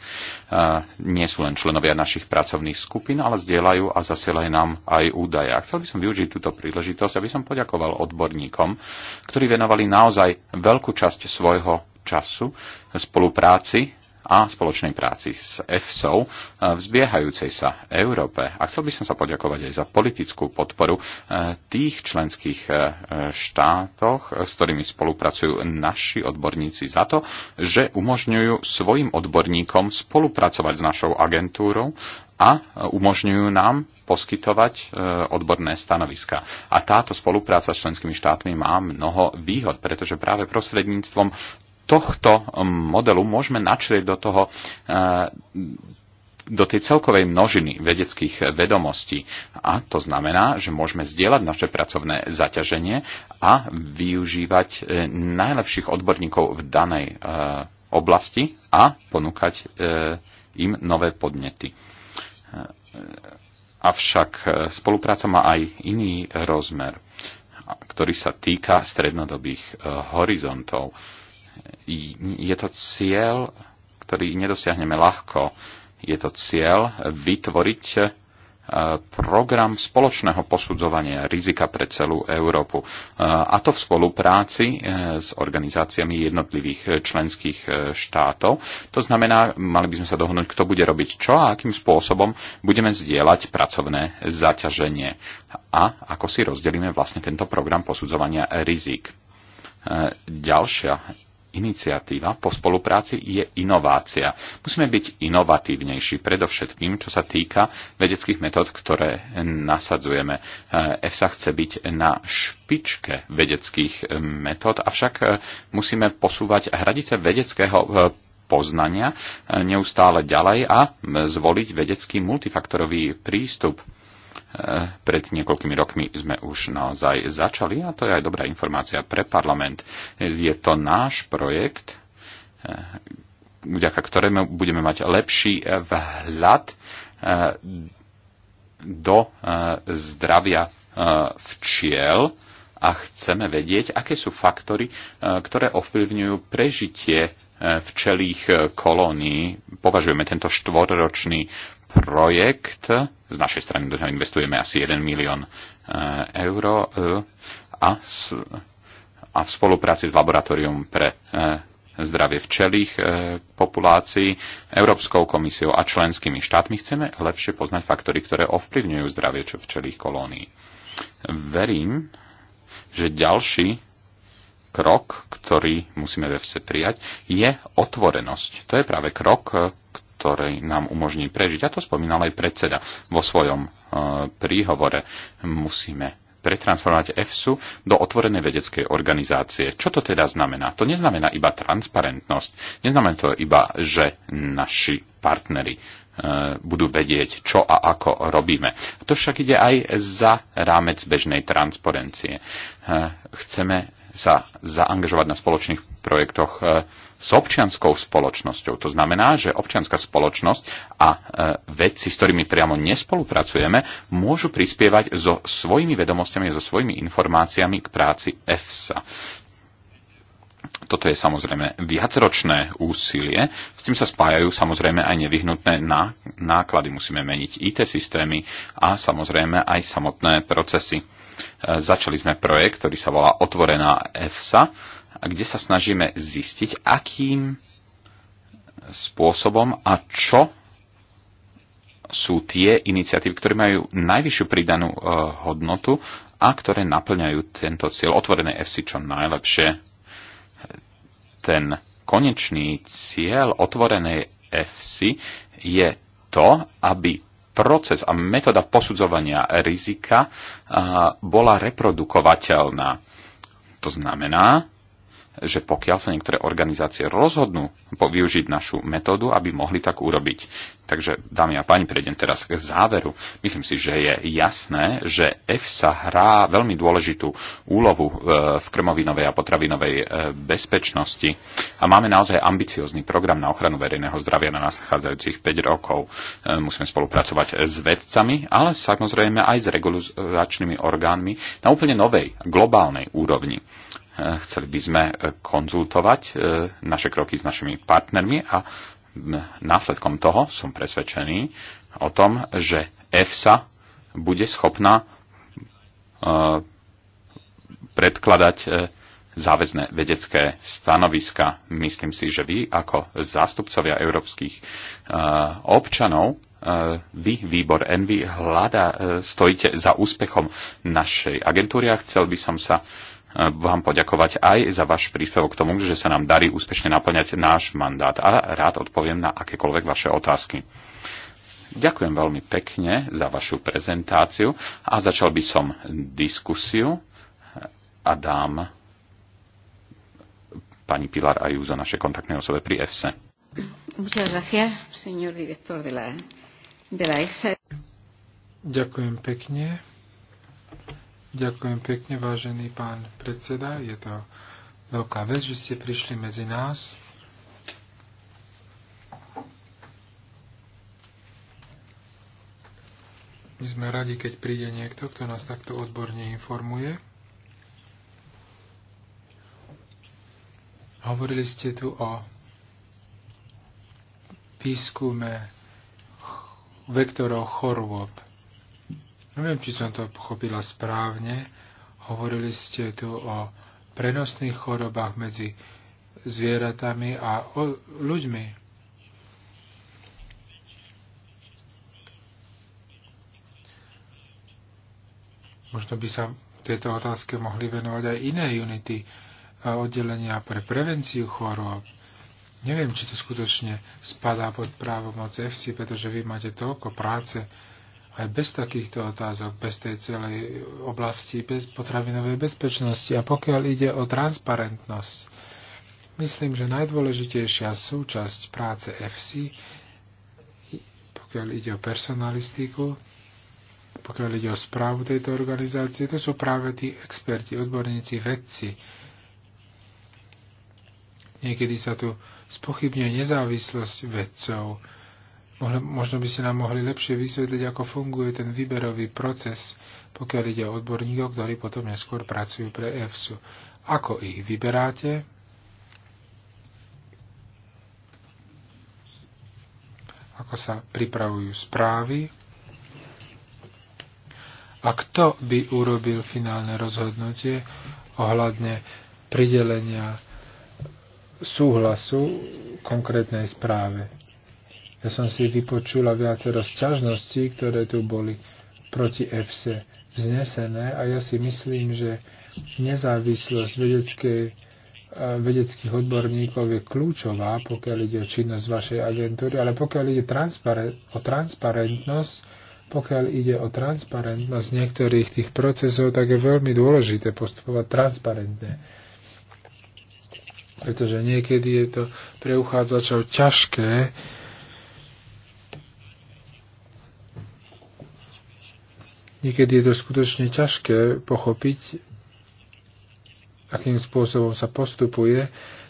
Speaker 3: nie sú len členovia našich pracovných skupín, ale zdieľajú a zasielajú nám aj údaje. A chcel by som využiť túto príležitosť, aby som poďakoval odborníkom, ktorí venovali naozaj veľkú časť svojho času spolupráci a spoločnej práci s EFSO e, v zbiehajúcej sa Európe. A chcel by som sa poďakovať aj za politickú podporu e, tých členských e, štátoch, s ktorými spolupracujú naši odborníci za to, že umožňujú svojim odborníkom spolupracovať s našou agentúrou a umožňujú nám poskytovať odborné stanoviska. A táto spolupráca s členskými štátmi má mnoho výhod, pretože práve prostredníctvom tohto mm, modelu môžeme načrieť do toho e, do tej celkovej množiny vedeckých e, vedomostí. A to znamená, že môžeme zdieľať naše pracovné zaťaženie a využívať e, najlepších odborníkov v danej e, oblasti a ponúkať e, im nové podnety. Avšak spolupráca má aj iný rozmer, ktorý sa týka strednodobých e, horizontov. E, je to cieľ, ktorý nedosiahneme ľahko. Je to cieľ vytvoriť e, program spoločného posudzovania rizika pre celú Európu. E, a to v spolupráci e, s organizáciami jednotlivých členských štátov. To znamená, mali by sme sa dohodnúť, kto bude robiť čo a akým spôsobom budeme zdieľať pracovné zaťaženie a ako si rozdelíme vlastne tento program posudzovania rizik. Ďalšia iniciatíva po spolupráci je inovácia. Musíme byť inovatívnejší, predovšetkým, čo sa týka vedeckých metód, ktoré nasadzujeme. Eh, EFSA chce byť na špičke vedeckých eh, metód, avšak eh, musíme posúvať hradice vedeckého poznania neustále ďalej a mm, zvoliť vedecký multifaktorový prístup Eh, pred niekoľkými rokmi sme už naozaj začali a to je aj dobrá informácia pre parlament. Je to náš projekt, eh, vďaka ktorému budeme mať lepší eh, vhľad do zdravia včiel a chceme vedieť, aké sú faktory, ktoré ovplyvňujú prežitie včelých kolónií. Považujeme tento štvorročný projekt. Z našej strany do toho investujeme asi 1 milión e, eur e, a, a v spolupráci s laboratórium pre e, zdravie včelých populácií, Európskou komisiou a členskými štátmi chceme lepšie poznať faktory, ktoré ovplyvňujú zdravie včelých kolónií. Verím, že ďalší krok, ktorý musíme ve vse prijať, je otvorenosť. To je práve krok, ktorý nám umožní prežiť. A to spomínal aj predseda vo svojom e, príhovore. Musíme pretransformovať EFSU do otvorenej vedeckej organizácie. Čo to teda znamená? To neznamená iba transparentnosť. Neznamená to iba, že naši partnery e, budú vedieť, čo a ako robíme. A to však ide aj za rámec bežnej transparencie. E, chceme sa zaangažovať na spoločných projektoch s občianskou spoločnosťou. To znamená, že občianská spoločnosť a e, vedci, s ktorými priamo nespolupracujeme, môžu prispievať so svojimi vedomostiami a so svojimi informáciami k práci EFSA. Toto je samozrejme viacročné úsilie, s tým sa spájajú samozrejme aj nevyhnutné náklady. Musíme meniť IT systémy a samozrejme aj samotné procesy. E, začali sme projekt, ktorý sa volá Otvorená EFSA kde sa snažíme zistiť, akým spôsobom a čo sú tie iniciatívy, ktoré majú najvyššiu pridanú e, hodnotu a ktoré naplňajú tento cieľ otvorené FC čo najlepšie. Ten konečný cieľ otvorenej FC je to, aby proces a metóda posudzovania rizika bola reprodukovateľná. To znamená, že pokiaľ sa niektoré organizácie rozhodnú využiť našu metódu, aby mohli tak urobiť. Takže, dámy a páni, prejdem teraz k záveru. Myslím si, že je jasné, že EFSA hrá veľmi dôležitú úlohu e, v krmovinovej a potravinovej e, bezpečnosti a máme naozaj ambiciózny program na ochranu verejného zdravia na nadchádzajúcich 5 rokov. E, musíme spolupracovať s vedcami, ale samozrejme aj s regulačnými orgánmi na úplne novej, globálnej úrovni Chceli by sme e, konzultovať e, naše kroky s našimi partnermi a následkom toho som presvedčený o tom, že EFSA bude schopná e, predkladať záväzné vedecké stanoviska. Myslím si, že vy ako zástupcovia európskych občanov, vy, výbor Envy, hľada, stojíte za úspechom našej agentúry a chcel by som sa vám poďakovať aj za váš príspevok k tomu, že sa nám darí úspešne naplňať náš mandát a rád odpoviem na akékoľvek vaše otázky. Ďakujem veľmi pekne za vašu prezentáciu a začal by som diskusiu a dám pani Pilar Ajú za naše kontaktné osobe pri EFSE.
Speaker 2: E.
Speaker 1: Ďakujem pekne. Ďakujem pekne, vážený pán predseda. Je to veľká vec, že ste prišli medzi nás. My sme radi, keď príde niekto, kto nás takto odborne informuje. Hovorili ste tu o výskume vektorov chorôb. Neviem, či som to pochopila správne. Hovorili ste tu o prenosných chorobách medzi zvieratami a o ľuďmi. Možno by sa tejto otázke mohli venovať aj iné unity a e, oddelenia pre prevenciu chorôb. Neviem, či to skutočne spadá pod právomoc FC, pretože vy máte toľko práce aj bez takýchto otázok, bez tej celej oblasti, bez potravinovej bezpečnosti. A pokiaľ ide o transparentnosť, myslím, že najdôležitejšia súčasť práce FC, pokiaľ ide o personalistiku, pokiaľ ide o správu tejto organizácie, to sú práve tí experti, odborníci, vedci. Niekedy sa tu spochybňuje nezávislosť vedcov, Možno by ste nám mohli lepšie vysvetliť, ako funguje ten výberový proces, pokiaľ ide o odborníkov, ktorí potom neskôr pracujú pre EFSU. Ako ich vyberáte? Ako sa pripravujú správy? A kto by urobil finálne rozhodnutie ohľadne pridelenia súhlasu konkrétnej správe? Ja som si vypočula viacero sťažností, ktoré tu boli proti EFSE vznesené a ja si myslím, že nezávislosť vedeckých odborníkov je kľúčová, pokiaľ ide o činnosť vašej agentúry, ale pokiaľ ide o transparentnosť, pokiaľ ide o transparentnosť niektorých tých procesov, tak je veľmi dôležité postupovať transparentne. Pretože niekedy je to pre uchádzačov ťažké Niekedy je to skutočne ťažké pochopiť, akým spôsobom sa postupuje,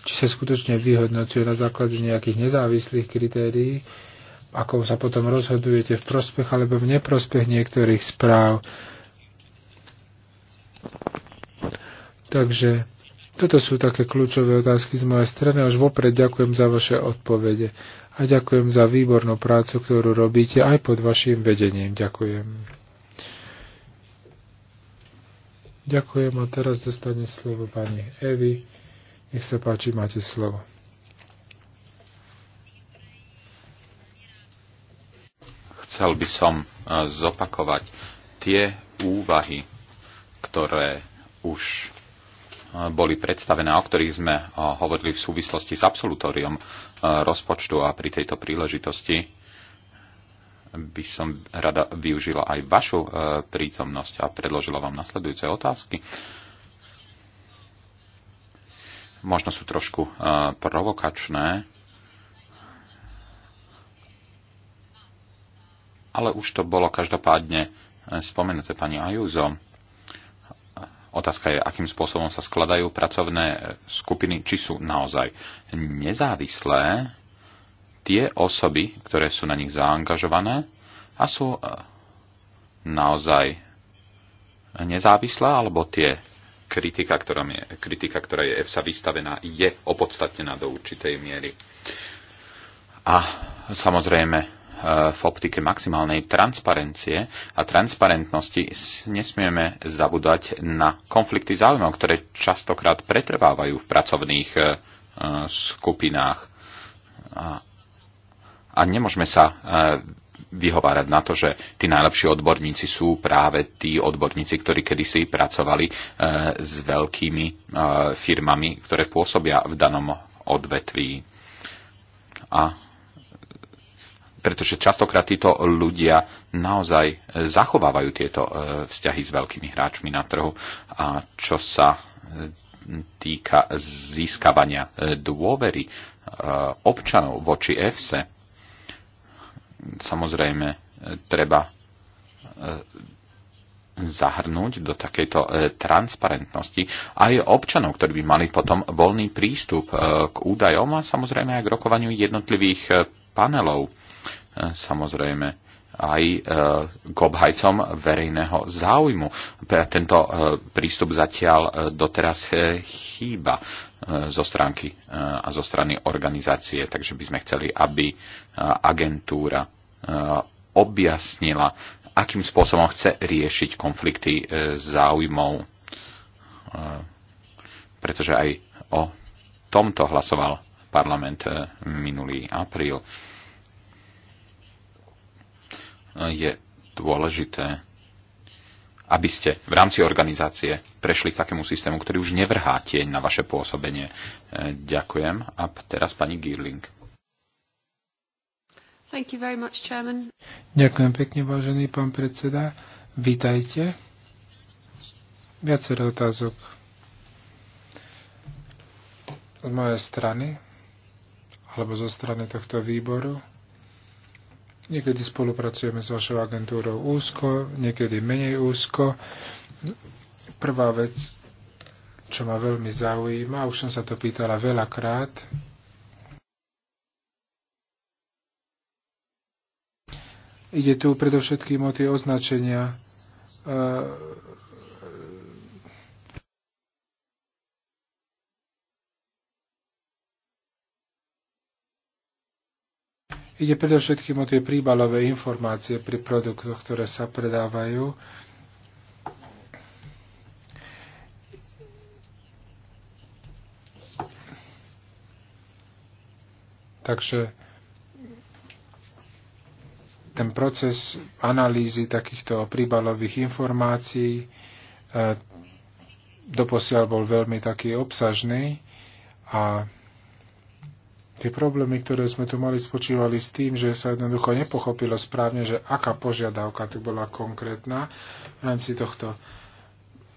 Speaker 1: či sa skutočne vyhodnocuje na základe nejakých nezávislých kritérií, ako sa potom rozhodujete v prospech alebo v neprospech niektorých správ. Takže toto sú také kľúčové otázky z mojej strany. Až vopred ďakujem za vaše odpovede a ďakujem za výbornú prácu, ktorú robíte aj pod vašim vedením. Ďakujem. Ďakujem a teraz dostane slovo pani Evi. Nech sa páči, máte slovo.
Speaker 3: Chcel by som e, zopakovať tie úvahy, ktoré už e, boli predstavené, o ktorých sme e, hovorili v súvislosti s absolutóriom rozpočtu a pri tejto príležitosti by som rada využila aj vašu e, prítomnosť a predložila vám nasledujúce otázky. Možno sú trošku e, provokačné, ale už to bolo každopádne e, spomenuté pani Ajúzo. Otázka je, akým spôsobom sa skladajú pracovné skupiny, či sú naozaj nezávislé tie osoby, ktoré sú na nich zaangažované a sú e, naozaj nezávislé, alebo tie kritika, ktorá je, kritika, ktorá je EFSA vystavená, je opodstatnená do určitej miery. A samozrejme, e, v optike maximálnej transparencie a transparentnosti nesmieme zabúdať na konflikty záujmov, ktoré častokrát pretrvávajú v pracovných e, skupinách. A a nemôžeme sa e, vyhovárať na to, že tí najlepší odborníci sú práve tí odborníci, ktorí kedysi pracovali e, s veľkými e, firmami, ktoré pôsobia v danom odvetví. A pretože častokrát títo ľudia naozaj zachovávajú tieto vzťahy s veľkými hráčmi na trhu. A čo sa týka získavania dôvery občanov voči EFSE, samozrejme e, treba e, zahrnúť do takejto e, transparentnosti aj občanov, ktorí by mali potom voľný prístup k údajom a samozrejme aj k rokovaniu jednotlivých panelov. Samozrejme, aj e, k obhajcom verejného záujmu. Tento e, prístup zatiaľ e, doteraz chýba zo stránky a zo strany organizácie, takže by sme chceli, aby agentúra objasnila, akým spôsobom chce riešiť konflikty záujmov, pretože aj o tomto hlasoval parlament minulý apríl je dôležité, aby ste v rámci organizácie prešli k takému systému, ktorý už nevrhá tieň na vaše pôsobenie. E, ďakujem. A teraz pani Girling. Much,
Speaker 1: Ďakujem pekne, vážený pán predseda. Vítajte. Viacero otázok z mojej strany alebo zo strany tohto výboru. Niekedy spolupracujeme s vašou agentúrou úzko, niekedy menej úzko. Prvá vec, čo ma veľmi zaujíma, už som sa to pýtala veľakrát, Ide tu predovšetkým o tie označenia e, Ide predovšetkým o tie príbalové informácie pri produktoch, ktoré sa predávajú. Takže ten proces analýzy takýchto príbalových informácií e, doposiaľ bol veľmi taký obsažný a Tie problémy, ktoré sme tu mali, spočívali s tým, že sa jednoducho nepochopilo správne, že aká požiadavka tu bola konkrétna v rámci tohto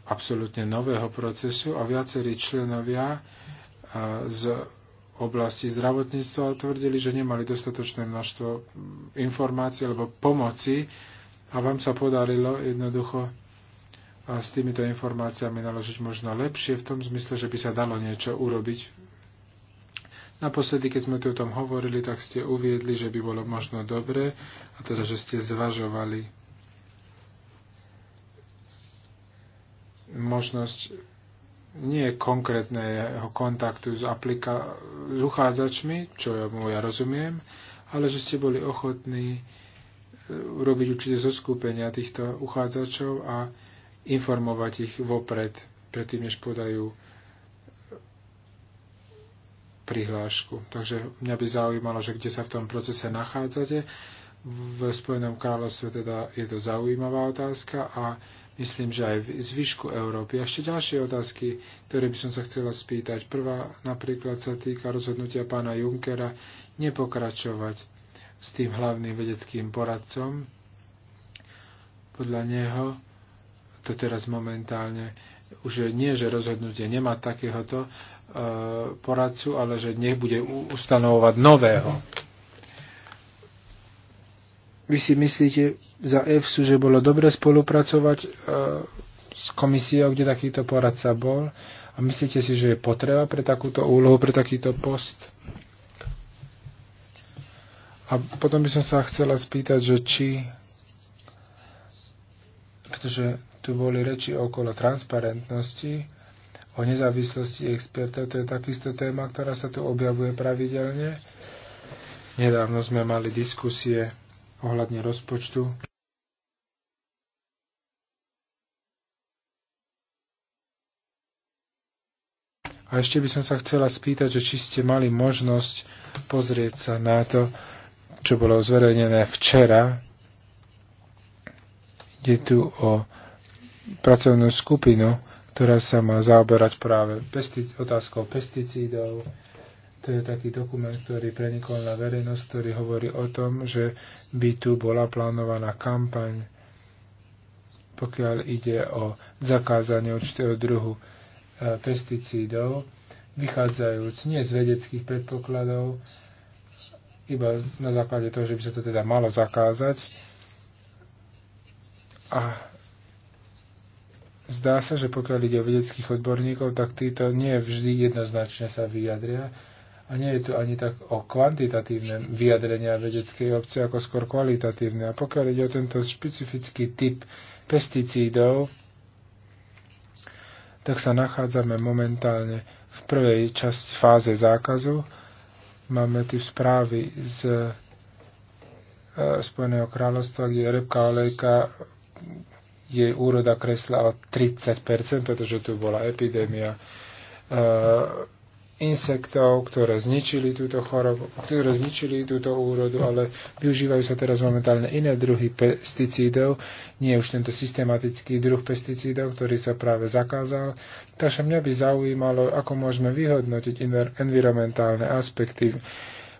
Speaker 1: absolútne nového procesu a viacerí členovia z oblasti zdravotníctva tvrdili, že nemali dostatočné množstvo informácií alebo pomoci a vám sa podarilo jednoducho s týmito informáciami naložiť možno lepšie v tom zmysle, že by sa dalo niečo urobiť Naposledy, keď sme tu o tom hovorili, tak ste uviedli, že by bolo možno dobré, a teda, že ste zvažovali možnosť nie konkrétneho kontaktu s, aplika- s uchádzačmi, čo ja, mu ja rozumiem, ale že ste boli ochotní e, urobiť určité zoskúpenia týchto uchádzačov a informovať ich vopred, predtým, než podajú prihlášku. Takže mňa by zaujímalo, že kde sa v tom procese nachádzate. V Spojenom kráľovstve teda je to zaujímavá otázka a myslím, že aj v zvyšku Európy. ešte ďalšie otázky, ktoré by som sa chcela spýtať. Prvá napríklad sa týka rozhodnutia pána Junkera nepokračovať s tým hlavným vedeckým poradcom. Podľa neho to teraz momentálne už nie, že rozhodnutie nemá takéhoto E, poradcu, ale že nebude ustanovovať nového. Vy si myslíte za EFSU, že bolo dobre spolupracovať e, s komisiou, kde takýto poradca bol? A myslíte si, že je potreba pre takúto úlohu, pre takýto post? A potom by som sa chcela spýtať, že či pretože tu boli reči okolo transparentnosti, o nezávislosti experta, To je takisto téma, ktorá sa tu objavuje pravidelne. Nedávno sme mali diskusie ohľadne rozpočtu. A ešte by som sa chcela spýtať, že či ste mali možnosť pozrieť sa na to, čo bolo zverejnené včera. je tu o pracovnú skupinu, ktorá sa má zaoberať práve pestic- otázkou pesticídov. To je taký dokument, ktorý prenikol na verejnosť, ktorý hovorí o tom, že by tu bola plánovaná kampaň, pokiaľ ide o zakázanie určitého druhu e, pesticídov, vychádzajúc nie z vedeckých predpokladov, iba na základe toho, že by sa to teda malo zakázať. A Zdá sa, že pokiaľ ide o vedeckých odborníkov, tak títo nie vždy jednoznačne sa vyjadria a nie je to ani tak o kvantitatívne vyjadrenia vedeckej obce, ako skôr kvalitatívne. A pokiaľ ide o tento špecifický typ pesticídov, tak sa nachádzame momentálne v prvej časti fáze zákazu. Máme tu správy z e, Spojeného kráľovstva, kde repka olejka jej úroda kresla o 30%, pretože tu bola epidémia e, insektov, ktoré zničili túto chorobu, ktoré zničili túto úrodu, ale využívajú sa teraz momentálne iné druhy pesticídov, nie už tento systematický druh pesticídov, ktorý sa práve zakázal. Takže mňa by zaujímalo, ako môžeme vyhodnotiť environmentálne aspekty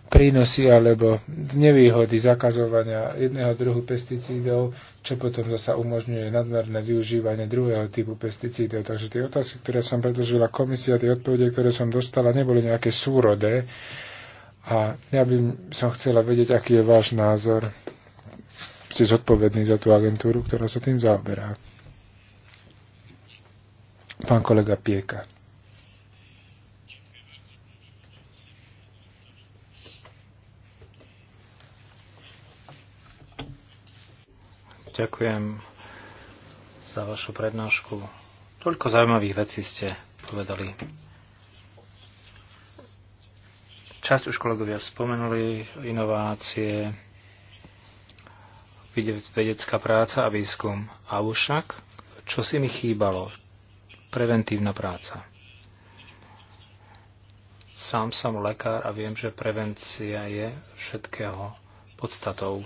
Speaker 1: prínosy alebo nevýhody zakazovania jedného druhu pesticídov, čo potom zasa umožňuje nadmerné využívanie druhého typu pesticídov. Takže tie otázky, ktoré som predložila komisia, tie odpovede, ktoré som dostala, neboli nejaké súrodé. A ja by som chcela vedieť, aký je váš názor. Ste zodpovední za tú agentúru, ktorá sa tým zaoberá. Pán kolega Pieka.
Speaker 2: Ďakujem za vašu prednášku.
Speaker 1: Toľko zaujímavých
Speaker 2: vecí ste povedali. Časť už kolegovia spomenuli, inovácie, vedecká práca a výskum. A už však, čo si mi chýbalo? Preventívna práca. Sám som lekár a viem, že prevencia je všetkého podstatou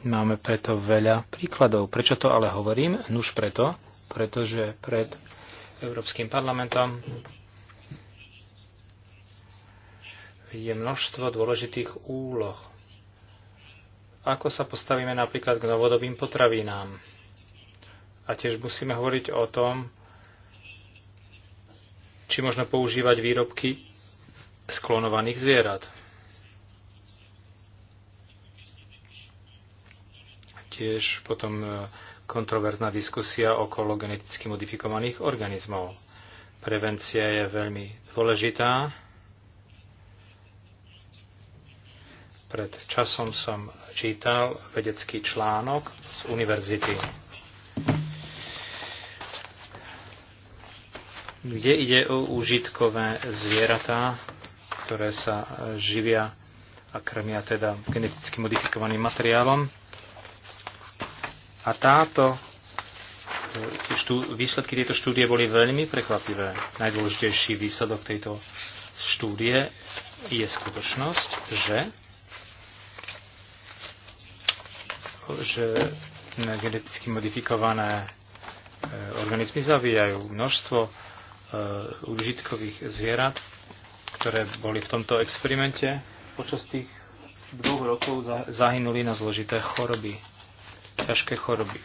Speaker 2: Máme preto veľa príkladov. Prečo to ale hovorím? Nuž preto, pretože pred Európskym parlamentom je množstvo dôležitých úloh. Ako sa postavíme napríklad k novodobým potravinám? A tiež musíme hovoriť o tom, či možno používať výrobky sklonovaných zvierat. tiež potom e, kontroverzná diskusia okolo geneticky modifikovaných organizmov. Prevencia je veľmi dôležitá. Pred časom som čítal vedecký článok z univerzity, kde ide o užitkové zvieratá, ktoré sa živia a krmia teda geneticky modifikovaným materiálom. A táto, štú, výsledky tejto štúdie boli veľmi prekvapivé. Najdôležitejší výsledok tejto štúdie je skutočnosť, že, že geneticky modifikované e, organizmy zavíjajú množstvo e, užitkových zvierat, ktoré boli v tomto experimente počas tých dvoch rokov zahynuli na zložité choroby ťažké choroby.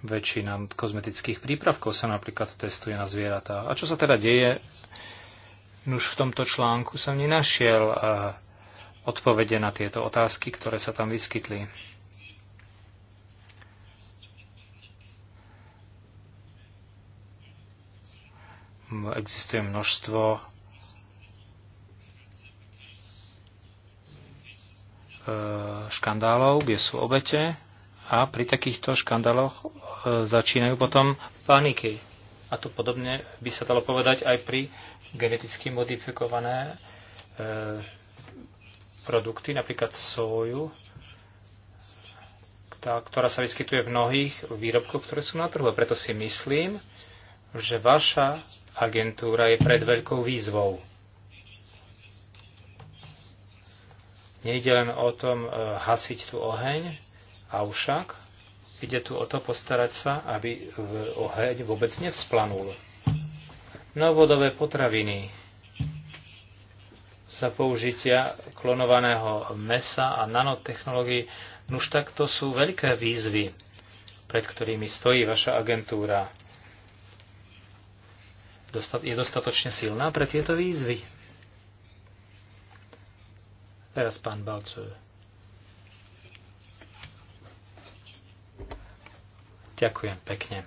Speaker 2: Väčšina kozmetických prípravkov sa napríklad testuje na zvieratá. A čo sa teda deje? Už v tomto článku som nenašiel eh, odpovede na tieto otázky, ktoré sa tam vyskytli. Existuje množstvo E, škandálov, kde sú obete a pri takýchto škandáloch e, začínajú potom paniky. A to podobne by sa dalo povedať aj pri geneticky modifikované e, produkty, napríklad soju, tá, ktorá sa vyskytuje v mnohých výrobkoch, ktoré sú na trhu. A preto si myslím, že vaša agentúra je pred veľkou výzvou. Nejde len o tom e, hasiť tu oheň, avšak ide tu o to postarať sa, aby oheň vôbec nevzplanul. Novodové potraviny za použitia klonovaného mesa a nanotechnológií, tak takto sú veľké výzvy, pred ktorými stojí vaša agentúra. Je dostatočne silná pre tieto výzvy? Teraz pán Balcov. Ďakujem pekne.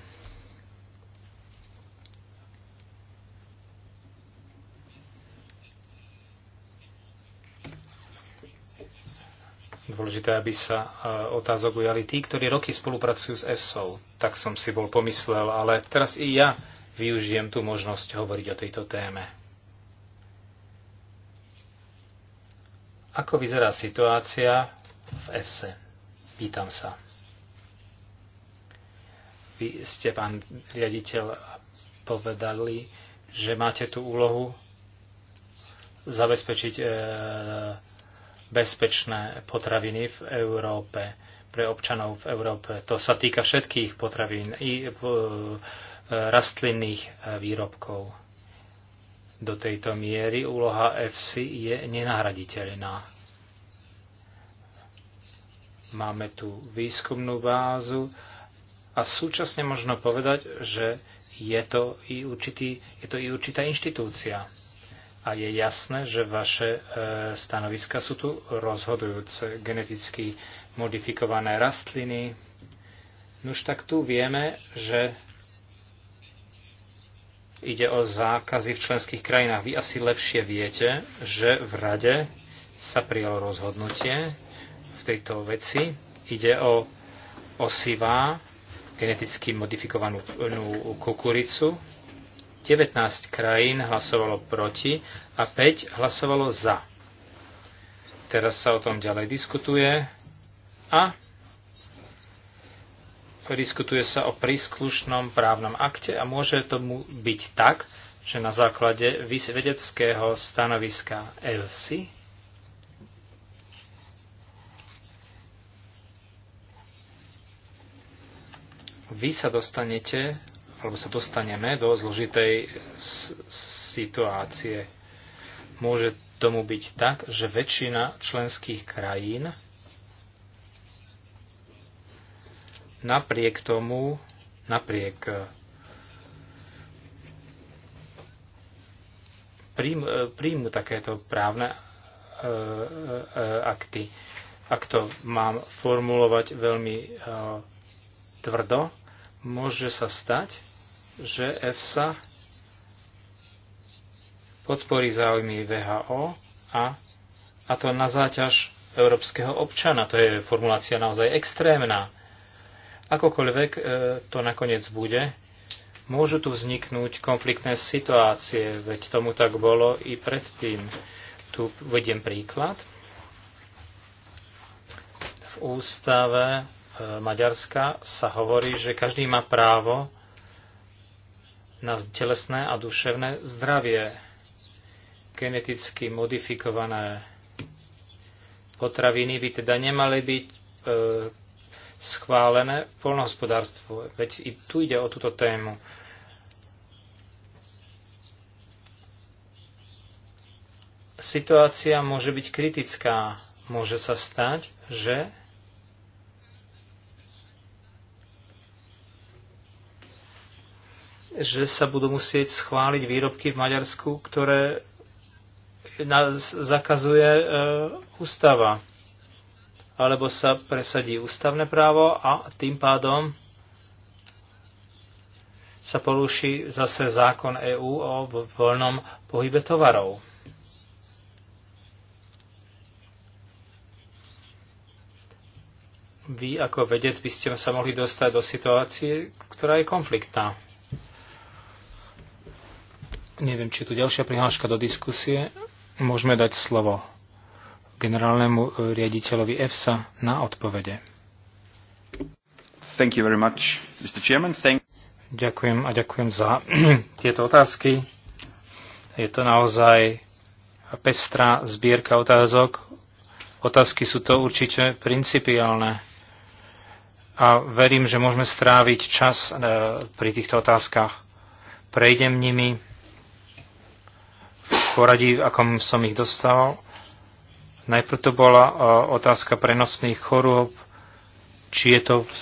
Speaker 2: Dôležité, aby sa e, otázok ujali tí, ktorí roky spolupracujú s EFSO. Tak som si bol pomyslel, ale teraz i ja využijem tú možnosť hovoriť o tejto téme. Ako vyzerá situácia v EFSE? Pýtam sa. Vy ste, pán riaditeľ, povedali, že máte tú úlohu zabezpečiť e, bezpečné potraviny v Európe pre občanov v Európe. To sa týka všetkých potravín i e, e rastlinných e, výrobkov do tejto miery úloha FC je nenahraditeľná. Máme tu výskumnú bázu a súčasne možno povedať, že je to i, určitý, je to i určitá inštitúcia. A je jasné, že vaše e, stanoviska sú tu rozhodujúce. Geneticky modifikované rastliny. Nuž tak tu vieme, že Ide o zákazy v členských krajinách. Vy asi lepšie viete, že v Rade sa prijalo rozhodnutie v tejto veci. Ide o osivá, geneticky modifikovanú kukuricu. 19 krajín hlasovalo proti a 5 hlasovalo za. Teraz sa o tom ďalej diskutuje a diskutuje sa o príslušnom právnom akte a môže tomu byť tak, že na základe vedeckého stanoviska ELSI vy sa dostanete, alebo sa dostaneme do zložitej situácie. Môže tomu byť tak, že väčšina členských krajín napriek tomu, napriek e, e, príjmu takéto právne e, akty. Ak to mám formulovať veľmi tvrdo, môže sa stať, že EFSA podporí záujmy VHO a, a to na záťaž európskeho občana. To je formulácia naozaj extrémna. Akokoľvek e, to nakoniec bude, môžu tu vzniknúť konfliktné situácie, veď tomu tak bolo i predtým. Tu vediem príklad. V ústave e, Maďarska sa hovorí, že každý má právo na telesné a duševné zdravie. Geneticky modifikované potraviny by teda nemali byť e, schválené polnohospodárstvu. Veď i tu ide o túto tému. Situácia môže byť kritická. Môže sa stať, že že sa budú musieť schváliť výrobky v Maďarsku, ktoré nás zakazuje e, ústava alebo sa presadí ústavné právo a tým pádom sa poruší zase zákon EÚ o voľnom pohybe tovarov. Vy ako vedec by ste sa mohli dostať do situácie, ktorá je konfliktná. Neviem, či tu ďalšia prihláška do diskusie. Môžeme dať slovo generálnemu e, riaditeľovi EFSA na odpovede.
Speaker 3: Thank you very much, Mr. Chairman. Thank...
Speaker 2: Ďakujem a ďakujem za tieto otázky. Je to naozaj pestrá zbierka otázok. Otázky sú to určite principiálne. A verím, že môžeme stráviť čas e, pri týchto otázkach. Prejdem nimi v poradí, akom som ich dostal. Najprv to bola e, otázka prenosných chorôb, či je to v, e,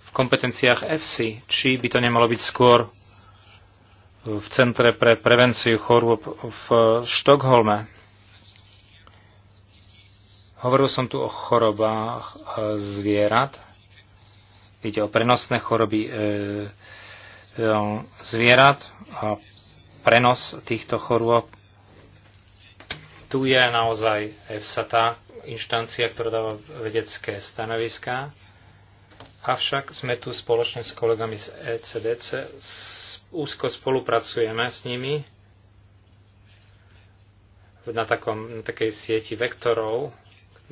Speaker 2: v kompetenciách EFSI, či by to nemalo byť skôr v Centre pre prevenciu chorôb v Štokholme. Hovoril som tu o chorobách e, zvierat. Ide o prenosné choroby zvierat a prenos týchto chorôb tu je naozaj EFSA tá inštancia, ktorá dáva vedecké stanoviská. Avšak sme tu spoločne s kolegami z ECDC, úzko spolupracujeme s nimi na, takom, na takej sieti vektorov.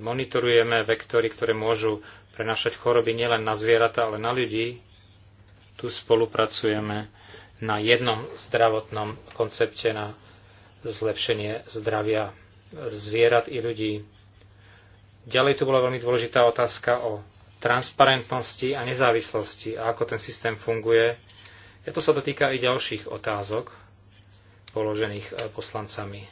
Speaker 2: Monitorujeme vektory, ktoré môžu prenašať choroby nielen na zvieratá, ale na ľudí. Tu spolupracujeme na jednom zdravotnom koncepte na zlepšenie zdravia zvierat i ľudí. Ďalej tu bola veľmi dôležitá otázka o transparentnosti a nezávislosti a ako ten systém funguje. A to sa dotýka i ďalších otázok položených eh, poslancami.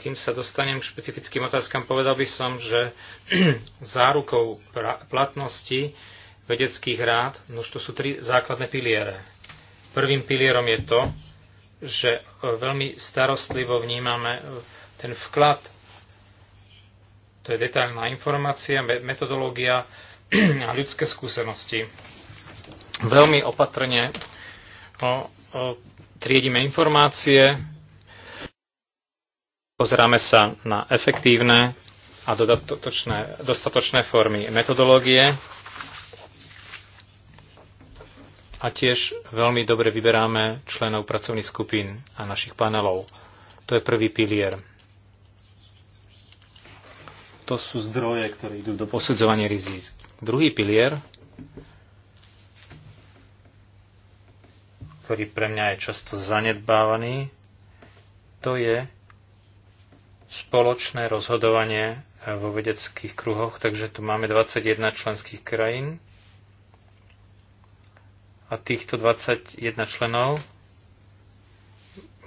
Speaker 2: Kým sa dostanem k špecifickým otázkam, povedal by som, že zárukou platnosti vedeckých rád, no to sú tri základné piliere. Prvým pilierom je to, že e, veľmi starostlivo vnímame e, ten vklad. To je detailná informácia, metodológia a ľudské skúsenosti. Veľmi opatrne o, o, triedime informácie, pozráme sa na efektívne a dodatočné, dostatočné formy metodológie, a tiež veľmi dobre vyberáme členov pracovných skupín a našich panelov. To je prvý pilier. To sú zdroje, ktoré idú do posudzovania rizík. Druhý pilier, ktorý pre mňa je často zanedbávaný, to je spoločné rozhodovanie vo vedeckých kruhoch, takže tu máme 21 členských krajín, a týchto 21 členov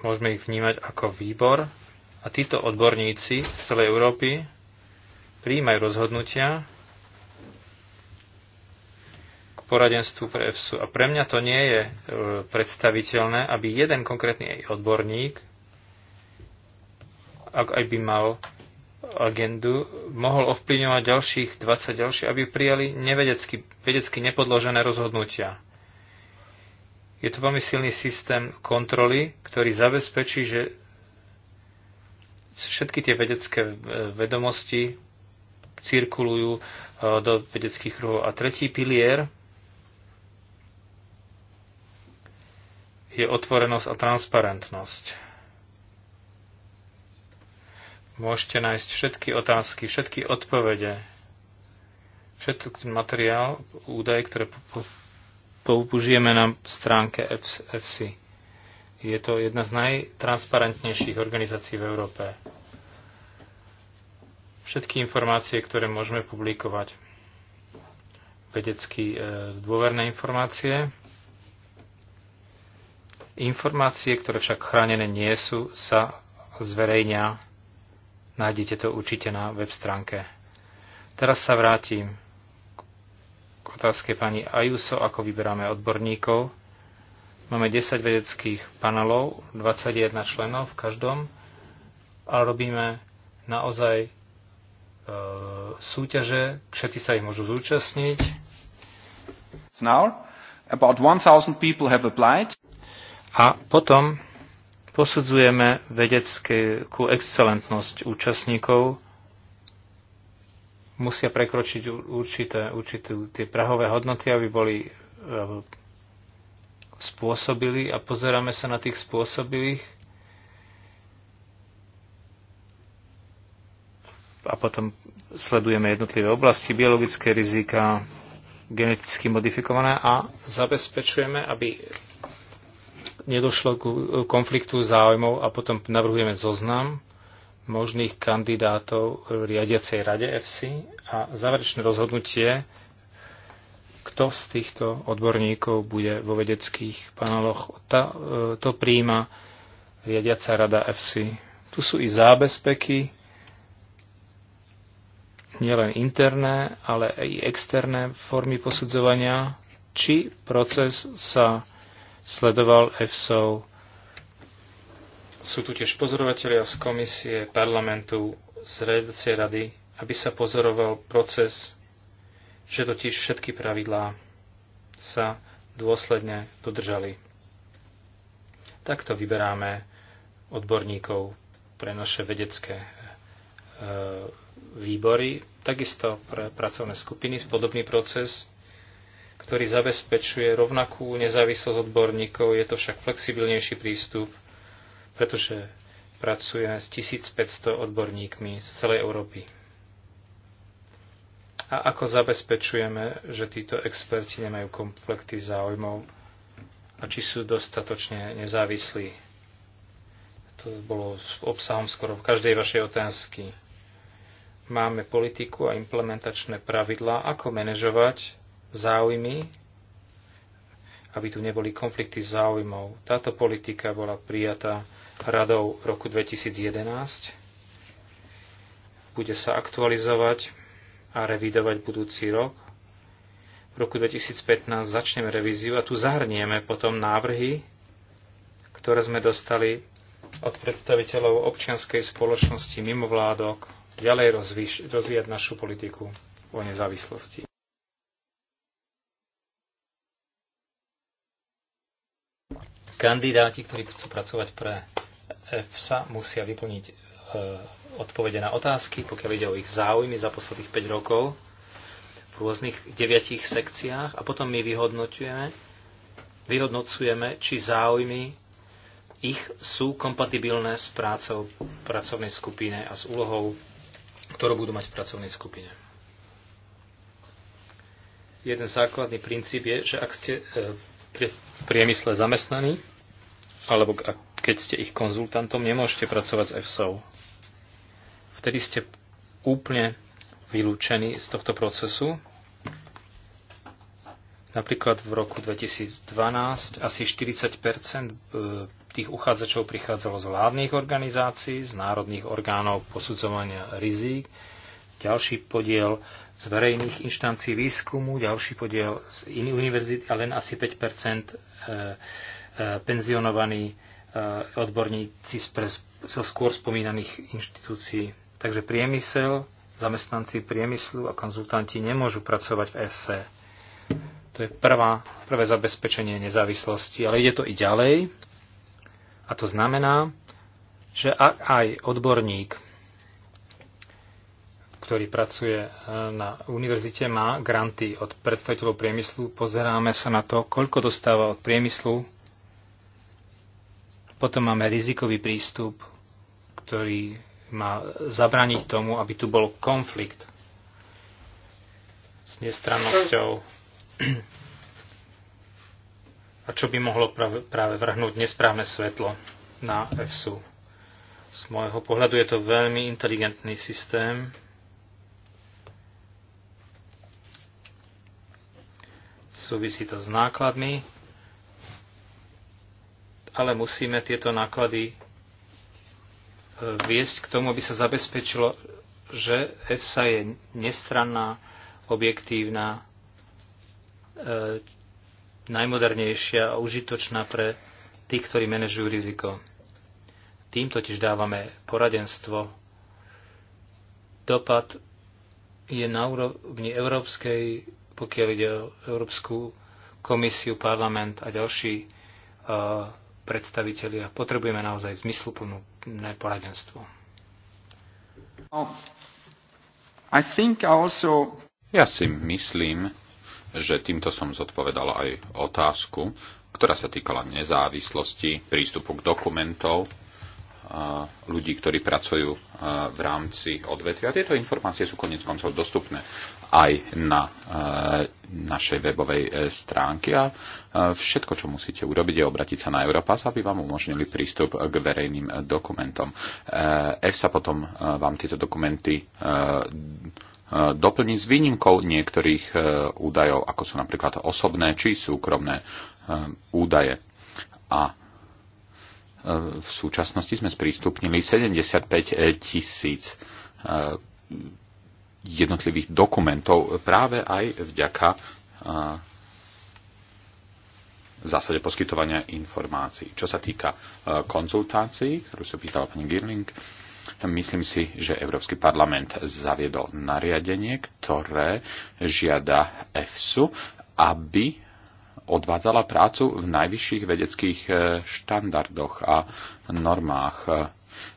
Speaker 2: môžeme ich vnímať ako výbor a títo odborníci z celej Európy príjmajú rozhodnutia k poradenstvu pre EFSU. A pre mňa to nie je e, predstaviteľné, aby jeden konkrétny odborník, ak aj by mal agendu, mohol ovplyvňovať ďalších 20 ďalších, aby prijali nevedecky, vedecky nepodložené rozhodnutia. Je to veľmi silný systém kontroly, ktorý zabezpečí, že všetky tie vedecké e, vedomosti cirkulujú e, do vedeckých kruhov. A tretí pilier je otvorenosť a transparentnosť. Môžete nájsť všetky otázky, všetky odpovede, všetky materiál, údaje, ktoré použijeme na stránke FC. Je to jedna z najtransparentnejších organizácií v Európe. Všetky informácie, ktoré môžeme publikovať, vedecky e, dôverné informácie, informácie, ktoré však chránené nie sú, sa zverejňa. Nájdete to určite na web stránke. Teraz sa vrátim k otázke pani Ajuso, ako vyberáme odborníkov. Máme 10 vedeckých panelov, 21 členov v každom, ale robíme naozaj e, súťaže, všetci sa ich môžu zúčastniť.
Speaker 3: Now, about 1, people have applied.
Speaker 2: A potom posudzujeme vedeckú excelentnosť účastníkov, musia prekročiť určité, určité tie prahové hodnoty, aby boli e, spôsobili a pozeráme sa na tých spôsobilých a potom sledujeme jednotlivé oblasti, biologické rizika, geneticky modifikované a zabezpečujeme, aby nedošlo k konfliktu záujmov a potom navrhujeme zoznam možných kandidátov v riadiacej rade FC a záverečné rozhodnutie, kto z týchto odborníkov bude vo vedeckých paneloch, tá, e, to príjima riadiaca rada FC. Tu sú i zábezpeky, nielen interné, ale i externé formy posudzovania, či proces sa sledoval EFSO sú tu tiež pozorovateľia z komisie, parlamentu, z redacie rady, aby sa pozoroval proces, že totiž všetky pravidlá sa dôsledne dodržali. Takto vyberáme odborníkov pre naše vedecké e, výbory, takisto pre pracovné skupiny, podobný proces, ktorý zabezpečuje rovnakú nezávislosť odborníkov, je to však flexibilnejší prístup pretože pracujeme s 1500 odborníkmi z celej Európy. A ako zabezpečujeme, že títo experti nemajú konflikty záujmov a či sú dostatočne nezávislí? To bolo obsahom skoro v každej vašej otázky. Máme politiku a implementačné pravidlá, ako manažovať záujmy aby tu neboli konflikty záujmov. Táto politika bola prijatá radou roku 2011. Bude sa aktualizovať a revidovať budúci rok. V roku 2015 začneme revíziu a tu zahrnieme potom návrhy, ktoré sme dostali od predstaviteľov občianskej spoločnosti mimovládok ďalej rozvíš, rozvíjať našu politiku o nezávislosti. Kandidáti, ktorí chcú pracovať pre EFSA musia vyplniť e, odpovede na otázky, pokiaľ ide o ich záujmy za posledných 5 rokov v rôznych deviatich sekciách a potom my vyhodnotujeme, vyhodnocujeme, či záujmy ich sú kompatibilné s prácou v pracovnej skupine a s úlohou, ktorú budú mať v pracovnej skupine. Jeden základný princíp je, že ak ste e, v priemysle zamestnaní, alebo ak keď ste ich konzultantom, nemôžete pracovať s EFSO. Vtedy ste úplne vylúčení z tohto procesu. Napríklad v roku 2012 asi 40 e, tých uchádzačov prichádzalo z vládnych organizácií, z národných orgánov posudzovania rizík, ďalší podiel z verejných inštancií výskumu, ďalší podiel z iných univerzít a len asi 5 e, e, penzionovaní odborníci z, pre, skôr spomínaných inštitúcií. Takže priemysel, zamestnanci priemyslu a konzultanti nemôžu pracovať v FC. E e. To je prvá, prvé zabezpečenie nezávislosti, ale ide to i ďalej. A to znamená, že ak aj odborník, ktorý pracuje e, na univerzite, má granty od predstaviteľov priemyslu, pozeráme sa na to, koľko dostáva od priemyslu potom máme rizikový prístup, ktorý má zabrániť tomu, aby tu bol konflikt s nestrannosťou. A čo by mohlo práve, práve vrhnúť nesprávne svetlo na EFSU. Z môjho pohľadu je to veľmi inteligentný systém. Súvisí to s nákladmi, ale musíme tieto náklady e, viesť k tomu, aby sa zabezpečilo, že EFSA je nestranná, objektívna, e, najmodernejšia a užitočná pre tých, ktorí manažujú riziko. Tým totiž dávame poradenstvo. Dopad je na úrovni európskej, pokiaľ ide o Európsku komisiu, parlament a ďalší predstavitelia. Potrebujeme naozaj zmysluplné poradenstvo.
Speaker 3: I think also... Ja si myslím, že týmto som zodpovedal aj otázku, ktorá sa týkala nezávislosti, prístupu k dokumentov ľudí, ktorí pracujú v rámci odvetvia. Tieto informácie sú konec koncov dostupné aj na eh, našej webovej eh, stránke a eh, všetko, čo musíte urobiť, je obratiť sa na Europass, aby vám umožnili prístup k verejným dokumentom. EFSA potom vám tieto dokumenty doplní s výnimkou niektorých údajov, ako sú napríklad osobné či súkromné údaje. A v súčasnosti sme sprístupnili 75 tisíc jednotlivých dokumentov práve aj vďaka v zásade poskytovania informácií. Čo sa týka konzultácií, ktorú sa pýtala pani Girling, myslím si, že Európsky parlament zaviedol nariadenie, ktoré žiada EFSU, aby odvádzala prácu v najvyšších vedeckých e, štandardoch a normách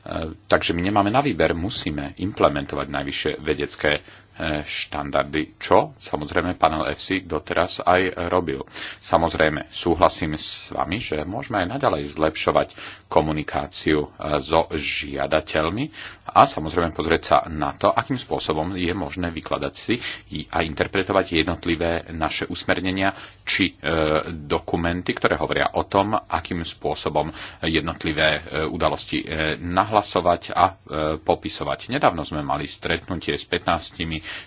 Speaker 3: E, takže my nemáme na výber, musíme implementovať najvyššie vedecké Eh, štandardy, čo samozrejme panel FC doteraz aj robil. Samozrejme, súhlasím s vami, že môžeme aj naďalej zlepšovať komunikáciu eh, so žiadateľmi a samozrejme pozrieť sa na to, akým spôsobom je možné vykladať si a interpretovať jednotlivé naše usmernenia či e, dokumenty, ktoré hovoria o tom, akým spôsobom jednotlivé e, udalosti e, nahlasovať a e, popisovať. Nedávno sme mali stretnutie s 15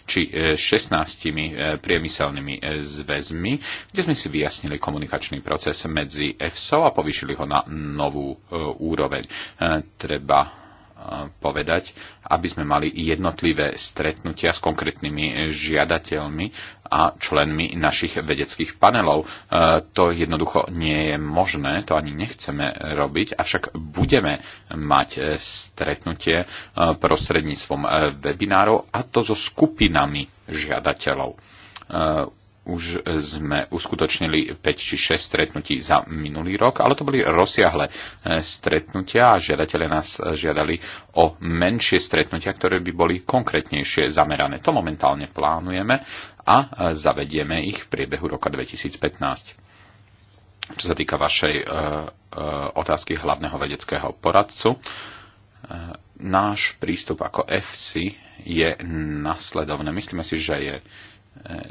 Speaker 3: či 16 e, e, priemyselnými e, zväzmi, kde sme si vyjasnili komunikačný proces medzi EFSO a povyšili ho na novú úroveň. Treba povedať, aby sme mali jednotlivé stretnutia s konkrétnymi žiadateľmi a členmi našich vedeckých panelov. E, to jednoducho nie je možné, to ani nechceme robiť, avšak budeme mať e, stretnutie e, prostredníctvom webinárov a to so skupinami žiadateľov už sme uskutočnili 5 či 6 stretnutí za minulý rok, ale to boli rozsiahle e, stretnutia a žiadatelia nás žiadali o menšie stretnutia, ktoré by boli konkrétnejšie zamerané. To momentálne plánujeme a e, zavedieme ich v priebehu roka 2015 čo sa týka vašej e, e, otázky hlavného vedeckého poradcu. E, náš prístup ako FC je nasledovný. Myslíme si, že, je, e,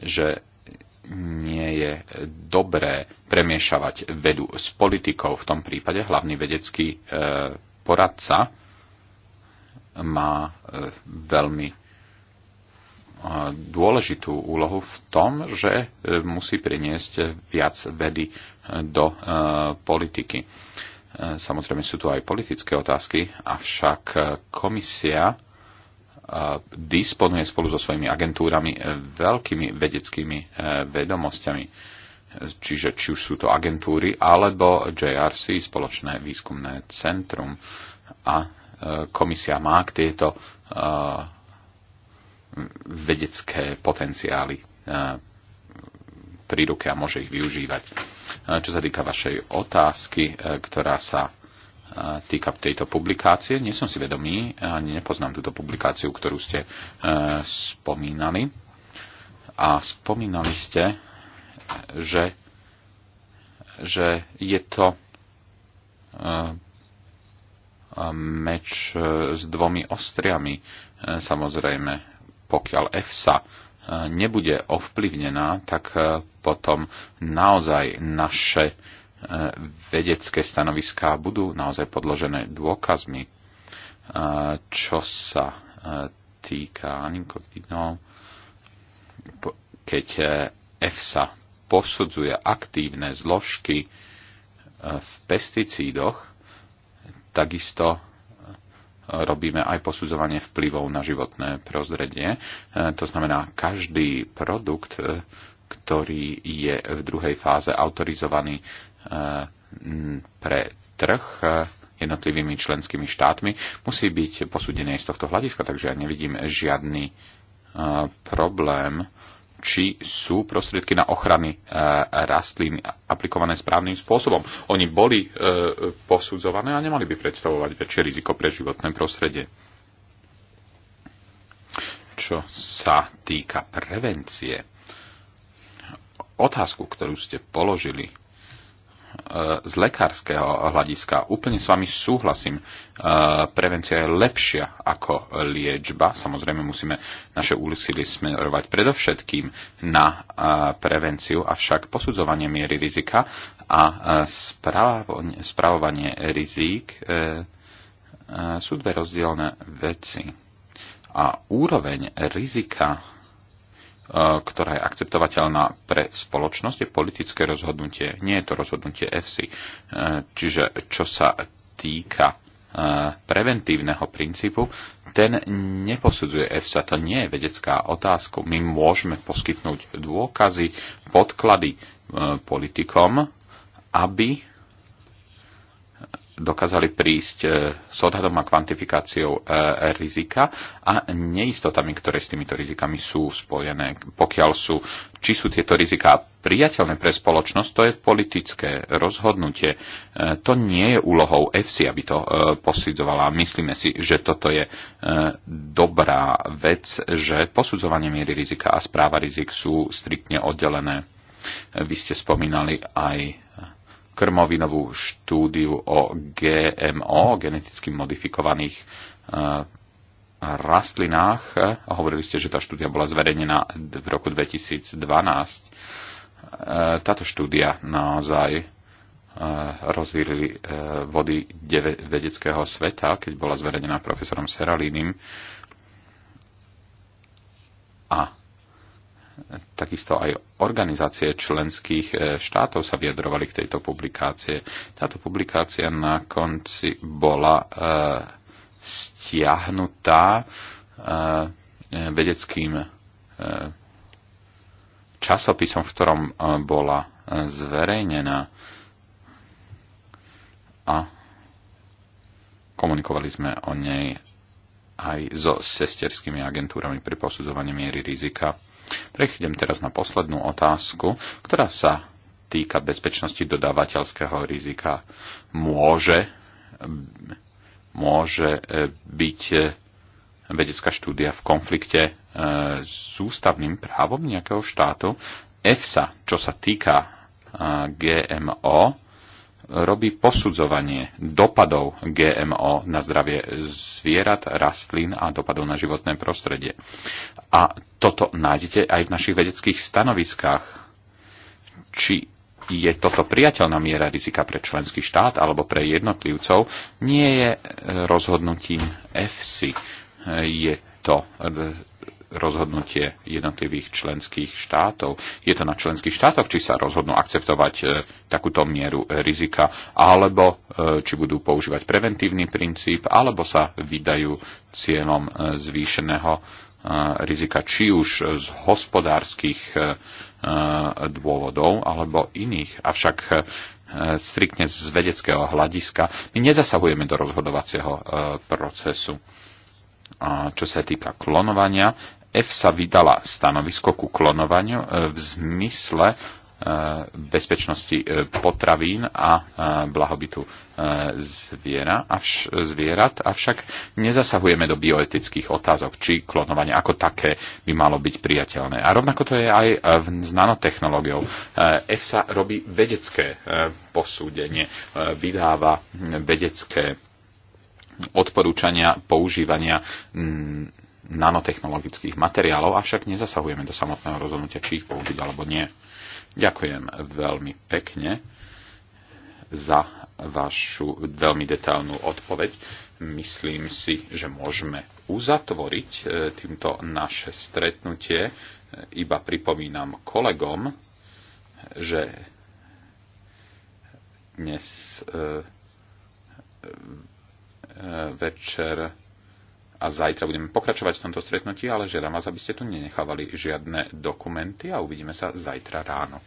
Speaker 3: že nie je dobré premiešavať vedu s politikou. V tom prípade hlavný vedecký e, poradca má e, veľmi e, dôležitú úlohu v tom, že musí priniesť viac vedy do politiky. Samozrejme sú tu aj politické otázky, avšak komisia disponuje spolu so svojimi agentúrami e, veľkými vedeckými e, vedomosťami. Čiže či už sú to agentúry alebo JRC, spoločné výskumné centrum. A e, komisia má k tieto vedecké potenciály pri ruke a môže ich využívať. Čo sa týka vašej otázky, ktorá sa týka tejto publikácie. Nie som si vedomý, ani nepoznám túto publikáciu, ktorú ste e, spomínali. A spomínali ste, že, že je to e, e, meč s dvomi ostriami. Samozrejme, pokiaľ EFSA nebude ovplyvnená, tak potom naozaj naše E, vedecké stanoviská budú naozaj podložené dôkazmi, e, čo sa e, týka nikotinov, keď EFSA posudzuje aktívne zložky v pesticídoch, takisto robíme aj posudzovanie vplyvov na životné prostredie. To znamená, každý produkt, ktorý je v druhej fáze autorizovaný Eh, pre trh eh, jednotlivými členskými štátmi musí byť posúdené z tohto hľadiska, takže ja nevidím žiadny eh, problém, či sú prostriedky na ochrany rastlín aplikované správnym spôsobom. Oni boli posudzované a nemali by predstavovať väčšie riziko pre životné prostredie. Čo sa týka prevencie, otázku, ktorú ste položili, z lekárskeho hľadiska úplne s vami súhlasím. E, prevencia je lepšia ako liečba. Samozrejme musíme naše úsilie smerovať predovšetkým na e, prevenciu, avšak posudzovanie miery rizika a e, správovanie rizík sú dve rozdielne veci. A úroveň rizika E, ktorá je akceptovateľná pre spoločnosť, je politické rozhodnutie. Nie je to rozhodnutie EFSI. Čiže čo sa týka e, preventívneho princípu, ten neposudzuje EFSA, to nie je vedecká otázka. My môžeme poskytnúť dôkazy, podklady e, politikom, aby dokázali prísť e, s odhadom a kvantifikáciou e, rizika a neistotami, ktoré s týmito rizikami sú spojené. Pokiaľ sú, či sú tieto rizika priateľné pre spoločnosť, to je politické rozhodnutie. E, to nie je úlohou EFSI, aby to posudzovala. Myslíme si, že toto je dobrá vec, že posudzovanie miery rizika a správa rizik sú striktne oddelené. Vy ste spomínali aj krmovinovú štúdiu o GMO, geneticky modifikovaných eh, rastlinách. Hovorili ste, že tá štúdia bola zverejnená v roku 2012. Eh, táto štúdia naozaj eh, rozvírili vody vedeckého sveta, keď bola zverejnená profesorom Seralínim. A takisto aj organizácie členských e, štátov sa vyjadrovali k tejto publikácie. Táto publikácia na konci bola e, stiahnutá e, e vedeckým e, časopisom, v ktorom e, bola e, zverejnená. A komunikovali sme o nej aj so sesterskými agentúrami pri posudzovaní miery rizika Prechydem teraz na poslednú otázku, ktorá sa týka bezpečnosti dodávateľského rizika. Môže, môže e, byť e, vedecká štúdia v konflikte e, s ústavným právom nejakého štátu. EFSA, čo sa týka GMO, robí posudzovanie dopadov GMO na zdravie zvierat, rastlín a dopadov na životné prostredie. A toto nájdete aj v našich vedeckých stanoviskách. Či je toto priateľná miera rizika pre členský štát alebo pre jednotlivcov, nie je rozhodnutím EFSI. Je to rozhodnutie jednotlivých členských štátov. Je to na členských štátoch, či sa rozhodnú akceptovať e, takúto mieru e, rizika, alebo e, či budú používať preventívny princíp, alebo sa vydajú cieľom zvýšeného rizika či už z hospodárskych dôvodov alebo iných. Avšak striktne z vedeckého hľadiska my nezasahujeme do rozhodovacieho procesu. A čo sa týka klonovania, F sa vydala stanovisko ku klonovaniu e, v zmysle e, bezpečnosti e, potravín a blahobytu zviera, avš, zvierat, avšak nezasahujeme do bioetických otázok, či klonovanie ako také by malo byť priateľné. A rovnako to je aj s nanotechnológiou. EFSA robí vedecké posúdenie, vydáva vedecké odporúčania používania nanotechnologických materiálov, avšak nezasahujeme do samotného rozhodnutia, či ich použiť alebo nie. Ďakujem veľmi pekne za vašu veľmi detailnú odpoveď. Myslím si, že môžeme uzatvoriť e, týmto naše stretnutie. Iba pripomínam kolegom, že dnes e, e, večer a zajtra budeme pokračovať v tomto stretnutí, ale žiadam vás, aby ste tu nenechávali žiadne dokumenty a uvidíme sa zajtra ráno.